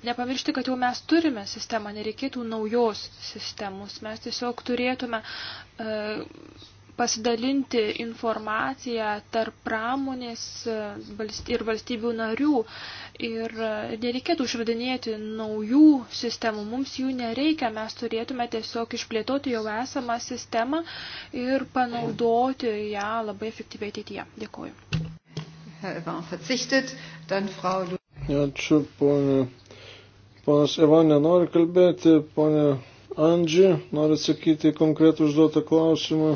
nepamiršti, kad jau mes turime sistemą, nereikėtų naujos sistemos. Mes tiesiog turėtume e, pasidalinti informaciją tarp pramonės e, ir valstybių narių. Ir e, nereikėtų išradinėti naujų sistemų, mums jų nereikia, mes turėtume tiesiog išplėtoti jau esamą sistemą ir panaudoti ją labai efektyviai ateityje. Dėkuoju. Ačiū, ponė. Ponas Evan nenori kalbėti, ponė Andži, nori atsakyti konkretų užduotą klausimą.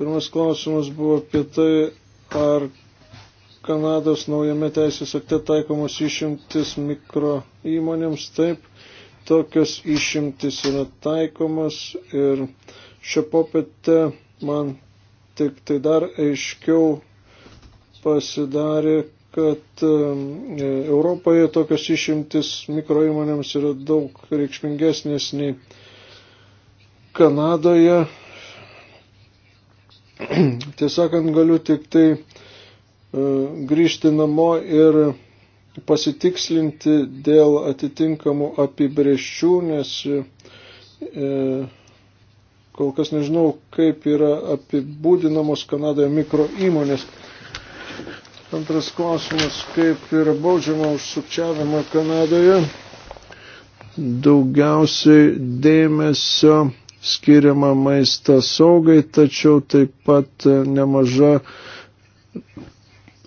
Pirmas klausimas buvo apie tai, ar Kanados naujame teisės akte taikomos išimtis mikro įmonėms. Taip, tokios išimtis yra taikomos ir šią popietę man tik tai dar aiškiau pasidarė, kad um, Europoje tokios išimtis mikro įmonėms yra daug reikšmingesnės nei Kanadoje Tiesąkant, galiu tik tai e, grįžti namo ir pasitikslinti dėl atitinkamų apibrėžčių, nes e, kol kas nežinau, kaip yra apibūdinamos Kanadoje mikro įmonės. Antras klausimas, kaip yra baudžiama už sukčiavimą Kanadoje. Daugiausiai dėmesio skiriama maistą saugai, tačiau taip pat e, nemaža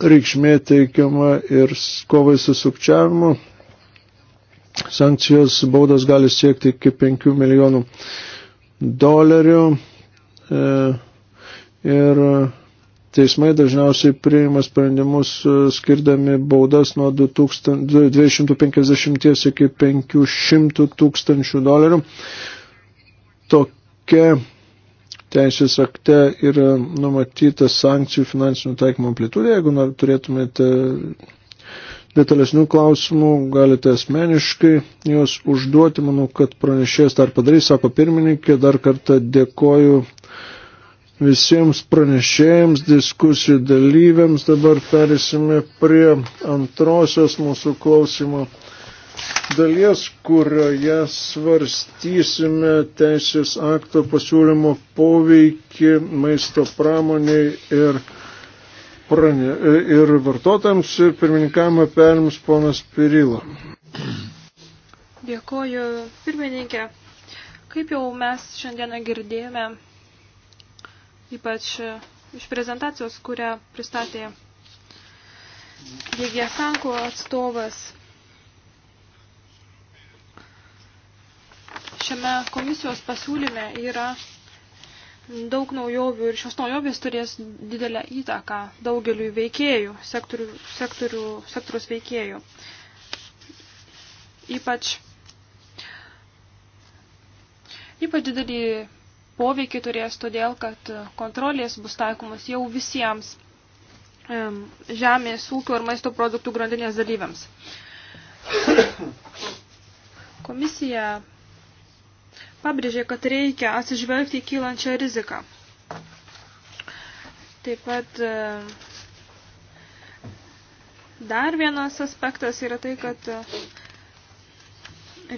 reikšmė teikiama ir kovai su sukčiavimu. Sankcijos baudos gali siekti iki 5 milijonų dolerių e, ir teismai dažniausiai priima sprendimus e, skirdami baudas nuo 250 iki 500 tūkstančių dolerių tokia teisės akte yra numatyta sankcijų finansinių taikymų amplitudė. Jeigu nor, turėtumėte detalesnių klausimų, galite asmeniškai juos užduoti. Manau, kad pranešėjas dar padarys, sako pirmininkė. Dar kartą dėkoju visiems pranešėjams, diskusijų dalyviams. Dabar perėsime prie antrosios mūsų klausimo dalies, kurioje svarstysime teisės akto pasiūlymo poveikį maisto pramoniai ir, prane, ir vartotams ir pirmininkamą perims ponas Pirilo. Dėkoju, pirmininkė. Kaip jau mes šiandieną girdėjome, ypač iš prezentacijos, kurią pristatė Jėgė Sanko atstovas, pačiame komisijos pasiūlyme yra daug naujovių ir šios naujovės turės didelę įtaką daugeliu veikėjų, sektorių, sektorių, sektorius veikėjų. Ypač, ypač didelį poveikį turės todėl, kad kontrolės bus taikomas jau visiems žemės ūkio ir maisto produktų grandinės dalyviams. Komisija pabrėžė, kad reikia atsižvelgti į kylančią riziką. Taip pat e, dar vienas aspektas yra tai, kad e,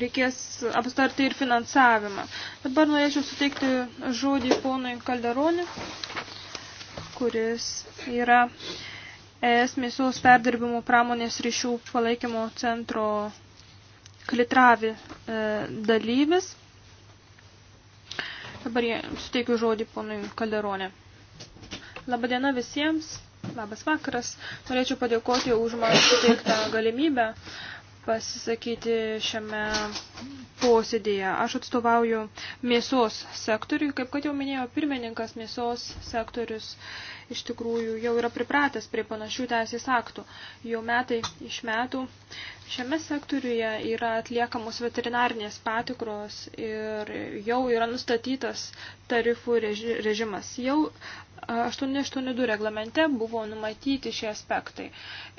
reikės apstarti ir finansavimą. Dabar norėčiau suteikti žodį ponui Kalderoni, kuris yra ES mėsos perdirbimo pramonės ryšių palaikymo centro klitravi e, dalyvis. Dabar suteikiu žodį ponui Kalderonė. Labadiena visiems, labas vakaras. Norėčiau padėkoti už man suteiktą galimybę pasisakyti šiame posėdėje. Aš atstovauju mėsos sektoriui, kaip kad jau minėjo pirmininkas, mėsos sektorius iš tikrųjų jau yra pripratęs prie panašių teisės aktų. Jau metai iš metų šiame sektoriuje yra atliekamos veterinarinės patikros ir jau yra nustatytas tarifų režimas. Jau 882 reglamente buvo numatyti šie aspektai.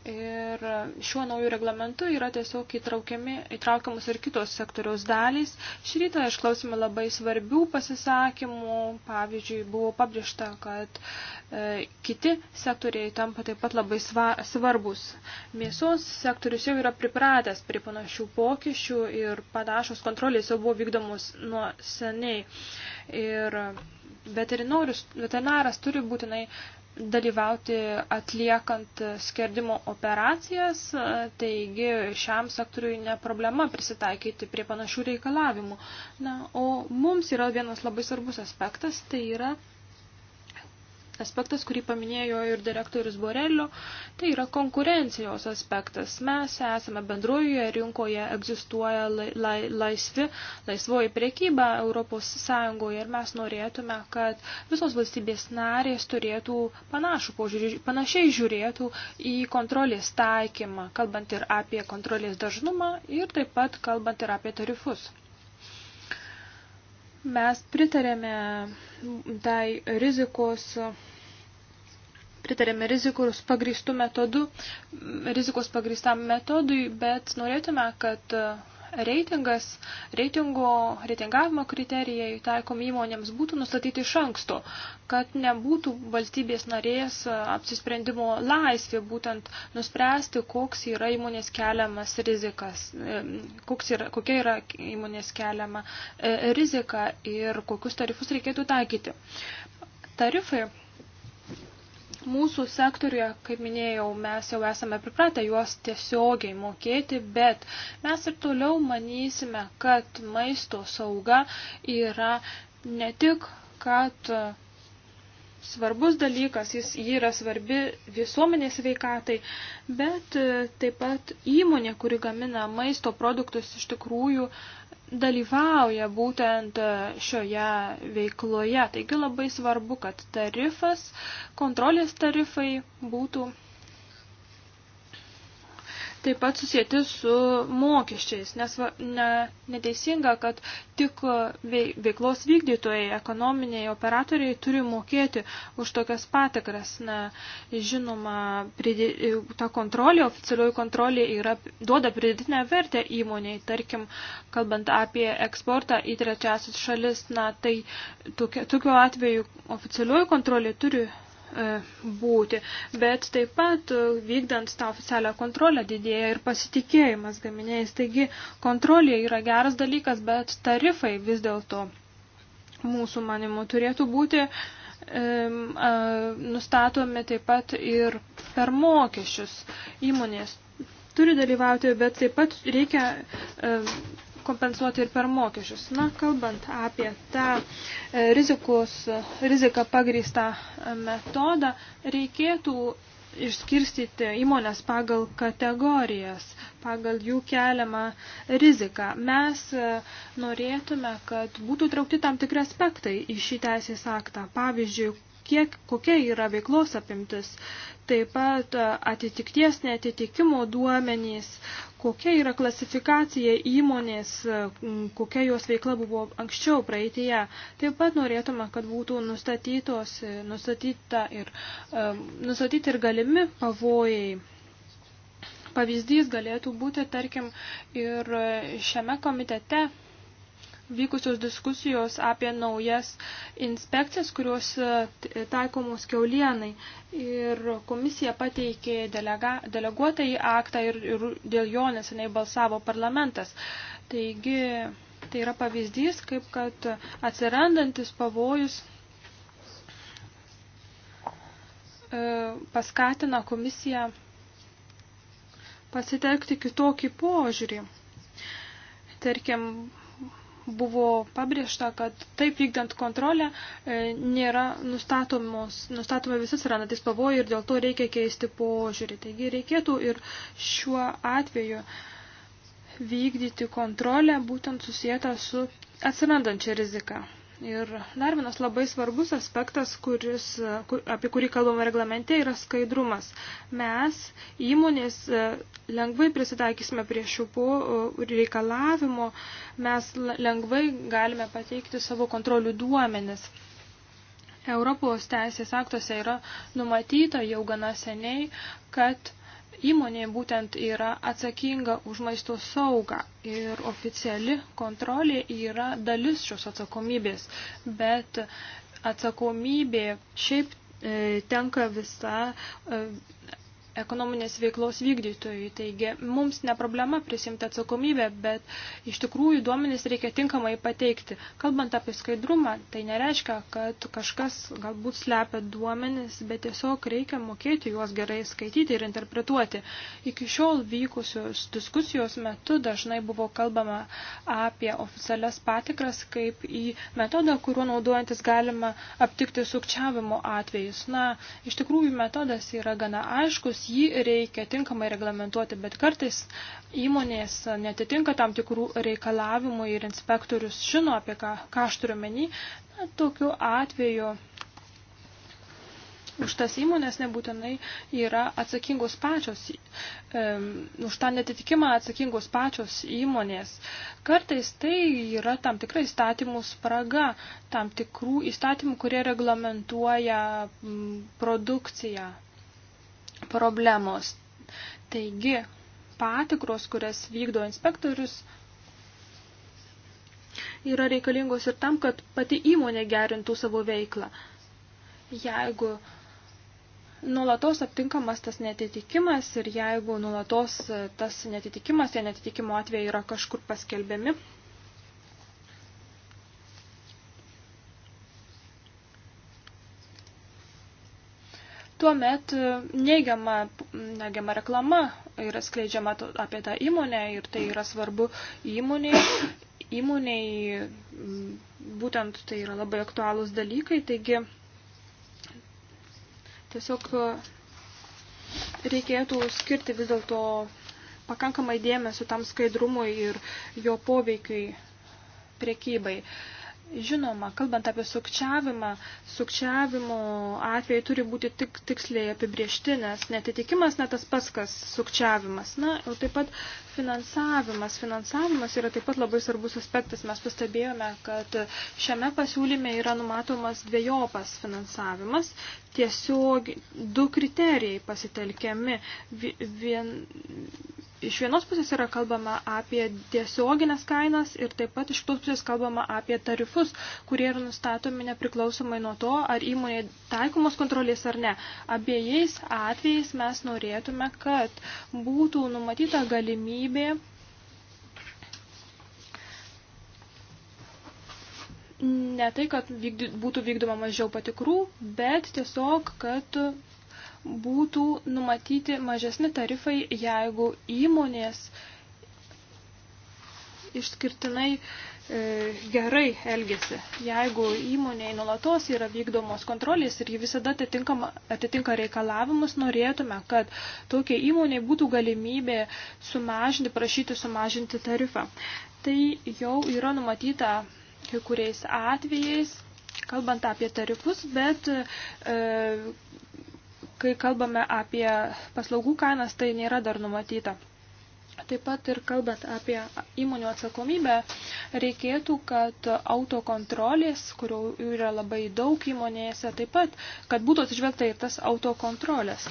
Ir šiuo nauju reglamentu yra tiesiog įtraukiamus ir kitos sektoriaus dalys. Šį rytą išklausime labai svarbių pasisakymų. Pavyzdžiui, buvo pabrėžta, kad e, kiti sektoriai tampa taip pat labai svarbus. Mėsos sektorius jau yra pripratęs prie panašių pokyčių ir panašios kontrolės jau buvo vykdomos nuo seniai. Ir veterinaras turi būtinai dalyvauti atliekant skerdimo operacijas, taigi šiam sektoriui ne problema prisitaikyti prie panašių reikalavimų. Na, o mums yra vienas labai svarbus aspektas, tai yra aspektas, kurį paminėjo ir direktorius Borelio, tai yra konkurencijos aspektas. Mes esame bendrojoje rinkoje, egzistuoja lai, lai, laisvi, laisvoji priekyba Europos Sąjungoje ir mes norėtume, kad visos valstybės narės turėtų panašų požiūrį, panašiai žiūrėtų į kontrolės taikymą, kalbant ir apie kontrolės dažnumą ir taip pat kalbant ir apie tarifus. Mes pritarėme tai rizikos pritarėme rizikos pagrįstų metodų, rizikos pagrįstam metodui, bet norėtume, kad reitingas, reitingo, reitingavimo kriterijai taikomi įmonėms būtų nustatyti iš anksto, kad nebūtų valstybės narės e, apsisprendimo laisvė būtent nuspręsti, koks yra įmonės keliamas rizikas, e, koks yra, kokia yra įmonės keliama e, rizika ir kokius tarifus reikėtų taikyti. Tarifai Mūsų sektoriuje, kaip minėjau, mes jau esame pripratę juos tiesiogiai mokėti, bet mes ir toliau manysime, kad maisto sauga yra ne tik, kad svarbus dalykas, jis jį yra svarbi visuomenės veikatai, bet e, taip pat įmonė, kuri gamina maisto produktus, iš tikrųjų dalyvauja būtent e, šioje veikloje. Taigi labai svarbu, kad tarifas, kontrolės tarifai būtų taip pat susijęti su mokesčiais, nes ne, neteisinga, kad tik veiklos vykdytojai, ekonominiai operatoriai turi mokėti už tokias patikras. Na, žinoma, pridė, ta kontrolė, oficialioji kontrolė yra, duoda pridėtinę vertę įmoniai, tarkim, kalbant apie eksportą į trečiasis šalis, na, tai tokiu atveju oficialioji kontrolė turi E, būti. Bet taip pat e, vykdant tą oficialią kontrolę didėja ir pasitikėjimas gaminiais. Taigi kontrolė yra geras dalykas, bet tarifai vis dėlto mūsų manimų turėtų būti e, e, nustatomi taip pat ir per mokesčius. Įmonės turi dalyvauti, bet taip pat reikia e, kompensuoti ir per mokesčius. Na, kalbant apie tą e, rizikus, riziką pagrįstą e, metodą, reikėtų išskirstyti įmonės pagal kategorijas, pagal jų keliamą riziką. Mes e, norėtume, kad būtų traukti tam tikri aspektai į šį teisės aktą. Pavyzdžiui, kiek, kokia yra veiklos apimtis, taip pat e, atitikties netitikimo duomenys, kokia yra klasifikacija įmonės, e, kokia jos veikla buvo anksčiau praeitėje. Taip pat norėtume, kad būtų nustatytos, e, nustatyta ir, nustatyti ir galimi pavojai. Pavyzdys galėtų būti, tarkim, ir šiame komitete vykusios diskusijos apie naujas inspekcijas, kurios e, e, taikomos keulienai. Ir komisija pateikė delega, deleguotą į aktą ir, ir dėl jo neseniai balsavo parlamentas. Taigi tai yra pavyzdys, kaip kad atsirandantis pavojus e, paskatina komisiją pasitelkti kitokį požiūrį. Tarkim, buvo pabrėžta, kad taip vykdant kontrolę e, nėra nustatoma visi atsirandantis pavojai ir dėl to reikia keisti požiūrį. Taigi reikėtų ir šiuo atveju vykdyti kontrolę būtent susijęta su atsirandančia rizika. Ir dar vienas labai svarbus aspektas, kuris, kur, apie kurį kalbame reglamente, yra skaidrumas. Mes įmonės e, lengvai prisitaikysime prie šių e, reikalavimų, mes lengvai galime pateikti savo kontrolių duomenis. Europos teisės aktuose yra numatyta jau gana seniai, kad uh, Įmonė būtent yra atsakinga už maisto saugą ir oficiali kontrolė yra dalis šios atsakomybės, bet atsakomybė šiaip e, tenka visa e, ekonominės veiklos vykdytojui. Taigi mums ne problema prisimti atsakomybę, bet iš tikrųjų duomenys reikia tinkamai pateikti. Kalbant apie skaidrumą, tai nereiškia, kad kažkas galbūt slepia duomenys, bet tiesiog reikia mokėti juos gerai skaityti ir interpretuoti. Iki šiol vykusios diskusijos metu dažnai buvo kalbama apie oficialias patikras kaip į metodą, kuriuo naudojantis galima aptikti sukčiavimo atvejus. Na, iš tikrųjų metodas yra gana aiškus, jį reikia tinkamai reglamentuoti, bet kartais įmonės netitinka tam tikrų reikalavimų ir inspektorius žino, apie ką, ką aš turiu menį. Na, tokiu atveju už tas įmonės nebūtinai yra atsakingos pačios, um, už tą netitikimą atsakingos pačios įmonės. Kartais tai yra tam tikra įstatymų spraga, tam tikrų įstatymų, kurie reglamentuoja um, produkciją problemos. Taigi, patikros, kurias vykdo inspektorius, yra reikalingos ir tam, kad pati įmonė gerintų savo veiklą. Jeigu nulatos aptinkamas tas netitikimas ir jeigu nulatos tas netitikimas, tie netitikimo atvejai yra kažkur paskelbiami, tuomet e, neigiama, neigiama reklama yra skleidžiama apie tą įmonę ir tai yra svarbu įmoniai. Įmoniai būtent tai yra labai aktualūs dalykai, taigi tiesiog e, reikėtų skirti vis dėlto pakankamai dėmesio tam skaidrumui ir jo poveikiui priekybai. Uh, Žinoma, kalbant apie sukčiavimą, sukčiavimo atvejai turi būti tik tiksliai apibriešti, nes netitikimas ne tas pats, kas sukčiavimas. Na, o taip pat finansavimas. Finansavimas yra taip pat labai svarbus aspektas. Mes pastebėjome, kad šiame pasiūlyme yra numatomas dviejopas finansavimas. Tiesiog du kriterijai pasitelkiami. Vien, iš vienos pusės yra kalbama apie tiesioginės kainas ir taip pat iš kitos pusės kalbama apie tarifus, kurie yra nustatomi nepriklausomai nuo to, ar įmonė taikomos kontrolės ar ne. Abiejais atvejais mes norėtume, kad būtų numatyta galimybė ne tai, kad vykdy, būtų vykdoma mažiau patikrų, bet tiesiog, kad būtų numatyti mažesni tarifai, jeigu įmonės išskirtinai e, gerai elgesi. Jeigu įmonėje nulatos yra vykdomos kontrolės ir ji visada atitinka reikalavimus, norėtume, kad tokia įmonė būtų galimybė sumažinti, prašyti sumažinti tarifą. Tai jau yra numatyta kai kuriais atvejais, kalbant apie tarifus, bet e, kai kalbame apie paslaugų kainas, tai nėra dar numatyta. Taip pat ir kalbant apie įmonių atsakomybę, reikėtų, kad autokontrolės, kurių yra labai daug įmonėse, taip pat, kad būtų atsižvelgta ir tas autokontrolės.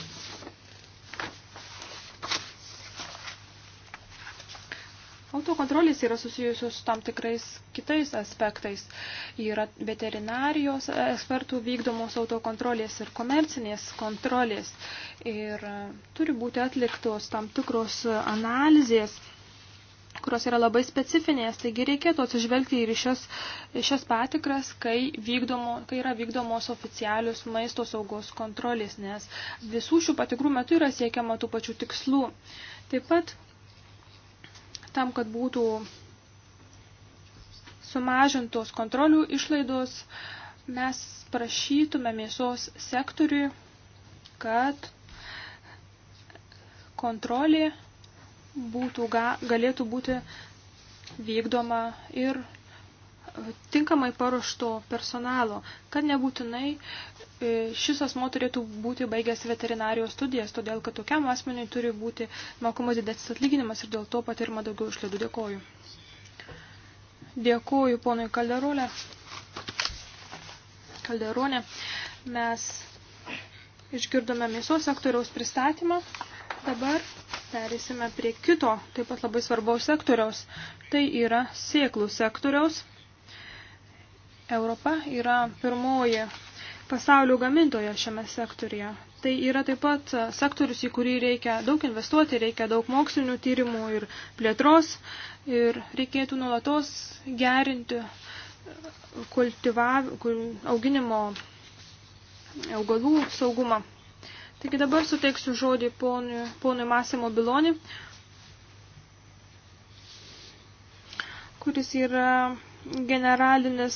Autokontrolės yra susijusios su tam tikrais kitais aspektais. Yra veterinarijos ekspertų vykdomos autokontrolės ir komercinės kontrolės. Ir e, turi būti atliktos tam tikros analizės kurios yra labai specifinės, taigi reikėtų atsižvelgti ir šias, šias patikras, kai, vykdomo, kai yra vykdomos oficialius maisto saugos kontrolės, nes visų šių patikrų metu yra siekiama tų pačių tikslų. Taip pat tam, kad būtų sumažintos kontrolių išlaidos, mes prašytume mėsos sektoriui, kad kontrolė būtų, ga, galėtų būti vykdoma ir tinkamai paruošto personalo, kad nebūtinai e, šis asmo turėtų būti baigęs veterinarijos studijas, todėl kad tokiam asmeniui turi būti mokamas didesnis atlyginimas ir dėl to patirima daugiau išlaidų. Dėkoju. Dėkoju ponui Kalderolė. Kalderonė. Mes išgirdome mėsos sektoriaus pristatymą. Dabar perėsime prie kito, taip pat labai svarbaus sektoriaus. Tai yra sėklų sektoriaus. Europa yra pirmoji pasaulio gamintoja šiame sektorija. Tai yra taip pat sektorius, į kurį reikia daug investuoti, reikia daug mokslinių tyrimų ir plėtros ir reikėtų nuolatos gerinti kultivav, auginimo augalų saugumą. Taigi dabar suteiksiu žodį ponui, ponui Masimo Biloni, kuris yra generalinis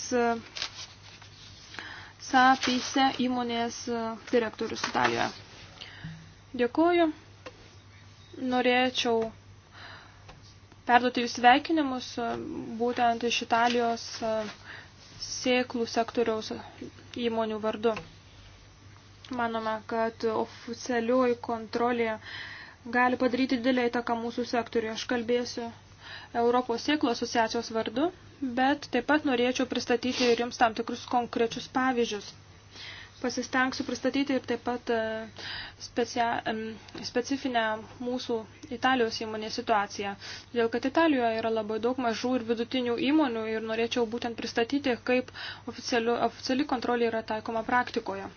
SAPISE e įmonės e, direktorius Italijoje. Dėkuoju. Norėčiau perduoti jūs sveikinimus e, būtent iš Italijos sėklų sektoriaus įmonių vardu. Manome, kad oficialioji kontrolė gali padaryti didelį įtaką mūsų sektoriui. Aš kalbėsiu Europos sėklų asociacijos vardu bet taip pat norėčiau pristatyti ir jums tam tikrus konkrečius pavyzdžius. Pasistengsiu pristatyti ir taip pat e, specia, specifinę mūsų Italijos įmonės situaciją. Dėl kad Italijoje yra labai daug mažų ir vidutinių įmonių ir norėčiau būtent pristatyti, kaip oficiali, oficiali kontrolė yra taikoma praktikoje.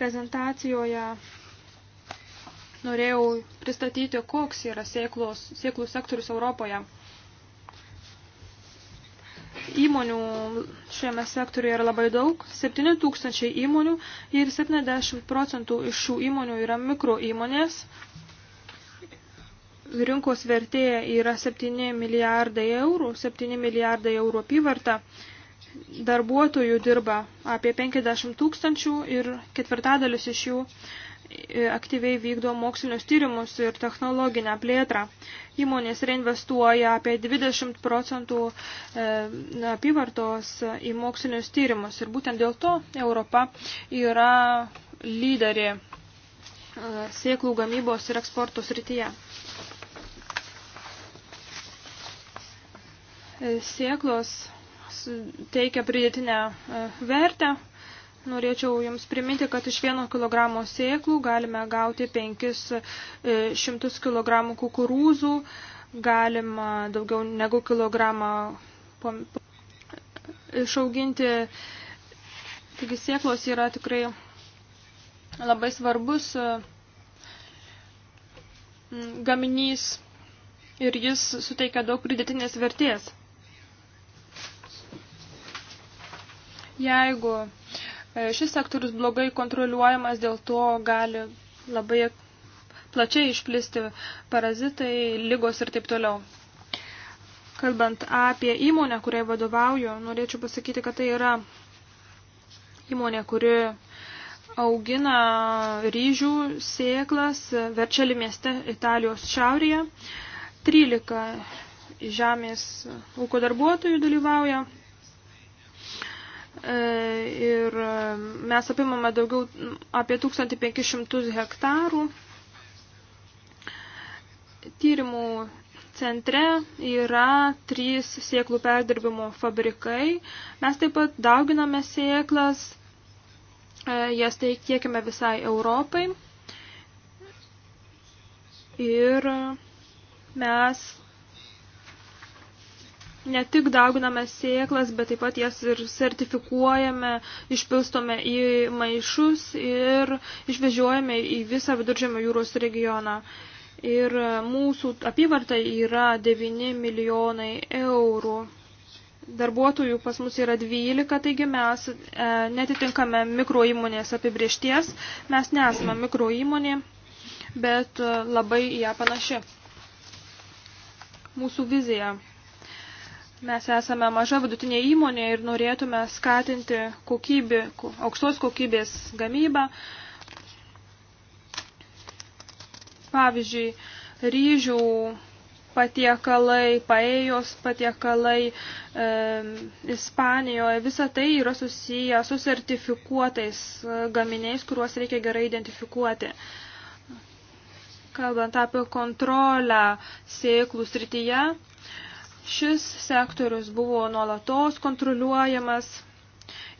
Prezentacijoje norėjau pristatyti, koks yra sėklos, sėklų sektorius Europoje įmonių šiame sektoriuje yra labai daug, 7 tūkstančiai įmonių ir 70 procentų iš šių įmonių yra mikro įmonės. Rinkos vertė yra 7 milijardai eurų, 7 milijardai eurų apyvarta. Darbuotojų dirba apie 50 tūkstančių ir ketvirtadalis iš jų aktyviai vykdo mokslinius tyrimus ir technologinę plėtrą. Įmonės reinvestuoja apie 20 procentų e, apyvartos į mokslinius tyrimus ir būtent dėl to Europa yra lyderė e, sėklų gamybos ir eksporto srityje. E, sėklos teikia pridėtinę vertę Norėčiau Jums priminti, kad iš vieno kilogramo sėklų galime gauti 500 e, kg kukurūzų, galima daugiau negu kilogramą išauginti. Taigi sėklos yra tikrai labai svarbus e, gaminys ir jis suteikia daug pridėtinės vertės. Jeigu E, šis sektorius blogai kontroliuojamas, dėl to gali labai plačiai išplisti parazitai, lygos ir taip toliau. Kalbant apie įmonę, kuriai vadovauju, norėčiau pasakyti, kad tai yra įmonė, kuri augina ryžių sėklas Verčeli mieste Italijos šiaurėje. 13 žemės ūkio darbuotojų dalyvauja E, ir e, mes apimame daugiau apie 1500 hektarų. Tyrimų centre yra trys sieklų perdirbimo fabrikai. Mes taip pat dauginame sieklas, e, jas tiekime visai Europai. Ir mes ne tik dauginame sėklas, bet taip pat jas ir sertifikuojame, išpilstome į maišus ir išvežiojame į visą viduržėmio jūros regioną. Ir mūsų apyvarta yra 9 milijonai eurų. Darbuotojų pas mus yra 12, taigi mes e, netitinkame mikroįmonės apibriešties, mes nesame mikroįmonė, bet e, labai ją panaši. Mūsų vizija Mes esame maža vidutinė įmonė ir norėtume skatinti kokybį, aukštos kokybės gamybą. Pavyzdžiui, ryžių patiekalai, paėjos patiekalai e, Ispanijoje, visa tai yra susiję su sertifikuotais e, gaminiais, kuriuos reikia gerai identifikuoti. Kalbant apie kontrolę sėklų srityje, Šis sektorius buvo nuolatos kontroliuojamas,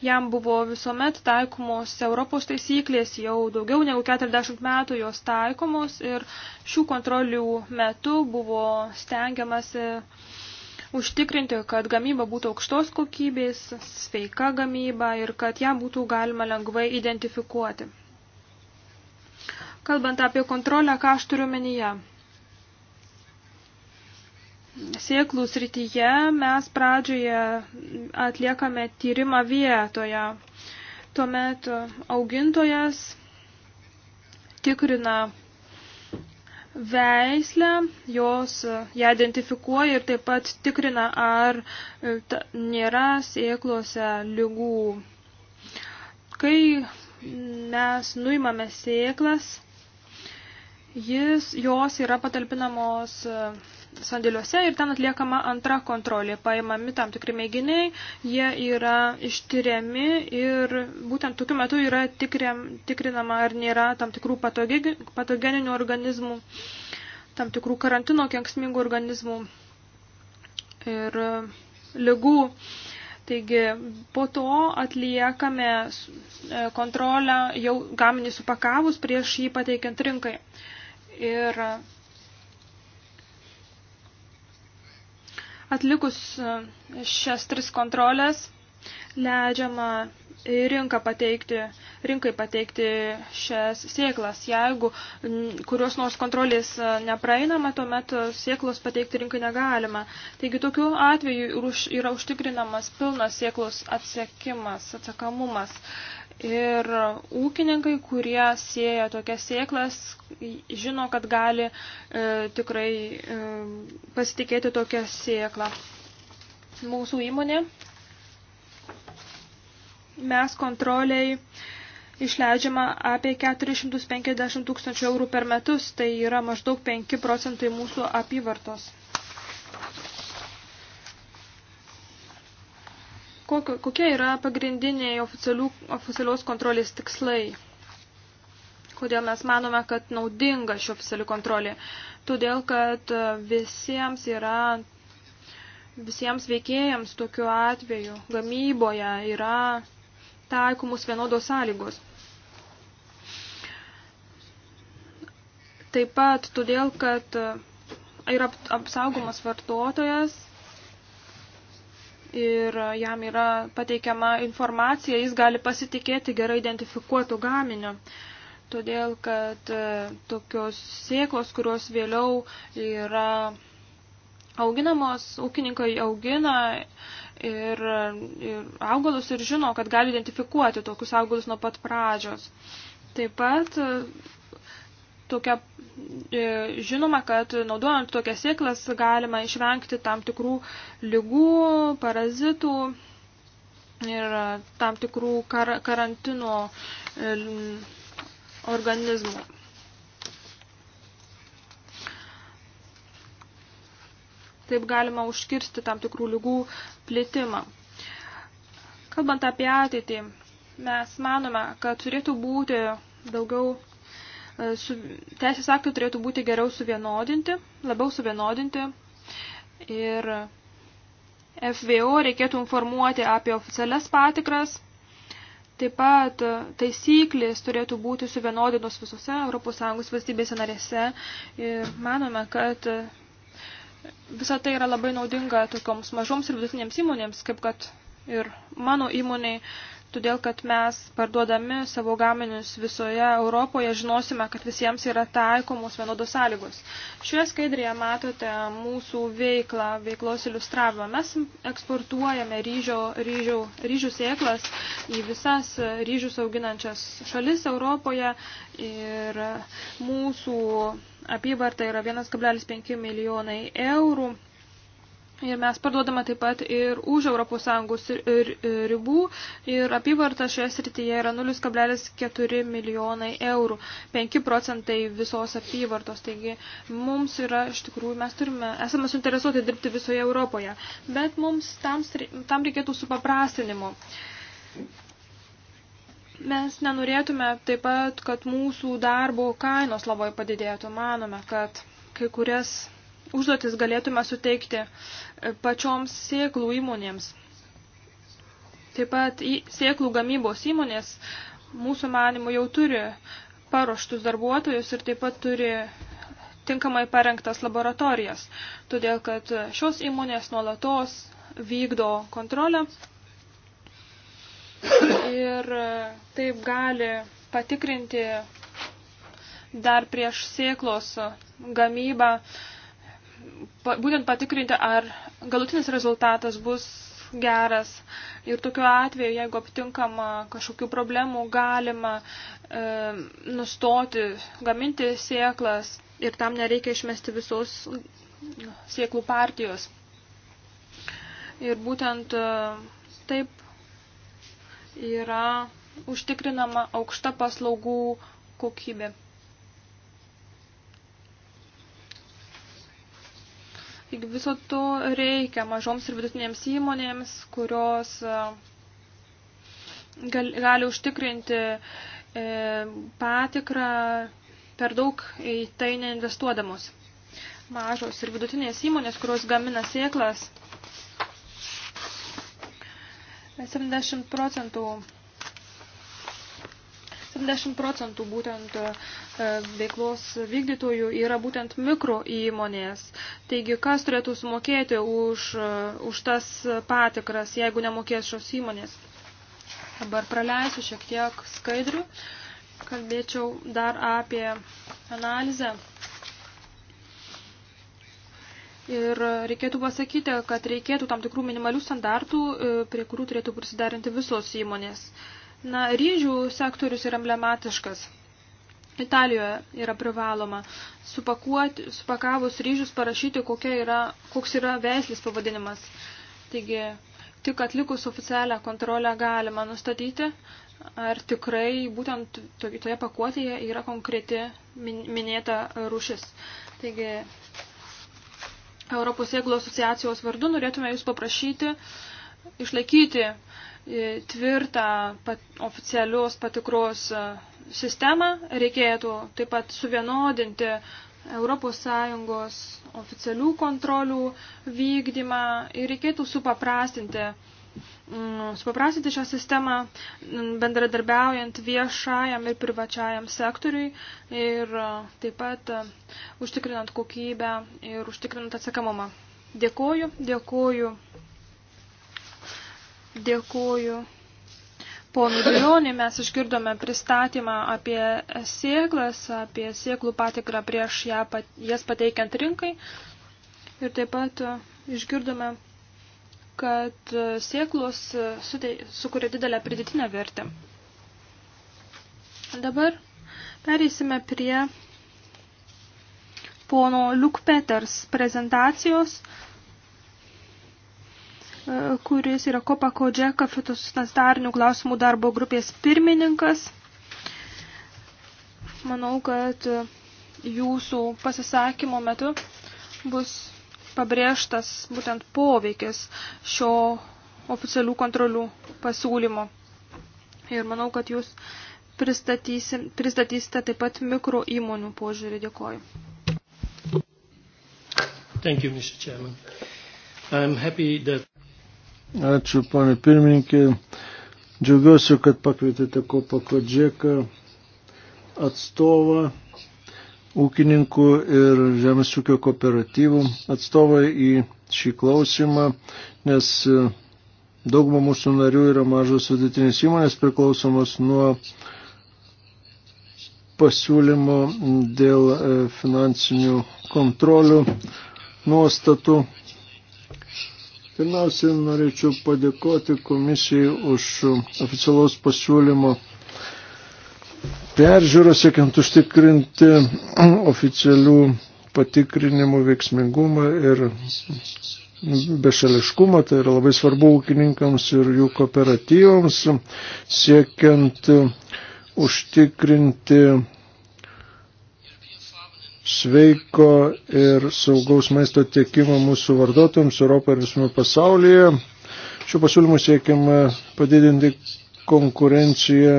jam buvo visuomet taikomos Europos taisyklės, jau daugiau negu 40 metų jos taikomos ir šių kontrolių metu buvo stengiamasi užtikrinti, kad gamyba būtų aukštos kokybės, sveika gamyba ir kad ją būtų galima lengvai identifikuoti. Kalbant apie kontrolę, ką aš turiu menyje? sėklų srityje mes pradžioje atliekame tyrimą vietoje. Tuomet augintojas tikrina veislę, jos ją identifikuoja ir taip pat tikrina, ar e, nėra sėklose lygų. Kai mes nuimame sėklas, jis, jos yra patalpinamos e, sandėliuose ir ten atliekama antra kontrolė. Paimami tam tikri mėginiai, jie yra ištyriami ir būtent tokiu metu yra tikriam, tikrinama, ar nėra tam tikrų patogeninių organizmų, tam tikrų karantino kenksmingų organizmų ir lygų. Taigi po to atliekame e, kontrolę jau gaminį supakavus prieš jį pateikiant rinkai. Ir Atlikus e, šias tris kontrolės, leidžiama rinką pateikti, rinkai pateikti šias sėklas. Jeigu kurios nors kontrolės e, nepraeinama, tuomet e, sėklos pateikti rinkai negalima. Taigi tokiu atveju yra užtikrinamas pilnas sėklos atsiekimas, atsakamumas. Ir ūkininkai, kurie sieja tokias sėklas, žino, kad gali e, tikrai e, pasitikėti tokią sėklą. Mūsų įmonė, mes kontroliai išleidžiama apie 450 tūkstančių eurų per metus, tai yra maždaug 5 procentai mūsų apyvartos. Kokio, kokie yra pagrindiniai oficialių, oficialios kontrolės tikslai? Kodėl mes manome, kad naudinga ši oficiali kontrolė? Todėl, kad visiems yra, visiems veikėjams tokiu atveju gamyboje yra taikomus vienodos sąlygos. Taip pat todėl, kad yra apsaugomas vartotojas ir jam yra pateikiama informacija, jis gali pasitikėti gerai identifikuotų gaminių. Todėl, kad e, tokios sėklos, kurios vėliau yra auginamos, ūkininkai augina ir, ir augalus ir žino, kad gali identifikuoti tokius augalus nuo pat pradžios. Taip pat tokia, e, žinoma, kad naudojant tokias sėklas galima išvengti tam tikrų lygų, parazitų ir tam tikrų kar karantino e, organizmų. Taip galima užkirsti tam tikrų lygų plitimą. Kalbant apie ateitį, mes manome, kad turėtų būti daugiau E, su, teisės aktai turėtų būti geriau suvienodinti, labiau suvienodinti ir FVO reikėtų informuoti apie oficialias patikras, taip pat taisyklės turėtų būti suvienodinus visose ES valstybėse narėse ir manome, kad visa tai yra labai naudinga tokioms mažoms ir vidutinėms įmonėms, kaip kad ir mano įmoniai todėl kad mes parduodami savo gaminius visoje Europoje žinosime, kad visiems yra taikomos vienodos sąlygos. Šioje skaidrėje matote mūsų veiklą, veiklos iliustravimą. Mes eksportuojame ryžio, ryžių, ryžių sėklas į visas ryžius auginančias šalis Europoje ir mūsų apyvarta yra 1,5 milijonai eurų Ir mes parduodame taip pat ir už ES ribų ir apyvarta šioje srityje yra 0,4 milijonai eurų, 5 procentai visos apyvartos. Taigi mums yra, iš tikrųjų, mes turime, esame suinteresuoti dirbti visoje Europoje, bet mums tam, tam reikėtų supaprastinimo. Mes nenorėtume taip pat, kad mūsų darbo kainos labai padidėtų. Manome, kad kai kurias užduotis galėtume suteikti e, pačioms sėklų įmonėms. Taip pat į sėklų gamybos įmonės mūsų manimo jau turi paruoštus darbuotojus ir taip pat turi tinkamai parengtas laboratorijas, todėl kad šios įmonės nuolatos vykdo kontrolę ir e, taip gali patikrinti dar prieš sėklos gamybą būtent patikrinti, ar galutinis rezultatas bus geras. Ir tokiu atveju, jeigu aptinkama kažkokių problemų, galima e, nustoti gaminti sėklas ir tam nereikia išmesti visos sėklų partijos. Ir būtent e, taip yra užtikrinama aukšta paslaugų kokybė. Taigi viso to reikia mažoms ir vidutinėms įmonėms, kurios e, gali, gali užtikrinti e, patikrą per daug į tai neinvestuodamos. Mažos ir vidutinės įmonės, kurios gamina sėklas, 70 e, procentų 80 procentų būtent e, e, veiklos vykdytojų yra būtent mikro įmonės. Taigi, kas turėtų sumokėti už, e, už tas patikras, jeigu nemokės šios įmonės? Dabar praleisiu šiek tiek skaidrių. Kalbėčiau dar apie analizę. Ir reikėtų pasakyti, kad reikėtų tam tikrų minimalių standartų, prie kurių turėtų prisidarinti visos įmonės. Uh, Na, ryžių sektorius yra emblematiškas. Italijoje yra privaloma supakuoti, supakavus ryžius parašyti, kokia yra, koks yra veislis pavadinimas. Taigi, tik atlikus oficialią kontrolę galima nustatyti, ar tikrai būtent toje pakuotėje yra konkreti minėta rušis. Taigi, Europos jėglo asociacijos vardu norėtume jūs paprašyti išlaikyti uh, tvirtą pat, oficialios patikros e, sistemą. Reikėtų taip pat suvienodinti ES oficialių kontrolių vykdymą ir reikėtų supaprastinti, mm, supaprastinti šią sistemą mm, bendradarbiaujant viešajam ir privačiajam sektoriui ir e, taip pat e, užtikrinant kokybę ir užtikrinant atsakamumą. Dėkoju, dėkoju Dėkuoju. Ponų Dujonį mes išgirdome pristatymą apie sėklas, apie sėklų patikrą prieš ją, jas pateikiant rinkai. Ir taip pat išgirdome, kad sėklos sukuria didelę pridėtinę vertę. Dabar pereisime prie pono Luke Peters prezentacijos E, kuris yra Kopako Džeka fitosanitarinių klausimų darbo grupės pirmininkas. Manau, kad jūsų pasisakymo metu bus pabrėžtas būtent poveikis šio oficialių kontrolių pasiūlymo. Ir manau, kad jūs pristatysite taip pat mikro įmonių požiūrį. Dėkoju. Thank you, Mr. Chairman. I'm happy that Ačiū, ponė pirmininkė. Džiaugiuosi, kad pakvietėte Kopa Kodžeką atstovą ūkininkų ir žemės ūkio kooperatyvų atstovai į šį klausimą, nes dauguma mūsų narių yra mažos vidutinės įmonės priklausomos nuo pasiūlymo dėl e, finansinių kontrolių nuostatų Pirmiausia, norėčiau padėkoti komisijai už oficialaus pasiūlymo peržiūrą, siekiant užtikrinti oficialių patikrinimų veiksmingumą ir bešališkumą, tai yra labai svarbu ūkininkams ir jų kooperatyvams, siekiant užtikrinti sveiko ir saugaus maisto tiekimo mūsų vartotojams Europoje ir visame pasaulyje. Šiuo pasiūlymu siekiama padidinti konkurenciją,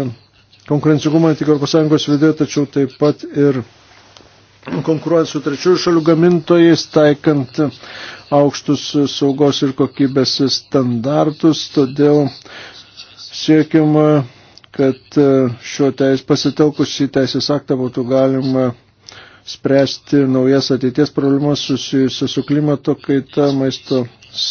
konkurencingumą ne tik ES viduje, tačiau taip pat ir konkuruojant su trečiųjų šalių gamintojais, taikant aukštus saugos ir kokybės standartus. Todėl siekiama, kad šio teis pasitelkus į teisės aktą būtų galima spręsti naujas ateities problemas susijusias su klimato kaita, maisto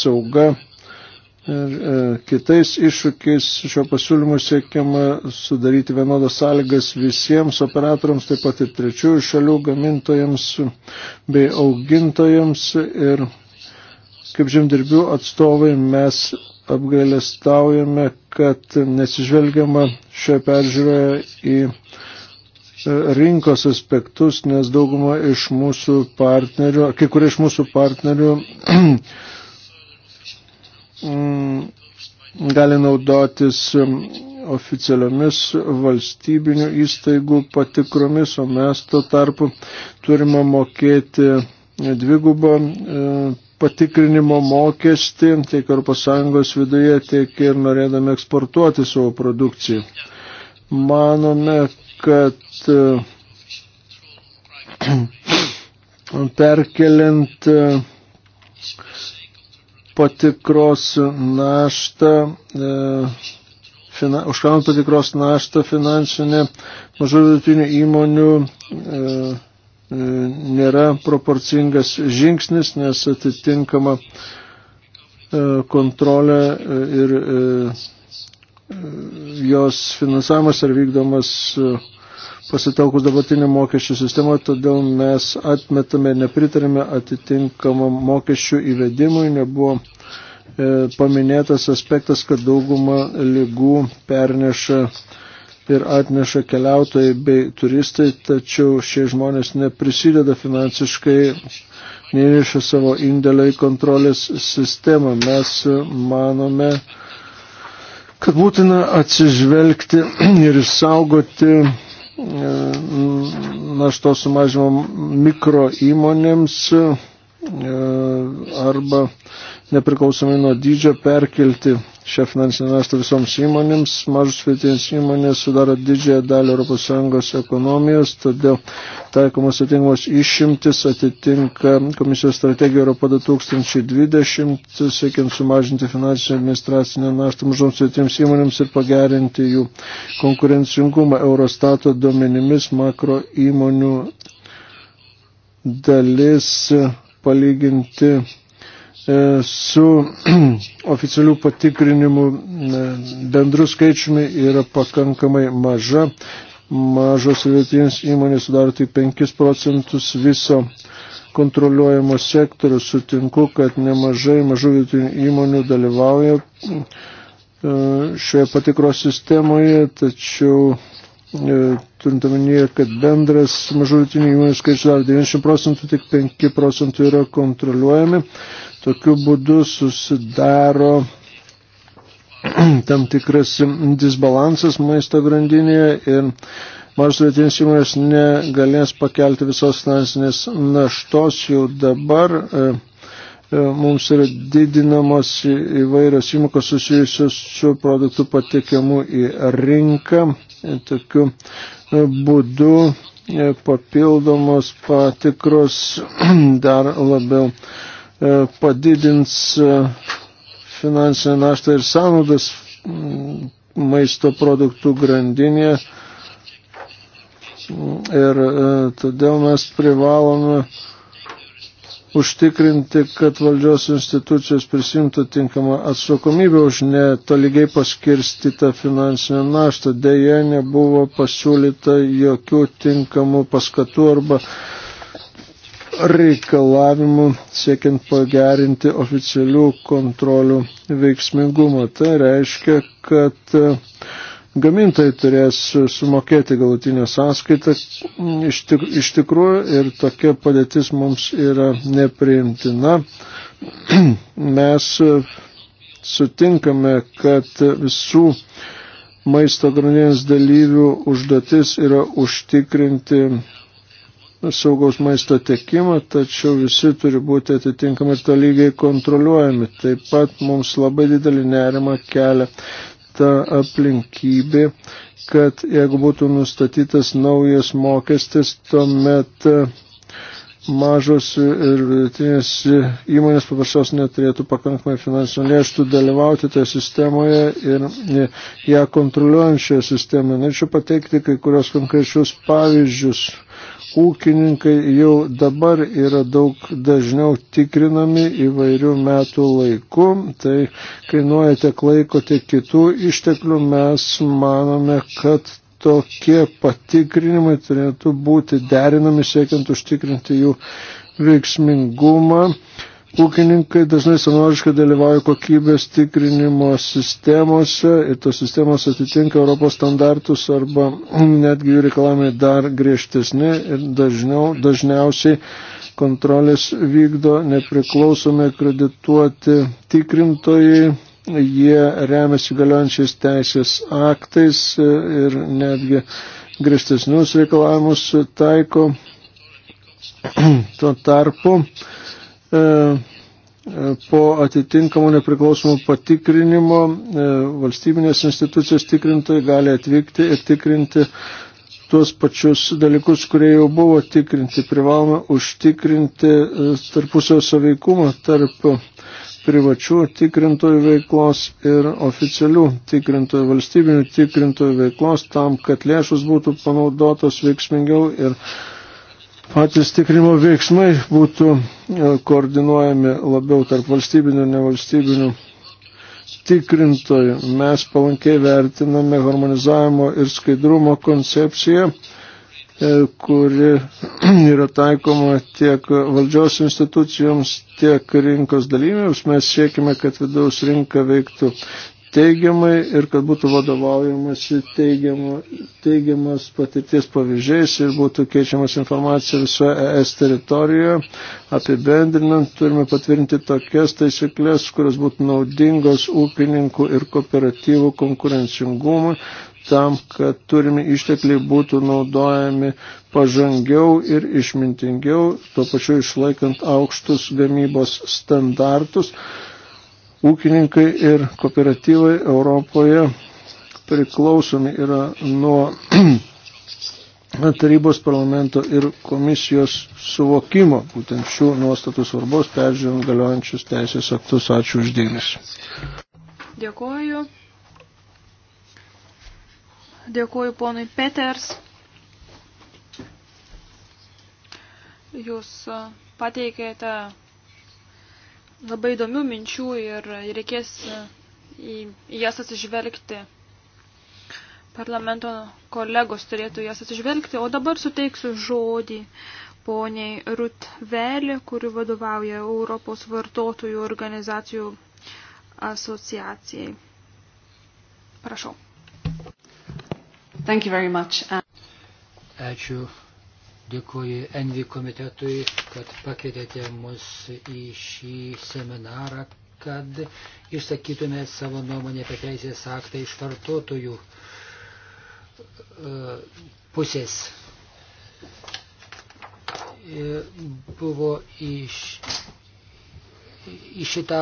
sauga ir e, kitais iššūkiais šio pasiūlymu siekiama sudaryti vienodas sąlygas visiems operatoriams, taip pat ir trečiųjų šalių gamintojams bei augintojams ir kaip žemdirbių atstovai mes apgailestaujame, kad nesižvelgiama šioje peržiūroje į E, rinkos aspektus, nes dauguma iš mūsų partnerių, kai kurie iš mūsų partnerių mm, gali naudotis oficialiomis valstybinių įstaigų patikromis, o mes tuo tarpu turime mokėti dvigubą e, patikrinimo mokestį tiek ES viduje, tiek ir norėdami eksportuoti savo produkciją. Manome, kad E, perkeliant e, patikros naštą, e, fina, užkraunant patikros naštą finansinę mažų vidutinių įmonių e, nėra proporcingas žingsnis, nes atitinkama e, kontrolė ir e, jos finansavimas ar vykdomas e, pasitelkus dabartinį mokesčių sistemą, todėl mes atmetame, nepritarėme atitinkamam mokesčių įvedimui, nebuvo e, paminėtas aspektas, kad dauguma lygų perneša ir atneša keliautojai bei turistai, tačiau šie žmonės neprisideda finansiškai, neįneša savo indėlio į kontrolės sistemą. Mes manome, kad būtina atsižvelgti ir saugoti naštos sumažimo mikro įmonėms e, arba nepriklausomai nuo dydžio perkelti Šią finansinę naštą visoms įmonėms, mažus vietinės įmonės sudaro didžiąją dalį ES ekonomijos, todėl taikomos atitinkamos išimtis atitinka komisijos strategija Europa 2020, siekiant sumažinti finansinę administracinę naštą mažoms vietinėms įmonėms ir pagerinti jų konkurencingumą. Eurostato duomenimis makro įmonių dalis palyginti E, su oficialių patikrinimų e, bendru skaičiumi yra pakankamai maža. Mažos vietinės įmonės sudaro tik 5 procentus viso kontroliuojamo sektorių. Sutinku, kad nemažai mažų vietinių įmonių dalyvauja e, šioje patikros sistemoje, tačiau turint omenyje, kad bendras mažų vietinių įmonių skaičius dar 90 procentų, tik 5 procentų yra kontroliuojami. Tokiu būdu susidaro tam tikras disbalansas maisto grandinėje ir mažos vietinės įmonės negalės pakelti visos finansinės naštos jau dabar. E, e, mums yra didinamos įvairios įmokos susijusios su produktų patekiamu į rinką. E, tokiu būdu papildomos patikros dar labiau E, padidins e, finansinę naštą ir sąnaudas mm, maisto produktų grandinėje. Ir e, todėl mes privalome užtikrinti, kad valdžios institucijos prisimtų tinkamą atsakomybę už netolygiai paskirstytą finansinę naštą. Deja, nebuvo pasiūlyta jokių tinkamų paskatų arba uh, reikalavimų siekiant pagerinti oficialių kontrolių veiksmingumą. Tai reiškia, kad e, gamintojai turės sumokėti galutinę sąskaitą iš, tik, iš tikrųjų ir tokia padėtis mums yra nepriimtina. Mes sutinkame, kad visų maisto grandinės dalyvių užduotis yra užtikrinti saugaus maisto tekimą, tačiau visi turi būti atitinkamai to lygiai kontroliuojami. Taip pat mums labai didelį nerimą kelia ta aplinkybė, kad jeigu būtų nustatytas naujas mokestis, tuomet e, mažos ir vidutinės įmonės paprasčiausiai neturėtų pakankamai finansinių lėšų dalyvauti toje sistemoje ir e, ją kontroliuojančioje sistemoje. Norėčiau pateikti kai kurios konkrečius pavyzdžius ūkininkai jau dabar yra daug dažniau tikrinami įvairių metų laiku, tai kainuoja tiek laiko, tiek kitų išteklių, mes manome, kad tokie patikrinimai turėtų būti derinami siekiant užtikrinti jų veiksmingumą. Ūkininkai dažnai savanoriškai dalyvauja kokybės tikrinimo sistemose ir tos sistemos atitinka Europos standartus arba netgi jų reikalavimai dar griežtesni ir dažniau, dažniausiai kontrolės vykdo nepriklausomi kredituoti tikrintojai, jie remiasi galiojančiais teisės aktais ir netgi griežtesnius reikalavimus taiko. Tuo tarpu E, e, po atitinkamo nepriklausomų patikrinimo e, valstybinės institucijos tikrintojai gali atvykti ir tikrinti tuos pačius dalykus, kurie jau buvo tikrinti. Privalome užtikrinti tarpusio saveikumą tarp privačių tikrintojų veiklos ir oficialių tikrintojų, valstybinių tikrintojų veiklos tam, kad lėšus būtų panaudotos veiksmingiau ir patys tikrinimo veiksmai būtų e, koordinuojami labiau tarp valstybinių ir nevalstybinių tikrintojų. Mes palankiai vertiname harmonizavimo ir skaidrumo koncepciją, e, kuri yra taikoma tiek valdžios institucijoms, tiek rinkos dalyviams. Mes siekime, kad vidaus rinka veiktų teigiamai ir kad būtų vadovaujamasi teigiama, teigiamas patirties pavyzdžiais ir būtų keičiamas informacija visoje ES teritorijoje. Apibendrinant, turime patvirtinti tokias taisyklės, kurios būtų naudingos ūkininkų ir kooperatyvų konkurencingumui tam, kad turimi ištekliai būtų naudojami pažangiau ir išmintingiau, tuo pačiu išlaikant aukštus gamybos standartus Ūkininkai ir kooperatyvai Europoje priklausomi yra nuo tarybos parlamento ir komisijos suvokimo būtent šių nuostatų svarbos peržiūrint galiojančius teisės aktus. Ačiū uždėmesi. Dėkuoju. Dėkuoju ponui Peters. Jūs pateikėte labai įdomių minčių ir reikės e, į jas atsižvelgti. Parlamento kolegos turėtų jas atsižvelgti, o dabar suteiksiu žodį poniai Rut Velė, kuri vadovauja Europos vartotojų organizacijų asociacijai. Prašau. Thank you very much. Ačiū Dėkuoju Envi komitetui, kad pakvietėte mus į šį seminarą, kad išsakytume savo nuomonę apie teisės aktą iš vartotojų e, pusės. E, buvo iš, į šitą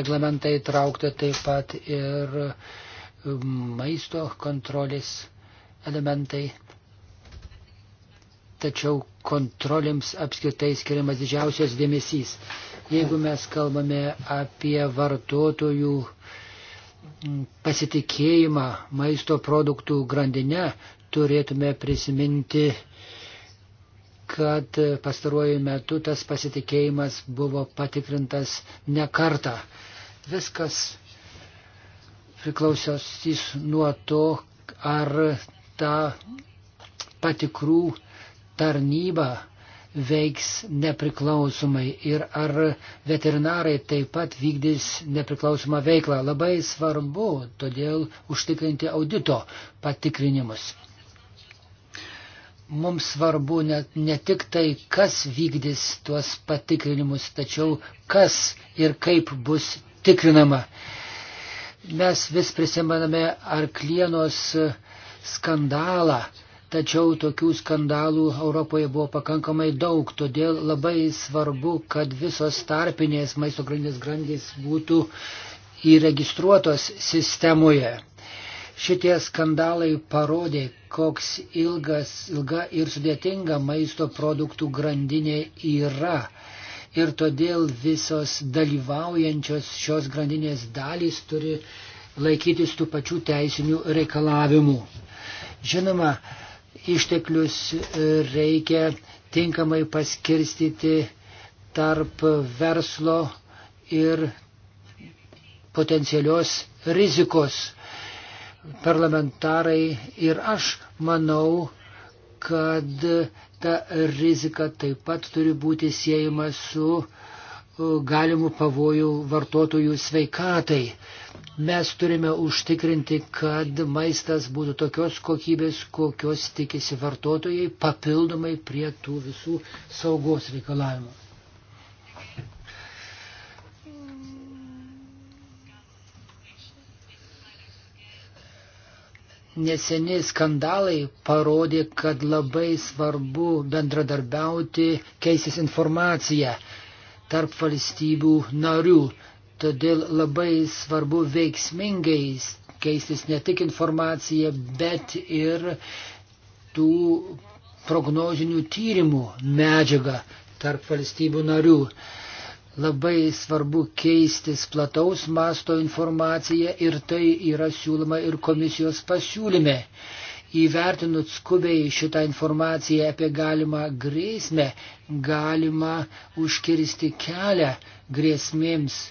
reglamentą įtraukta taip pat ir maisto kontrolės elementai tačiau kontrolėms apskritai skiriamas didžiausias dėmesys. Jeigu mes kalbame apie vartotojų mm, pasitikėjimą maisto produktų grandinę, turėtume prisiminti, kad pastaruoju metu tas pasitikėjimas buvo patikrintas ne kartą. Viskas priklausios nuo to, ar ta patikrų tarnyba veiks nepriklausomai ir ar veterinarai taip pat vykdys nepriklausomą veiklą. Labai svarbu todėl užtikrinti audito patikrinimus. Mums svarbu ne, ne tik tai, kas vykdys tuos patikrinimus, tačiau kas ir kaip bus tikrinama. Mes vis prisimename arklienos skandalą, Tačiau tokių skandalų Europoje buvo pakankamai daug, todėl labai svarbu, kad visos tarpinės maisto grandinės grandys būtų įregistruotos sistemoje. Šitie skandalai parodė, koks ilgas, ilga ir sudėtinga maisto produktų grandinė yra. Ir todėl visos dalyvaujančios šios grandinės dalys turi laikytis tų pačių teisinių reikalavimų. Žinoma, išteklius e, reikia tinkamai paskirstyti tarp verslo ir potencialios rizikos. Parlamentarai ir aš manau, kad ta rizika taip pat turi būti siejama su e, galimu pavojų vartotojų sveikatai. Mes turime užtikrinti, kad maistas būtų tokios kokybės, kokios tikisi vartotojai papildomai prie tų visų saugos reikalavimų. neseni skandalai parodė, kad labai svarbu bendradarbiauti, keisis informacija tarp valstybių narių. Todėl labai svarbu veiksmingai keistis ne tik informacija, bet ir tų prognozinių tyrimų medžiaga tarp valstybių narių. Labai svarbu keistis plataus masto informaciją ir tai yra siūloma ir komisijos pasiūlyme. Įvertinut skubiai šitą informaciją apie galimą grėsmę, galima užkirsti kelią grėsmėms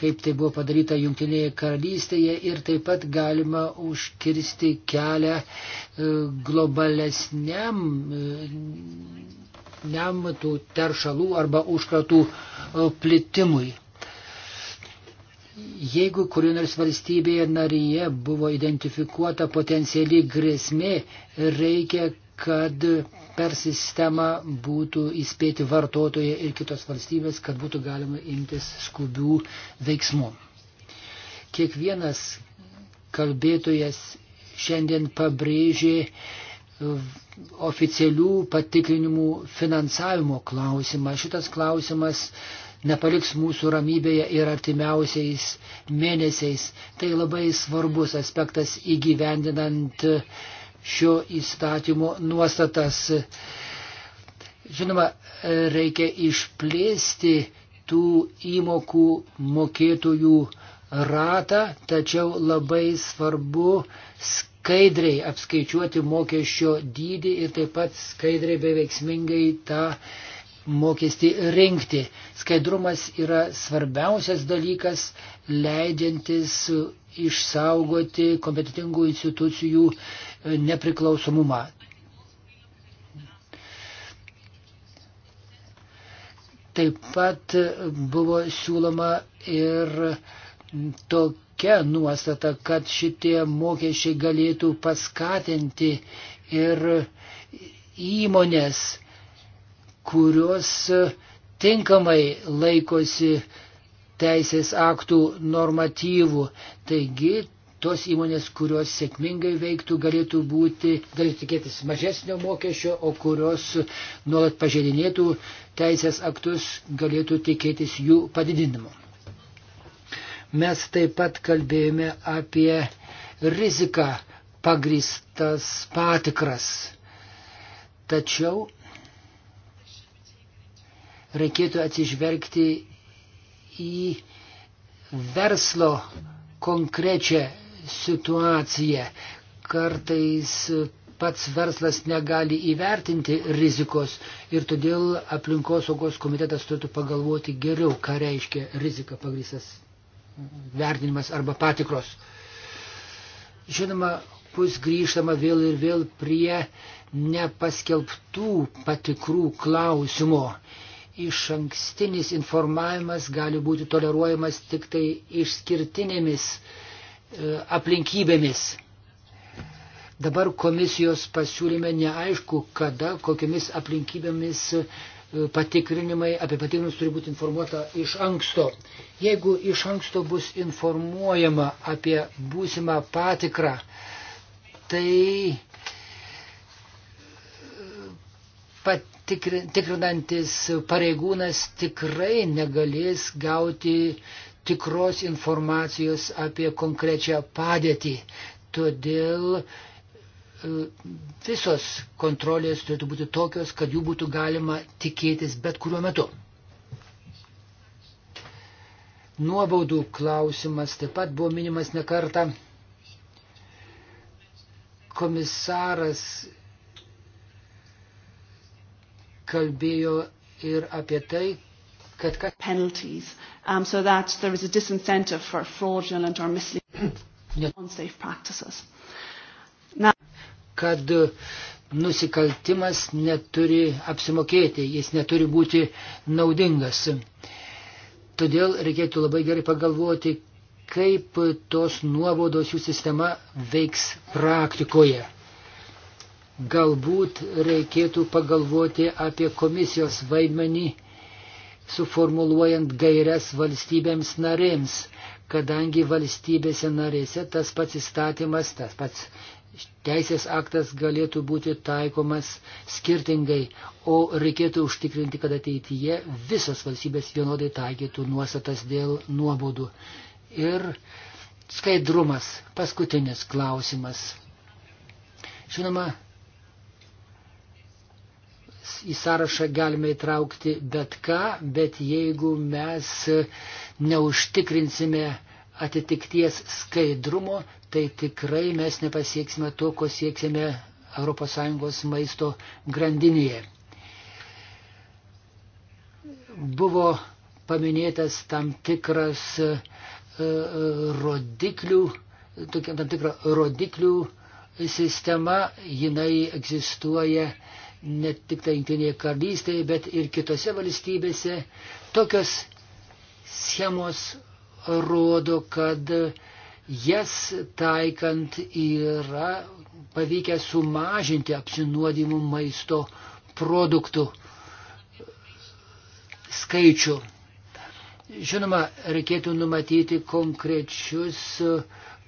kaip tai buvo padaryta Junktinėje karalystėje ir taip pat galima užkirsti kelią e, globalesniam e, nematų teršalų arba užkratų e, plitimui. Jeigu kurioje nors valstybėje narėje buvo identifikuota potenciali grėsmė, reikia, kad per sistemą būtų įspėti vartotojai ir kitos valstybės, kad būtų galima imtis skubių veiksmų. Kiekvienas kalbėtojas šiandien pabrėžė uh, oficialių patikrinimų finansavimo klausimą. Šitas klausimas nepaliks mūsų ramybėje ir artimiausiais mėnesiais. Tai labai svarbus aspektas įgyvendinant uh, šio įstatymo nuostatas. Žinoma, reikia išplėsti tų įmokų mokėtojų ratą, tačiau labai svarbu skaidriai apskaičiuoti mokesčio dydį ir taip pat skaidriai beveiksmingai tą ta mokestį rinkti. Skaidrumas yra svarbiausias dalykas, leidžiantis išsaugoti kompetitingų institucijų e, nepriklausomumą. Taip pat buvo siūloma ir tokia nuostata, kad šitie mokesčiai galėtų paskatinti ir įmonės kurios e, tinkamai laikosi teisės aktų normatyvų. Taigi, tos įmonės, kurios sėkmingai veiktų, galėtų būti, galėtų tikėtis mažesnio mokesčio, o kurios nuolat pažeidinėtų teisės aktus, galėtų tikėtis jų padidinimo. Mes taip pat kalbėjome apie riziką pagristas patikras. Tačiau reikėtų atsižvelgti į verslo konkrečią situaciją. Kartais pats verslas negali įvertinti rizikos ir todėl aplinkosaugos komitetas turėtų pagalvoti geriau, ką reiškia rizika pagrįstas vertinimas arba patikros. Žinoma, bus grįžtama vėl ir vėl prie nepaskelbtų patikrų klausimo iš ankstinis informavimas gali būti toleruojamas tik tai išskirtinėmis e, aplinkybėmis. Dabar komisijos pasiūlyme neaišku, kada, kokiamis aplinkybėmis e, patikrinimai, apie patikrinimus turi būti informuota iš anksto. Jeigu iš anksto bus informuojama apie būsimą patikrą, tai e, pat tikri, tikrinantis pareigūnas tikrai negalės gauti tikros informacijos apie konkrečią padėtį. Todėl e, visos kontrolės turėtų būti tokios, kad jų būtų galima tikėtis bet kuriuo metu. Nuobaudų klausimas taip pat buvo minimas nekarta. Komisaras kalbėjo ir apie tai, kad kas... penalties. Um, so that there is a disincentive for fraudulent or misleading unsafe practices. Now, kad uh, nusikaltimas neturi apsimokėti, jis neturi būti naudingas. Todėl reikėtų labai gerai pagalvoti, kaip tos nuobodos jų sistema veiks praktikoje. Galbūt reikėtų pagalvoti apie komisijos vaidmenį, suformuluojant gairias valstybėms narėms, kadangi valstybėse narėse tas pats įstatymas, tas pats teisės aktas galėtų būti taikomas skirtingai, o reikėtų užtikrinti, kad ateityje visos valstybės vienodai taikytų nuostatas dėl nuobodų. Ir skaidrumas, paskutinis klausimas. Žinoma, į sąrašą galime įtraukti bet ką, bet jeigu mes neužtikrinsime atitikties skaidrumo, tai tikrai mes nepasieksime to, ko sieksime ES maisto grandinėje. Buvo paminėtas tam tikras e, e, rodiklių, tokia tam tikra rodiklių sistema, jinai egzistuoja ne tik tai Junktinėje karalystėje, bet ir kitose valstybėse. Tokios schemos rodo, kad jas taikant yra pavykę sumažinti apsinuodimų maisto produktų skaičių. Žinoma, reikėtų numatyti konkrečius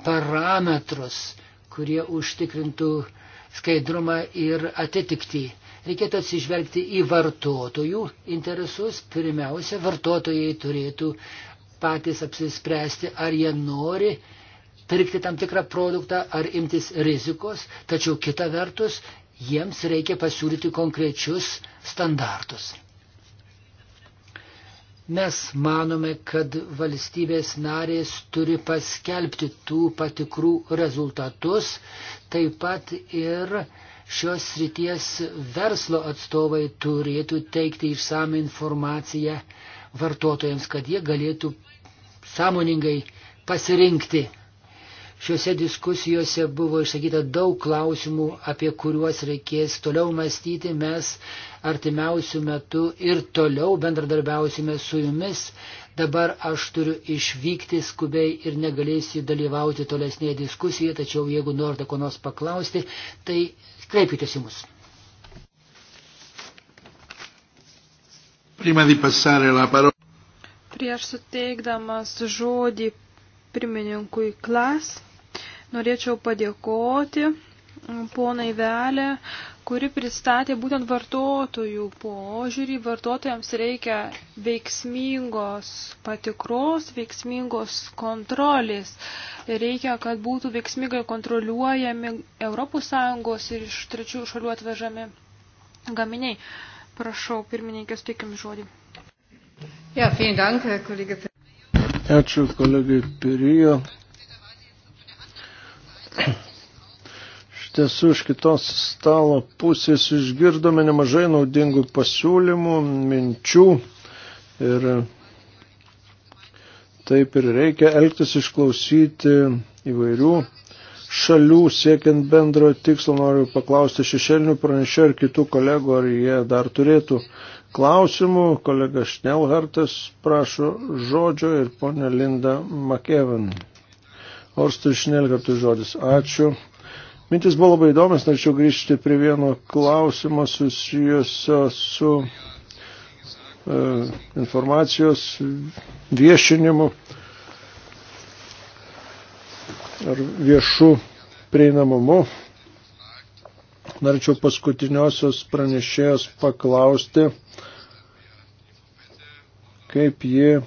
parametrus, kurie užtikrintų skaidrumą ir atitikti. Reikėtų atsižvelgti į vartotojų interesus. Pirmiausia, vartotojai turėtų patys apsispręsti, ar jie nori pirkti tam tikrą produktą ar imtis rizikos, tačiau kita vertus, jiems reikia pasiūlyti konkrečius standartus. Mes manome, kad valstybės narės turi paskelbti tų patikrų rezultatus, taip pat ir šios srities verslo atstovai turėtų teikti išsame informaciją vartotojams, kad jie galėtų sąmoningai pasirinkti. Šiuose diskusijose buvo išsakyta daug klausimų, apie kuriuos reikės toliau mąstyti. Mes artimiausių metų ir toliau bendradarbiausime su jumis. Dabar aš turiu išvykti skubiai ir negalėsiu dalyvauti tolesnėje diskusijoje, tačiau jeigu norite ko nors paklausti, tai Kreipkitės į mus. Prieš suteikdamas žodį pirmininkui klas, norėčiau padėkoti ponai Velė kuri pristatė būtent vartotojų požiūrį. Vartotojams reikia veiksmingos patikros, veiksmingos kontrolės. Reikia, kad būtų veiksmingai kontroliuojami ES ir iš trečių šalių atvežami gaminiai. Prašau, pirmininkės, teikim žodį. Ja, dank, Ačiū kolegai Pirijo tiesų iš kitos stalo pusės išgirdome nemažai naudingų pasiūlymų, minčių ir taip ir reikia elgtis išklausyti įvairių šalių siekiant bendro tikslo. Noriu paklausti šešėlinių pranešėjų ir kitų kolegų, ar jie dar turėtų klausimų. Kolega Šnelhartas prašo žodžio ir ponia Linda Makevan. Orstui Šnelhartui žodis. Ačiū. Mintis buvo labai įdomas, norėčiau grįžti prie vieno klausimo susijusio su e, informacijos viešinimu ar viešų prieinamumu. Norėčiau paskutiniosios pranešėjos paklausti, kaip ji,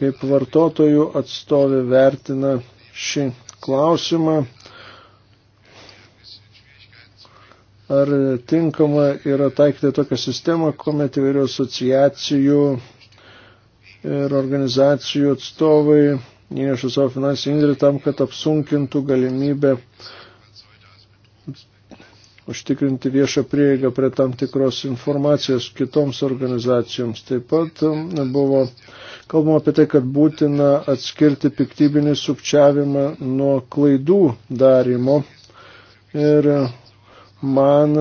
kaip vartotojų atstovė vertina šį klausimą ar tinkama yra taikyti tokią sistemą, kuomet įvairių asociacijų ir organizacijų atstovai įneša savo finansinį indėlį tam, kad apsunkintų galimybę užtikrinti viešą prieigą prie tam tikros informacijos kitoms organizacijoms. Taip pat buvo kalbama apie tai, kad būtina atskirti piktybinį sukčiavimą nuo klaidų darimo ir man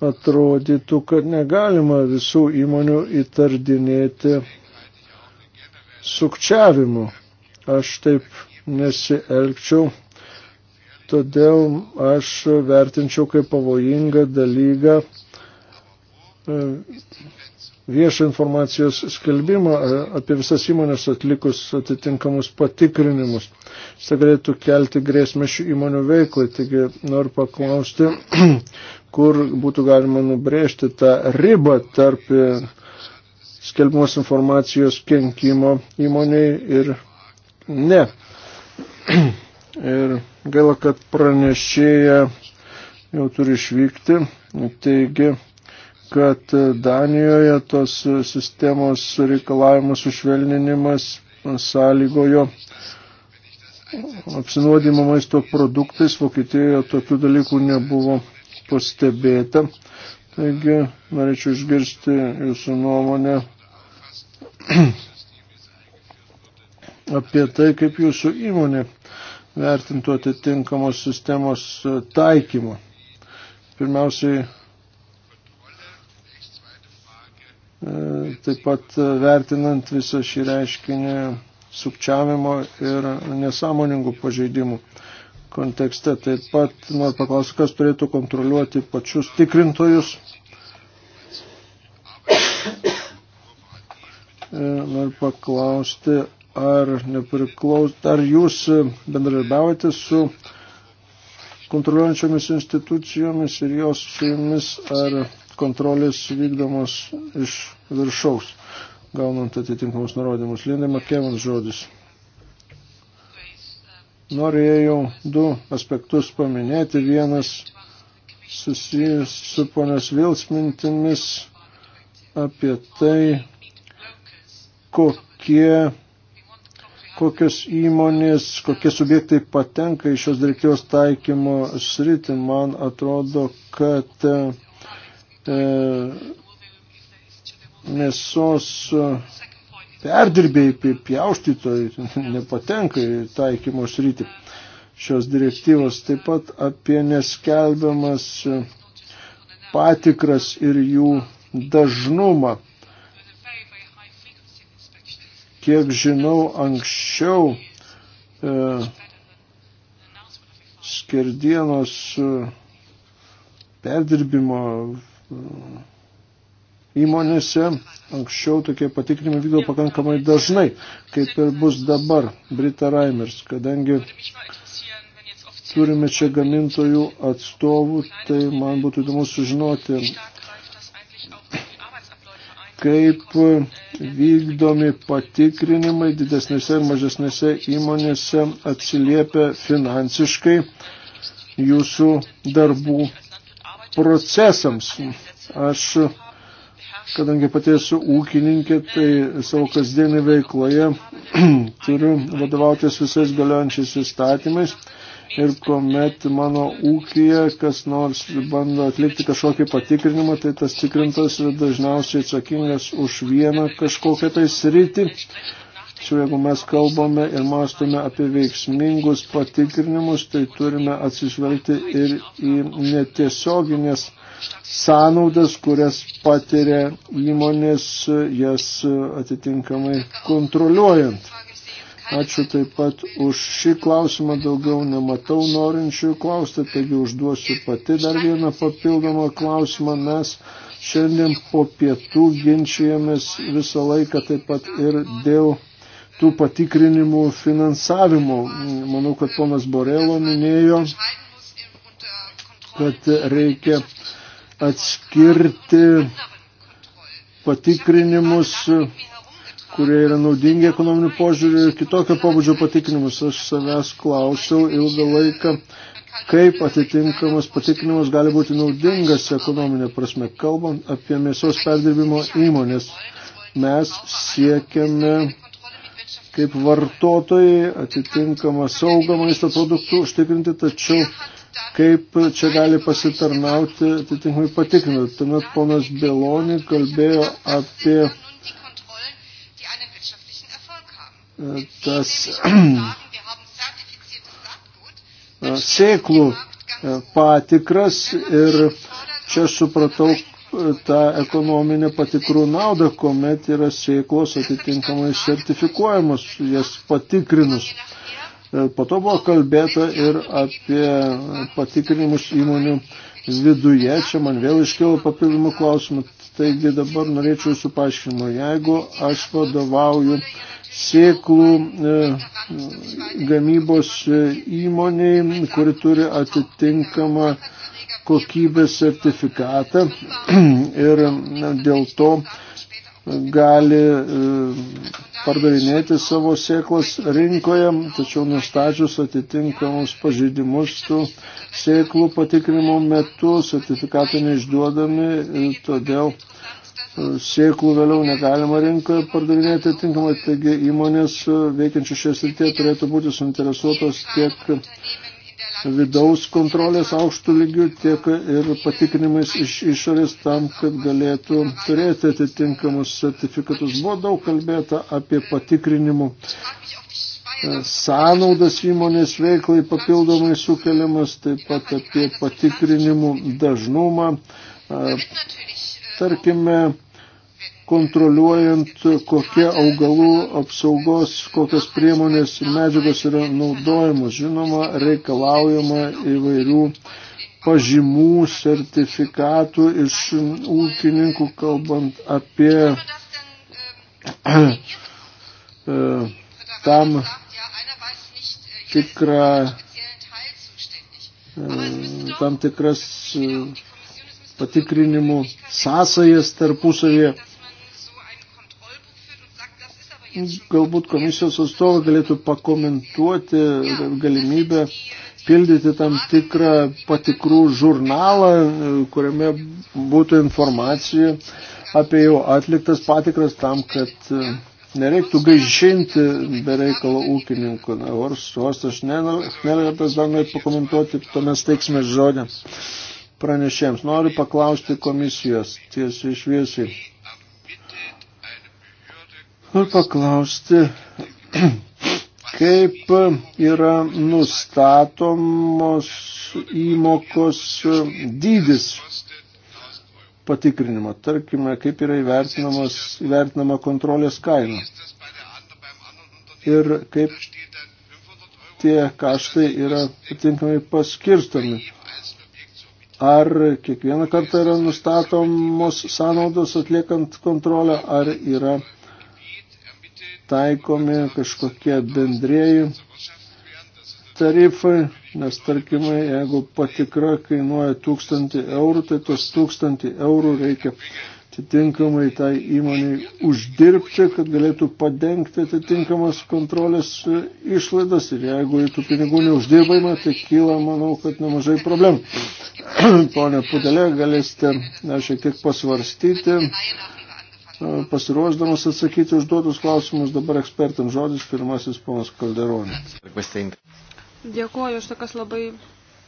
atrodytų, kad negalima visų įmonių įtardinėti sukčiavimu. Aš taip nesielgčiau, todėl aš vertinčiau kaip pavojingą dalygą viešo informacijos skelbimą e, apie visas įmonės atlikus atitinkamus patikrinimus. Jis galėtų kelti grėsmę šių įmonių veiklai. Taigi noriu paklausti, kur būtų galima nubrėžti tą ribą tarp e, skelbimos informacijos kenkimo įmoniai ir ne. Ir gaila, kad pranešėja jau turi išvykti. Taigi, kad Danijoje tos sistemos reikalavimas užvelninimas sąlygojo apsinuodimo maisto produktais, Vokietijoje tokių dalykų nebuvo pastebėta. Taigi, norėčiau išgirsti jūsų nuomonę apie tai, kaip jūsų įmonė vertintų atitinkamos sistemos taikymą. Pirmiausiai, E, taip pat e, vertinant visą šį reiškinį sukčiavimo ir nesąmoningų pažeidimų kontekste. Taip pat noriu paklausti, kas turėtų kontroliuoti pačius tikrintojus. E, noriu paklausti, ar, nepriklaus, ar jūs bendradarbiaujate su kontroliuojančiomis institucijomis ir jos su jumis, ar kontrolės vykdomos iš viršaus, gaunant atitinkamus nurodymus. Lindai Makevans žodis. Norėjau du aspektus paminėti. Vienas susijęs su ponios Vils mintimis apie tai, kokie kokios įmonės, kokie subjektai patenka į šios direktyvos taikymo sritį, man atrodo, kad E, mėsos e, perdirbėjai, pjaustytojai nepatenka į taikymo sritį šios direktyvos. Taip pat apie neskelbiamas e, patikras ir jų dažnumą. Kiek žinau, anksčiau e, skerdienos perdirbimo įmonėse anksčiau tokie patikrinimai vykdo pakankamai dažnai, kaip ir bus dabar Brita Reimers, kadangi turime čia gamintojų atstovų, tai man būtų įdomu sužinoti, kaip vykdomi patikrinimai didesnėse ir mažesnėse įmonėse atsiliepia finansiškai jūsų darbų procesams. Aš, kadangi pati esu ūkininkė, tai savo kasdienį veikloje turiu vadovautis visais galiojančiais įstatymais. Ir kuomet mano ūkija kas nors bando atlikti kažkokį patikrinimą, tai tas tikrintas yra dažniausiai atsakingas už vieną kažkokią tai sritį. Tačiau jeigu mes kalbame ir mąstome apie veiksmingus patikrinimus, tai turime atsižvelgti ir į netiesioginės sąnaudas, kurias patiria įmonės, jas atitinkamai kontroliuojant. Ačiū taip pat už šį klausimą, daugiau nematau norinčių klausti, taigi užduosiu pati dar vieną papildomą klausimą. Mes šiandien po pietų ginčijamės visą laiką taip pat ir dėl tų patikrinimų finansavimu. Manau, kad ponas Borelo minėjo, kad reikia atskirti patikrinimus, kurie yra naudingi ekonominių požiūrių ir kitokio pobūdžio patikrinimus. Aš savęs klausiau ilgą laiką, kaip atitinkamas patikrinimas gali būti naudingas ekonominė prasme. Kalbant apie mėsos perdirbimo įmonės, mes siekiame kaip vartotojai atitinkamą saugą maisto produktų užtikrinti, tačiau kaip čia gali pasitarnauti atitinkamai patikrinti. Tuomet ponas Beloni kalbėjo apie e, tas sėklų e, patikras ir čia supratau, tą ekonominę patikrų naudą, kuomet yra sėklos atitinkamai sertifikuojamos, jas patikrinus. E, po to buvo kalbėta ir apie patikrinimus įmonių viduje. Čia man vėl iškilo papildomų klausimų. Taigi dabar norėčiau jūsų paaiškinimo. Jeigu aš vadovauju sėklų e, gamybos e, įmoniai, kuri turi atitinkamą kokybės sertifikatą ir dėl to gali e, pardavinėti savo sėklas rinkoje, tačiau nustačius atitinkamus pažeidimus tų sėklų patikrinimo metu sertifikatai neišduodami, e, todėl e, sėklų vėliau negalima rinkoje pardavinėti atitinkamai, taigi įmonės veikiančių šioje srityje turėtų būti suinteresuotos tiek vidaus kontrolės aukštų lygių, tiek ir patikrinimais iš išorės tam, kad galėtų turėti atitinkamus sertifikatus. Buvo daug kalbėta apie patikrinimų e, sąnaudas įmonės veiklai papildomai sukeliamas, taip pat apie patikrinimų dažnumą. E, tarkime, kontroliuojant, kokie augalų apsaugos, kokios priemonės ir medžiagos yra naudojamos. Žinoma, reikalaujama įvairių pažymų, sertifikatų iš ūkininkų, kalbant apie e, tam tikrą e, tam tikras e, patikrinimų sąsajas tarpusavėje galbūt komisijos atstovai galėtų pakomentuoti galimybę pildyti tam tikrą patikrų žurnalą, kuriame būtų informacija apie jau atliktas patikras tam, kad e, nereiktų gaišinti bereikalo ūkininkų. Na, orstos aš nenoriu tas dar norėt pakomentuoti, to mes teiksime žodį pranešėms. Noriu paklausti komisijos tiesiai šviesiai Noriu paklausti, kaip yra nustatomos įmokos dydis patikrinimo, tarkime, kaip yra įvertinama kontrolės kaina ir kaip tie kaštai yra patinkamai paskirstomi. Ar kiekvieną kartą yra nustatomos sąnaudos atliekant kontrolę, ar yra taikomi kažkokie bendrėjai tarifai, nes tarkimai, jeigu patikra kainuoja 1000 eurų, tai tos 1000 eurų reikia atitinkamai tai įmoniai uždirbti, kad galėtų padengti atitinkamas kontrolės išlaidas ir jeigu į tų pinigų neuždirbama, tai kyla, manau, kad nemažai problemų. Pone Pudelė, galėsite na, šiek tiek pasvarstyti pasiruošdamas atsakyti užduotus klausimus dabar ekspertam žodis pirmasis ponas Kalderonis. Dėkuoju už tokias labai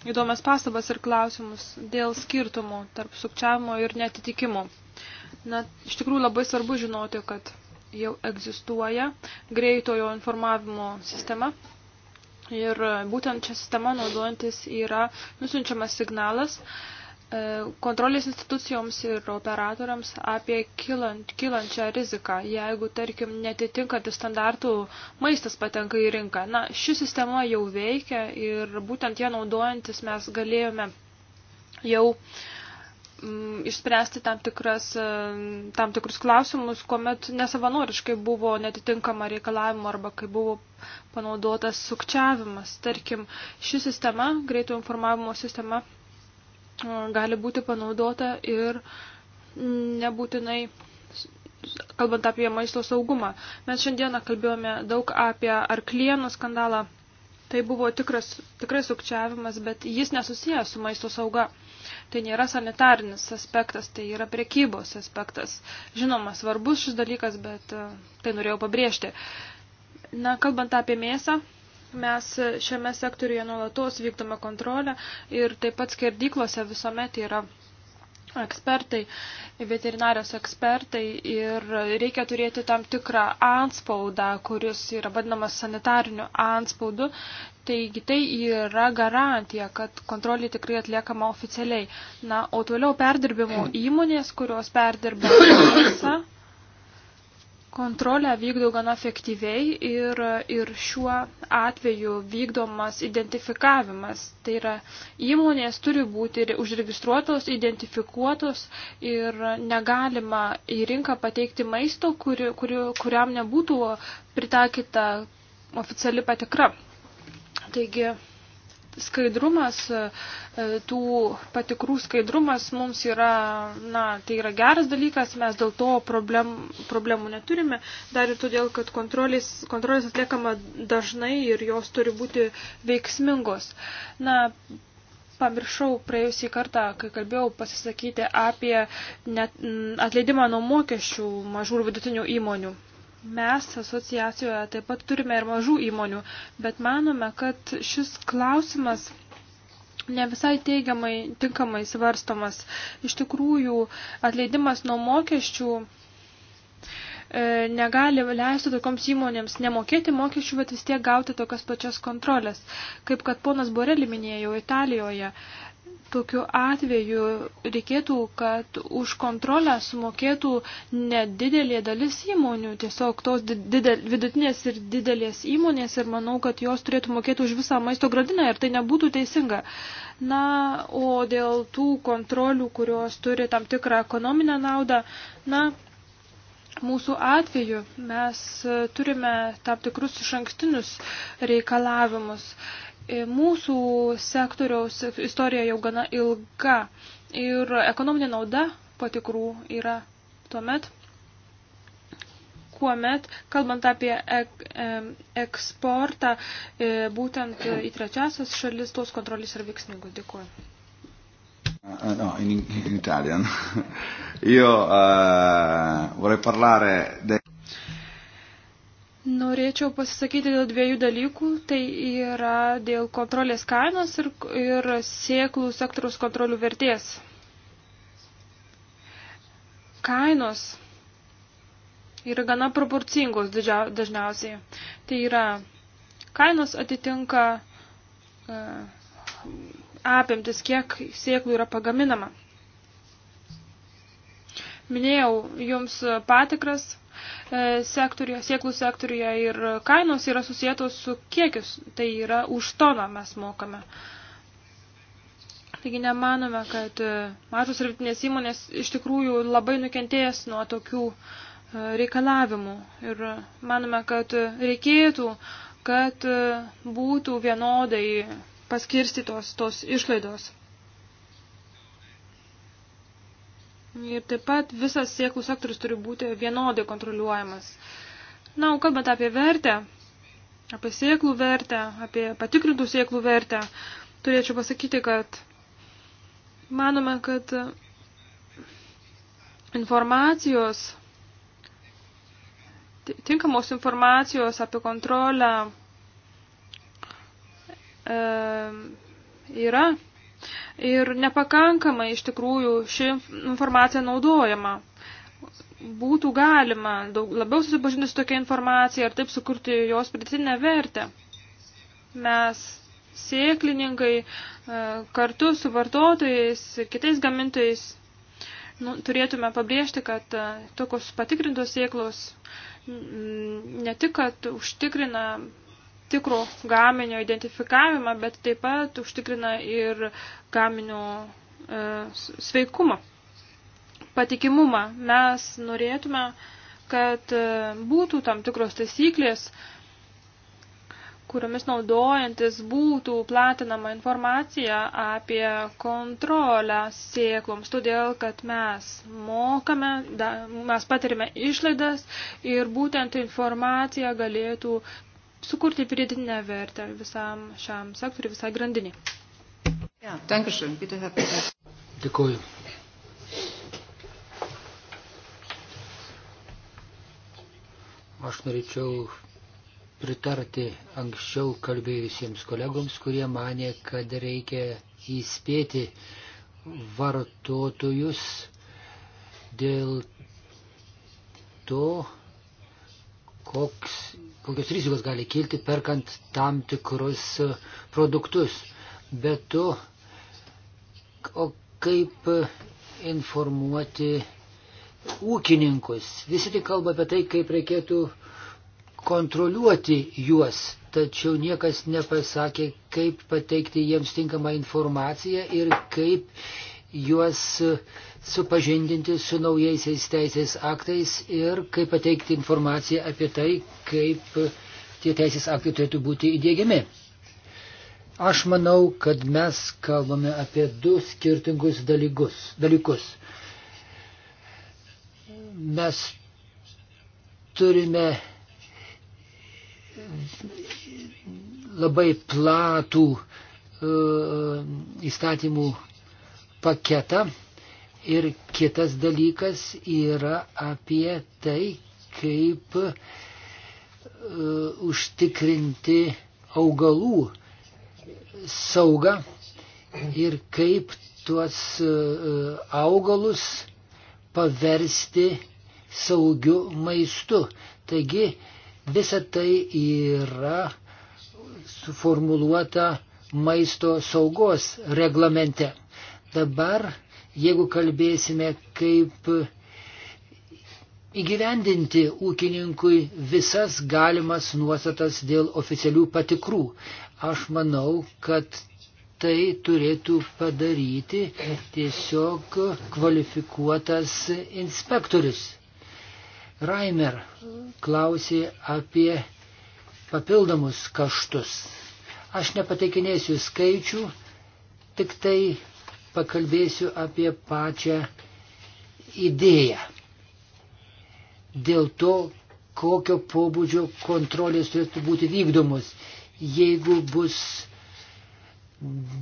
įdomias pastabas ir klausimus dėl skirtumų tarp sukčiavimo ir netitikimų. Na, iš tikrųjų labai svarbu žinoti, kad jau egzistuoja greitojo informavimo sistema. Ir būtent čia sistema naudojantis yra nusinčiamas signalas uh, E, kontrolės institucijoms ir operatoriams apie kilant, kilančią riziką, jeigu, tarkim, netitinkant standartų maistas patenka į rinką. Na, ši sistema jau veikia ir būtent ją naudojantis mes galėjome jau mm, išspręsti tam, tikras, e, tam tikrus klausimus, kuomet nesavanoriškai buvo netitinkama reikalavimo arba kai buvo panaudotas sukčiavimas. Tarkim, ši sistema, greito informavimo sistema gali būti panaudota ir nebūtinai kalbant apie maisto saugumą. Mes šiandieną kalbėjome daug apie arklienų skandalą. Tai buvo tikras, tikrai sukčiavimas, bet jis nesusijęs su maisto sauga. Tai nėra sanitarinis aspektas, tai yra prekybos aspektas. Žinoma, svarbus šis dalykas, bet e, tai norėjau pabrėžti. Na, kalbant apie mėsą, Mes šiame sektoriuje nuolatos vykdome kontrolę ir taip pat skerdyklose visuomet yra ekspertai, veterinarijos ekspertai ir reikia turėti tam tikrą anspaudą, kuris yra vadinamas sanitariniu anspaudu. Taigi tai yra garantija, kad kontrolė tikrai atliekama oficialiai. Na, o toliau perdirbimo įmonės, kurios perdirba mėsą kontrolę vykdo gana efektyviai ir, ir šiuo atveju vykdomas identifikavimas. Tai yra įmonės turi būti užregistruotos, identifikuotos ir negalima į rinką pateikti maisto, kuri, kuri, kuriam nebūtų pritaikyta oficiali patikra. Taigi, skaidrumas, e, e, tų patikrų skaidrumas mums yra, na, tai yra geras dalykas, mes dėl to problem, problemų neturime, dar ir todėl, kad kontrolės, kontrolės atliekama dažnai ir jos turi būti veiksmingos. Na, pamiršau praėjusį kartą, kai kalbėjau pasisakyti apie net, atleidimą nuo mokesčių mažų ir vidutinių įmonių. Mes asociacijoje taip pat turime ir mažų įmonių, bet manome, kad šis klausimas ne visai teigiamai, tinkamai svarstomas. Iš tikrųjų, atleidimas nuo mokesčių e, negali leisti tokioms įmonėms nemokėti mokesčių, bet vis tiek gauti tokias pačias kontrolės. Kaip kad ponas Borelį minėjo Italijoje, Tokiu atveju reikėtų, kad už kontrolę sumokėtų nedidelė dalis įmonių, tiesiog tos didel, vidutinės ir didelės įmonės ir manau, kad jos turėtų mokėti už visą maisto gradinę ir tai nebūtų teisinga. Na, o dėl tų kontrolių, kurios turi tam tikrą ekonominę naudą, na, mūsų atveju mes turime tam tikrus iš ankstinius reikalavimus. E, mūsų sektoriaus istorija jau gana ilga ir ekonominė nauda patikrų yra tuomet, kuomet, kalbant apie ek, e, eksportą, e, būtent į trečiasias šalis tos kontrolės yra veiksmingos. Dėkuoju. Uh, no, in, in Italian. Io uh, vorrei parlare del... Norėčiau pasisakyti dėl dviejų dalykų. Tai yra dėl kontrolės kainos ir, ir sėklų sektoriaus kontrolių vertės. Kainos yra gana proporcingos didžia, dažniausiai. Tai yra kainos atitinka uh, apimtis, kiek sėklų yra pagaminama. Minėjau jums patikras E, sektoriuje, sieklų sektoriuje ir kainos yra susijėtos su kiekius, tai yra už toną mes mokame. Taigi nemanome, kad e, mažos ir vidutinės įmonės iš tikrųjų labai nukentėjęs nuo tokių e, reikalavimų. Ir manome, kad reikėtų, kad būtų vienodai paskirstytos tos išlaidos. Ir taip pat visas sėklų sektorius turi būti vienodai kontroliuojamas. Na, o kalbant apie vertę, apie sėklų vertę, apie patikrintų sėklų vertę, turėčiau pasakyti, kad manome, kad informacijos, tinkamos informacijos apie kontrolę e, yra ir nepakankamai iš tikrųjų ši informacija naudojama. Būtų galima daug, labiau susipažinti su tokia informacija ir taip sukurti jos pridėtinę vertę. Mes sėklininkai e, kartu su vartotojais ir kitais gamintojais nu, turėtume pabrėžti, kad e, tokios patikrintos sėklos ne tik, kad užtikrina tikro gaminio identifikavimą, bet taip pat užtikrina ir gaminio e, sveikumą, patikimumą. Mes norėtume, kad e, būtų tam tikros taisyklės, kuriomis naudojantis būtų platinama informacija apie kontrolę sėkloms, todėl kad mes mokame, da, mes patirime išlaidas ir būtent informacija galėtų sukurti pridinę vertę visam šiam sektoriu, visai grandinį. Ja, dankeschön, bitte, Herr Peter. Dėkuoju. Aš norėčiau pritarti anksčiau kalbėjusiems kolegoms, kurie manė, kad reikia įspėti vartotojus dėl to, koks, kokios rizikos gali kilti perkant tam tikrus e, produktus. Bet tu, o kaip informuoti ūkininkus? Visi tik kalba apie tai, kaip reikėtų kontroliuoti juos, tačiau niekas nepasakė, kaip pateikti jiems tinkamą informaciją ir kaip juos uh, supažindinti su naujaisiais teisės aktais ir kaip pateikti informaciją apie tai, kaip tie teisės aktai turėtų būti įdėgiami. Aš manau, kad mes kalbame apie du skirtingus dalykus. dalykus. Mes turime labai platų uh, įstatymų paketą, Ir kitas dalykas yra apie tai, kaip uh, užtikrinti augalų saugą ir kaip tuos uh, augalus paversti saugiu maistu. Taigi visa tai yra suformuluota maisto saugos reglamente. Dabar Jeigu kalbėsime, kaip įgyvendinti ūkininkui visas galimas nuostatas dėl oficialių patikrų, aš manau, kad tai turėtų padaryti tiesiog kvalifikuotas inspektorius. Raimer klausė apie papildomus kaštus. Aš nepateikinėsiu skaičių, tik tai pakalbėsiu apie pačią idėją. Dėl to, kokio pobūdžio kontrolės turėtų būti vykdomos. Jeigu bus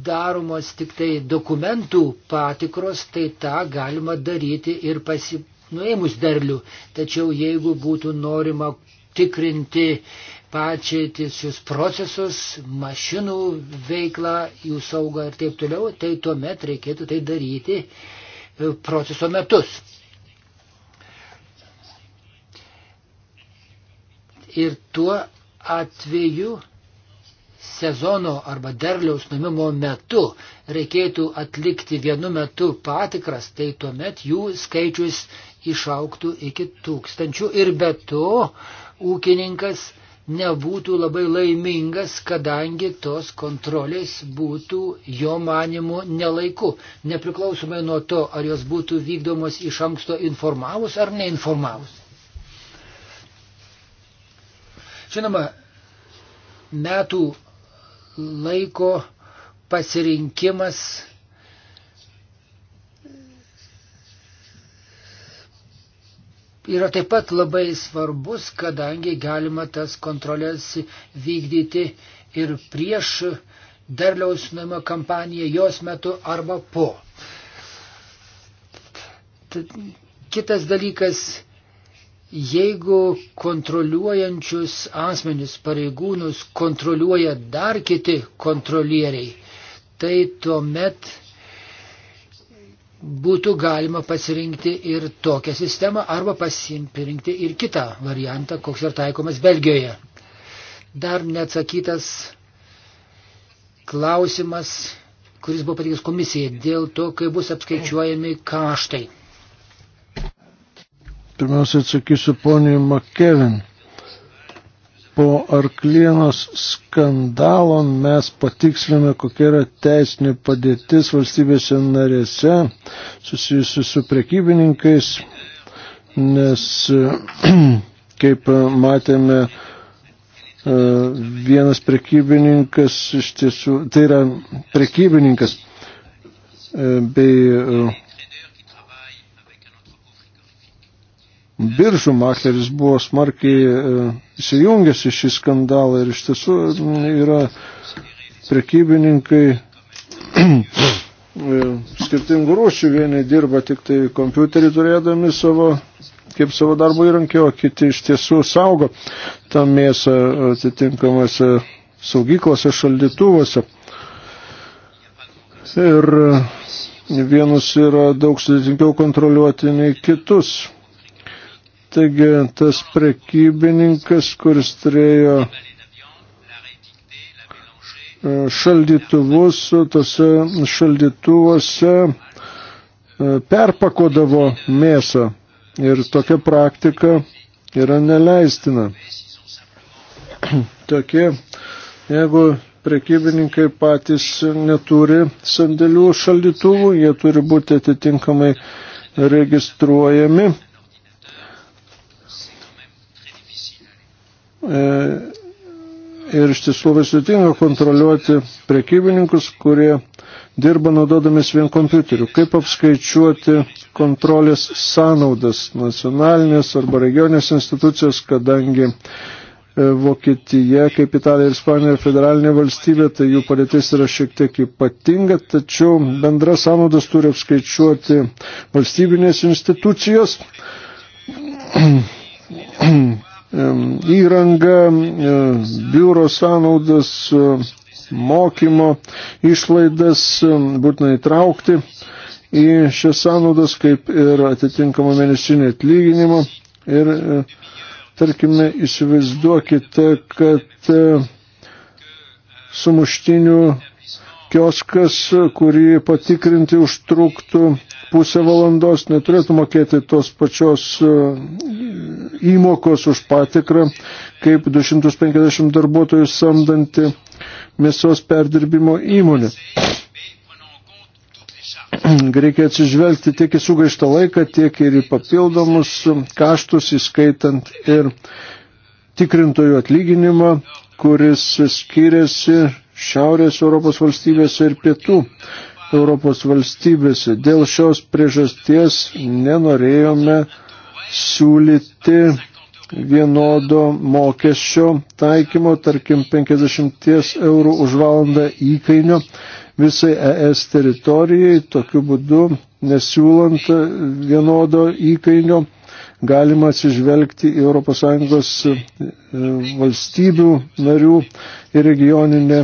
daromos tik tai dokumentų patikros, tai tą galima daryti ir pasinuėmus derlių. Tačiau jeigu būtų norima tikrinti pačytisius procesus, mašinų veiklą, jų saugą ir taip toliau, tai tuomet reikėtų tai daryti e, proceso metus. Ir tuo atveju sezono arba derliaus numimo metu reikėtų atlikti vienu metu patikras, tai tuomet jų skaičius išauktų iki tūkstančių ir be to ūkininkas nebūtų labai laimingas, kadangi tos kontrolės būtų jo manimu nelaiku, nepriklausomai nuo to, ar jos būtų vykdomos iš anksto informavus ar neinformavus. Žinoma, metų laiko pasirinkimas yra taip pat labai svarbus, kadangi galima tas kontrolės vykdyti ir prieš derliaus nuimo kampaniją jos metu arba po. Kitas dalykas, jeigu kontroliuojančius asmenis pareigūnus kontroliuoja dar kiti kontrolieriai, tai tuomet būtų galima pasirinkti ir tokią sistemą arba pasirinkti ir kitą variantą, koks yra taikomas Belgijoje. Dar neatsakytas klausimas, kuris buvo patikęs komisijai dėl to, kai bus apskaičiuojami kaštai. Pirmiausia, atsakysiu poniai McKevin po arklienos skandalo mes patikslime, kokia yra teisinė padėtis valstybėse narėse susijusi su prekybininkais, nes kaip matėme, e, vienas prekybininkas iš tiesų, tai yra prekybininkas e, bei e, biržų makleris buvo smarkiai e, įsijungęs į šį skandalą ir iš tiesų mm, yra prekybininkai e, skirtingų rūšių, vieni dirba tik tai kompiuterį turėdami savo, kaip savo darbo įrankį, o kiti iš tiesų saugo tą mėsą e, atitinkamose saugyklose, šaldytuvose. Ir vienus yra daug sudėtingiau kontroliuoti nei kitus. Taigi tas prekybininkas, kuris turėjo e, šaldytuvus, tose šaldytuvuose e, perpakodavo mėsą. Ir tokia praktika yra neleistina. Tokie, jeigu prekybininkai patys neturi sandėlių šaldytuvų, jie turi būti atitinkamai registruojami E, ir iš tiesų labai sudėtinga kontroliuoti prekybininkus, kurie dirba naudodamis vien kompiuteriu. Kaip apskaičiuoti kontrolės sąnaudas nacionalinės arba regioninės institucijos, kadangi e, Vokietija, kaip Italija ir Ispanija ir federalinė valstybė, tai jų padėtis yra šiek tiek ypatinga, tačiau bendras sąnaudas turi apskaičiuoti valstybinės institucijos. įrangą, e, biuro sąnaudas, e, mokymo išlaidas e, būtina įtraukti į šias sąnaudas, kaip ir atitinkamą mėnesinį atlyginimą. Ir tarkime, įsivaizduokite, kad sumuštinių kioskas, kurį patikrinti užtruktų pusę valandos neturėtų mokėti tos pačios e, įmokos už patikrą, kaip 250 darbuotojų samdanti mėsos perdirbimo įmonė. Reikia atsižvelgti tiek į sugaištą laiką, tiek ir į papildomus kaštus, įskaitant ir tikrintojų atlyginimą, kuris skiriasi Šiaurės Europos valstybėse ir pietų Europos valstybėse. Dėl šios priežasties nenorėjome siūlyti vienodo mokesčio taikymo, tarkim 50 eurų už valandą įkainio visai ES teritorijai, tokiu būdu nesiūlant vienodo įkainio galima atsižvelgti į ES e, valstybių narių ir regioninę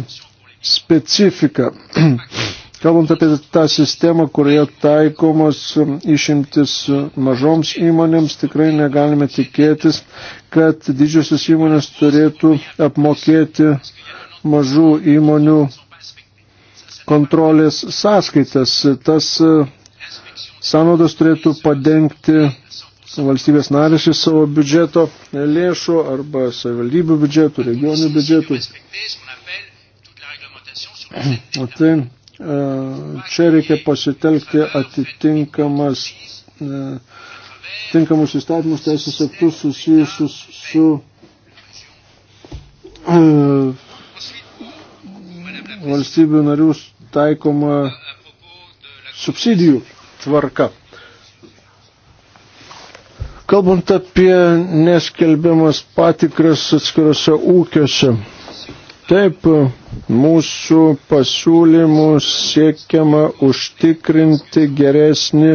specifiką. Kalbant apie tą sistemą, kurioje taikomos um, išimtis uh, mažoms įmonėms, tikrai negalime tikėtis, kad didžiosios įmonės turėtų apmokėti mažų įmonių kontrolės sąskaitas. Tas uh, sąnaudas turėtų padengti valstybės narės iš savo biudžeto lėšų arba savivaldybių biudžetų, regionių biudžetų. O tai E, čia reikia pasitelkti atitinkamas, e, tinkamus įstatymus teisės aktus susijusius su e, valstybių narių taikoma subsidijų tvarka. Kalbant apie neskelbiamas patikras atskirose ūkiuose, taip, Mūsų pasiūlymų siekiama užtikrinti geresnį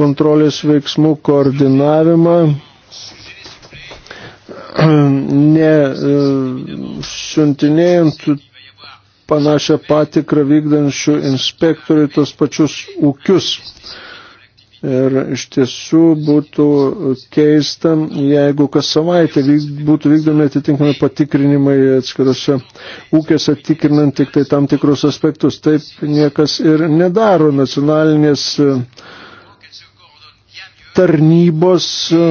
kontrolės veiksmų koordinavimą, nesuntinėjant e, panašią patikrą vykdančių inspektorių tos pačius ūkius. Ir iš tiesų būtų keista, jeigu kas savaitę vyk, būtų vykdomi atitinkami patikrinimai atskirose ūkėse, tikrinant tik tai tam tikrus aspektus. Taip niekas ir nedaro nacionalinės e, tarnybos e,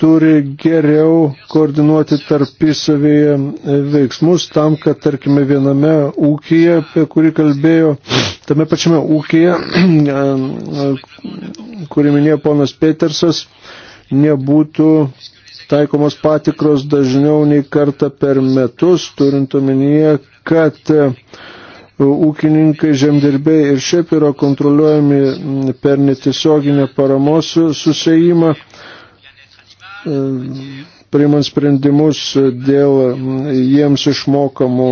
turi geriau koordinuoti tarpisavėje e, veiksmus tam, kad, tarkime, viename ūkyje, apie kurį kalbėjo tame pačiame ūkėje, kurį minėjo ponas Petersas, nebūtų taikomos patikros dažniau nei kartą per metus, turint omenyje, kad ūkininkai, žemdirbiai ir šiaip yra kontroliuojami per netiesioginę paramos susėjimą priimant sprendimus dėl jiems išmokamų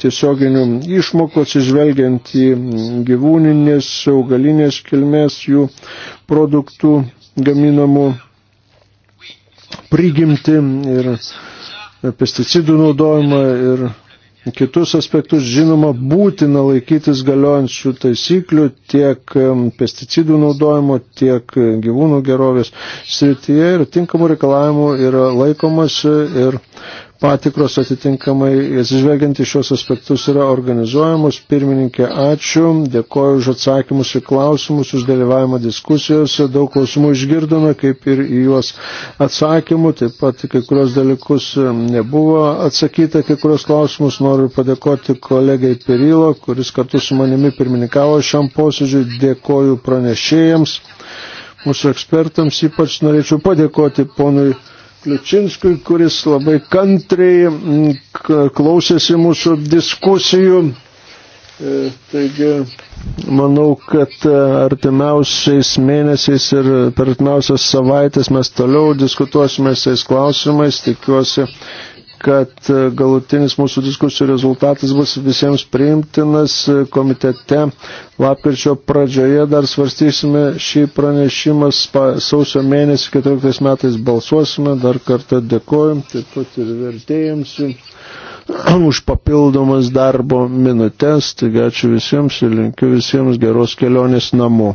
tiesioginių išmokų, atsižvelgiant į gyvūninės, augalinės kilmės jų produktų gaminamų prigimti ir pesticidų naudojimą ir Kitus aspektus, žinoma, būtina laikytis galiojančių taisyklių tiek pesticidų naudojimo, tiek e, gyvūnų gerovės srityje ir tinkamų reikalavimų yra laikomas ir patikros atitinkamai, atsižvelgiant į šios aspektus, yra organizuojamos. Pirmininkė, ačiū, dėkoju už atsakymus į klausimus, už dalyvavimą diskusijose, daug klausimų išgirdome, kaip ir į juos atsakymų, taip pat kai kurios dalykus nebuvo atsakyta, kai kurios klausimus noriu padėkoti kolegai Pirilo, kuris kartu su manimi pirmininkavo šiam posėdžiui, dėkoju pranešėjams, mūsų ekspertams, ypač norėčiau padėkoti ponui Kličinskui, kuris labai kantriai mm, klausėsi mūsų diskusijų. E, taigi, manau, kad e, artimiausiais mėnesiais ir per artimiausias savaitės mes toliau diskutuosime šiais klausimais. Tikiuosi, kad e, galutinis mūsų diskusijų rezultatas bus visiems priimtinas e, komitete. Lapkričio pradžioje dar svarstysime šį pranešimą, sausio mėnesį 14 metais balsuosime, dar kartą dėkojom, taip pat ir vertėjams už papildomas darbo minutės, taigi ačiū visiems ir linkiu visiems geros kelionės namo.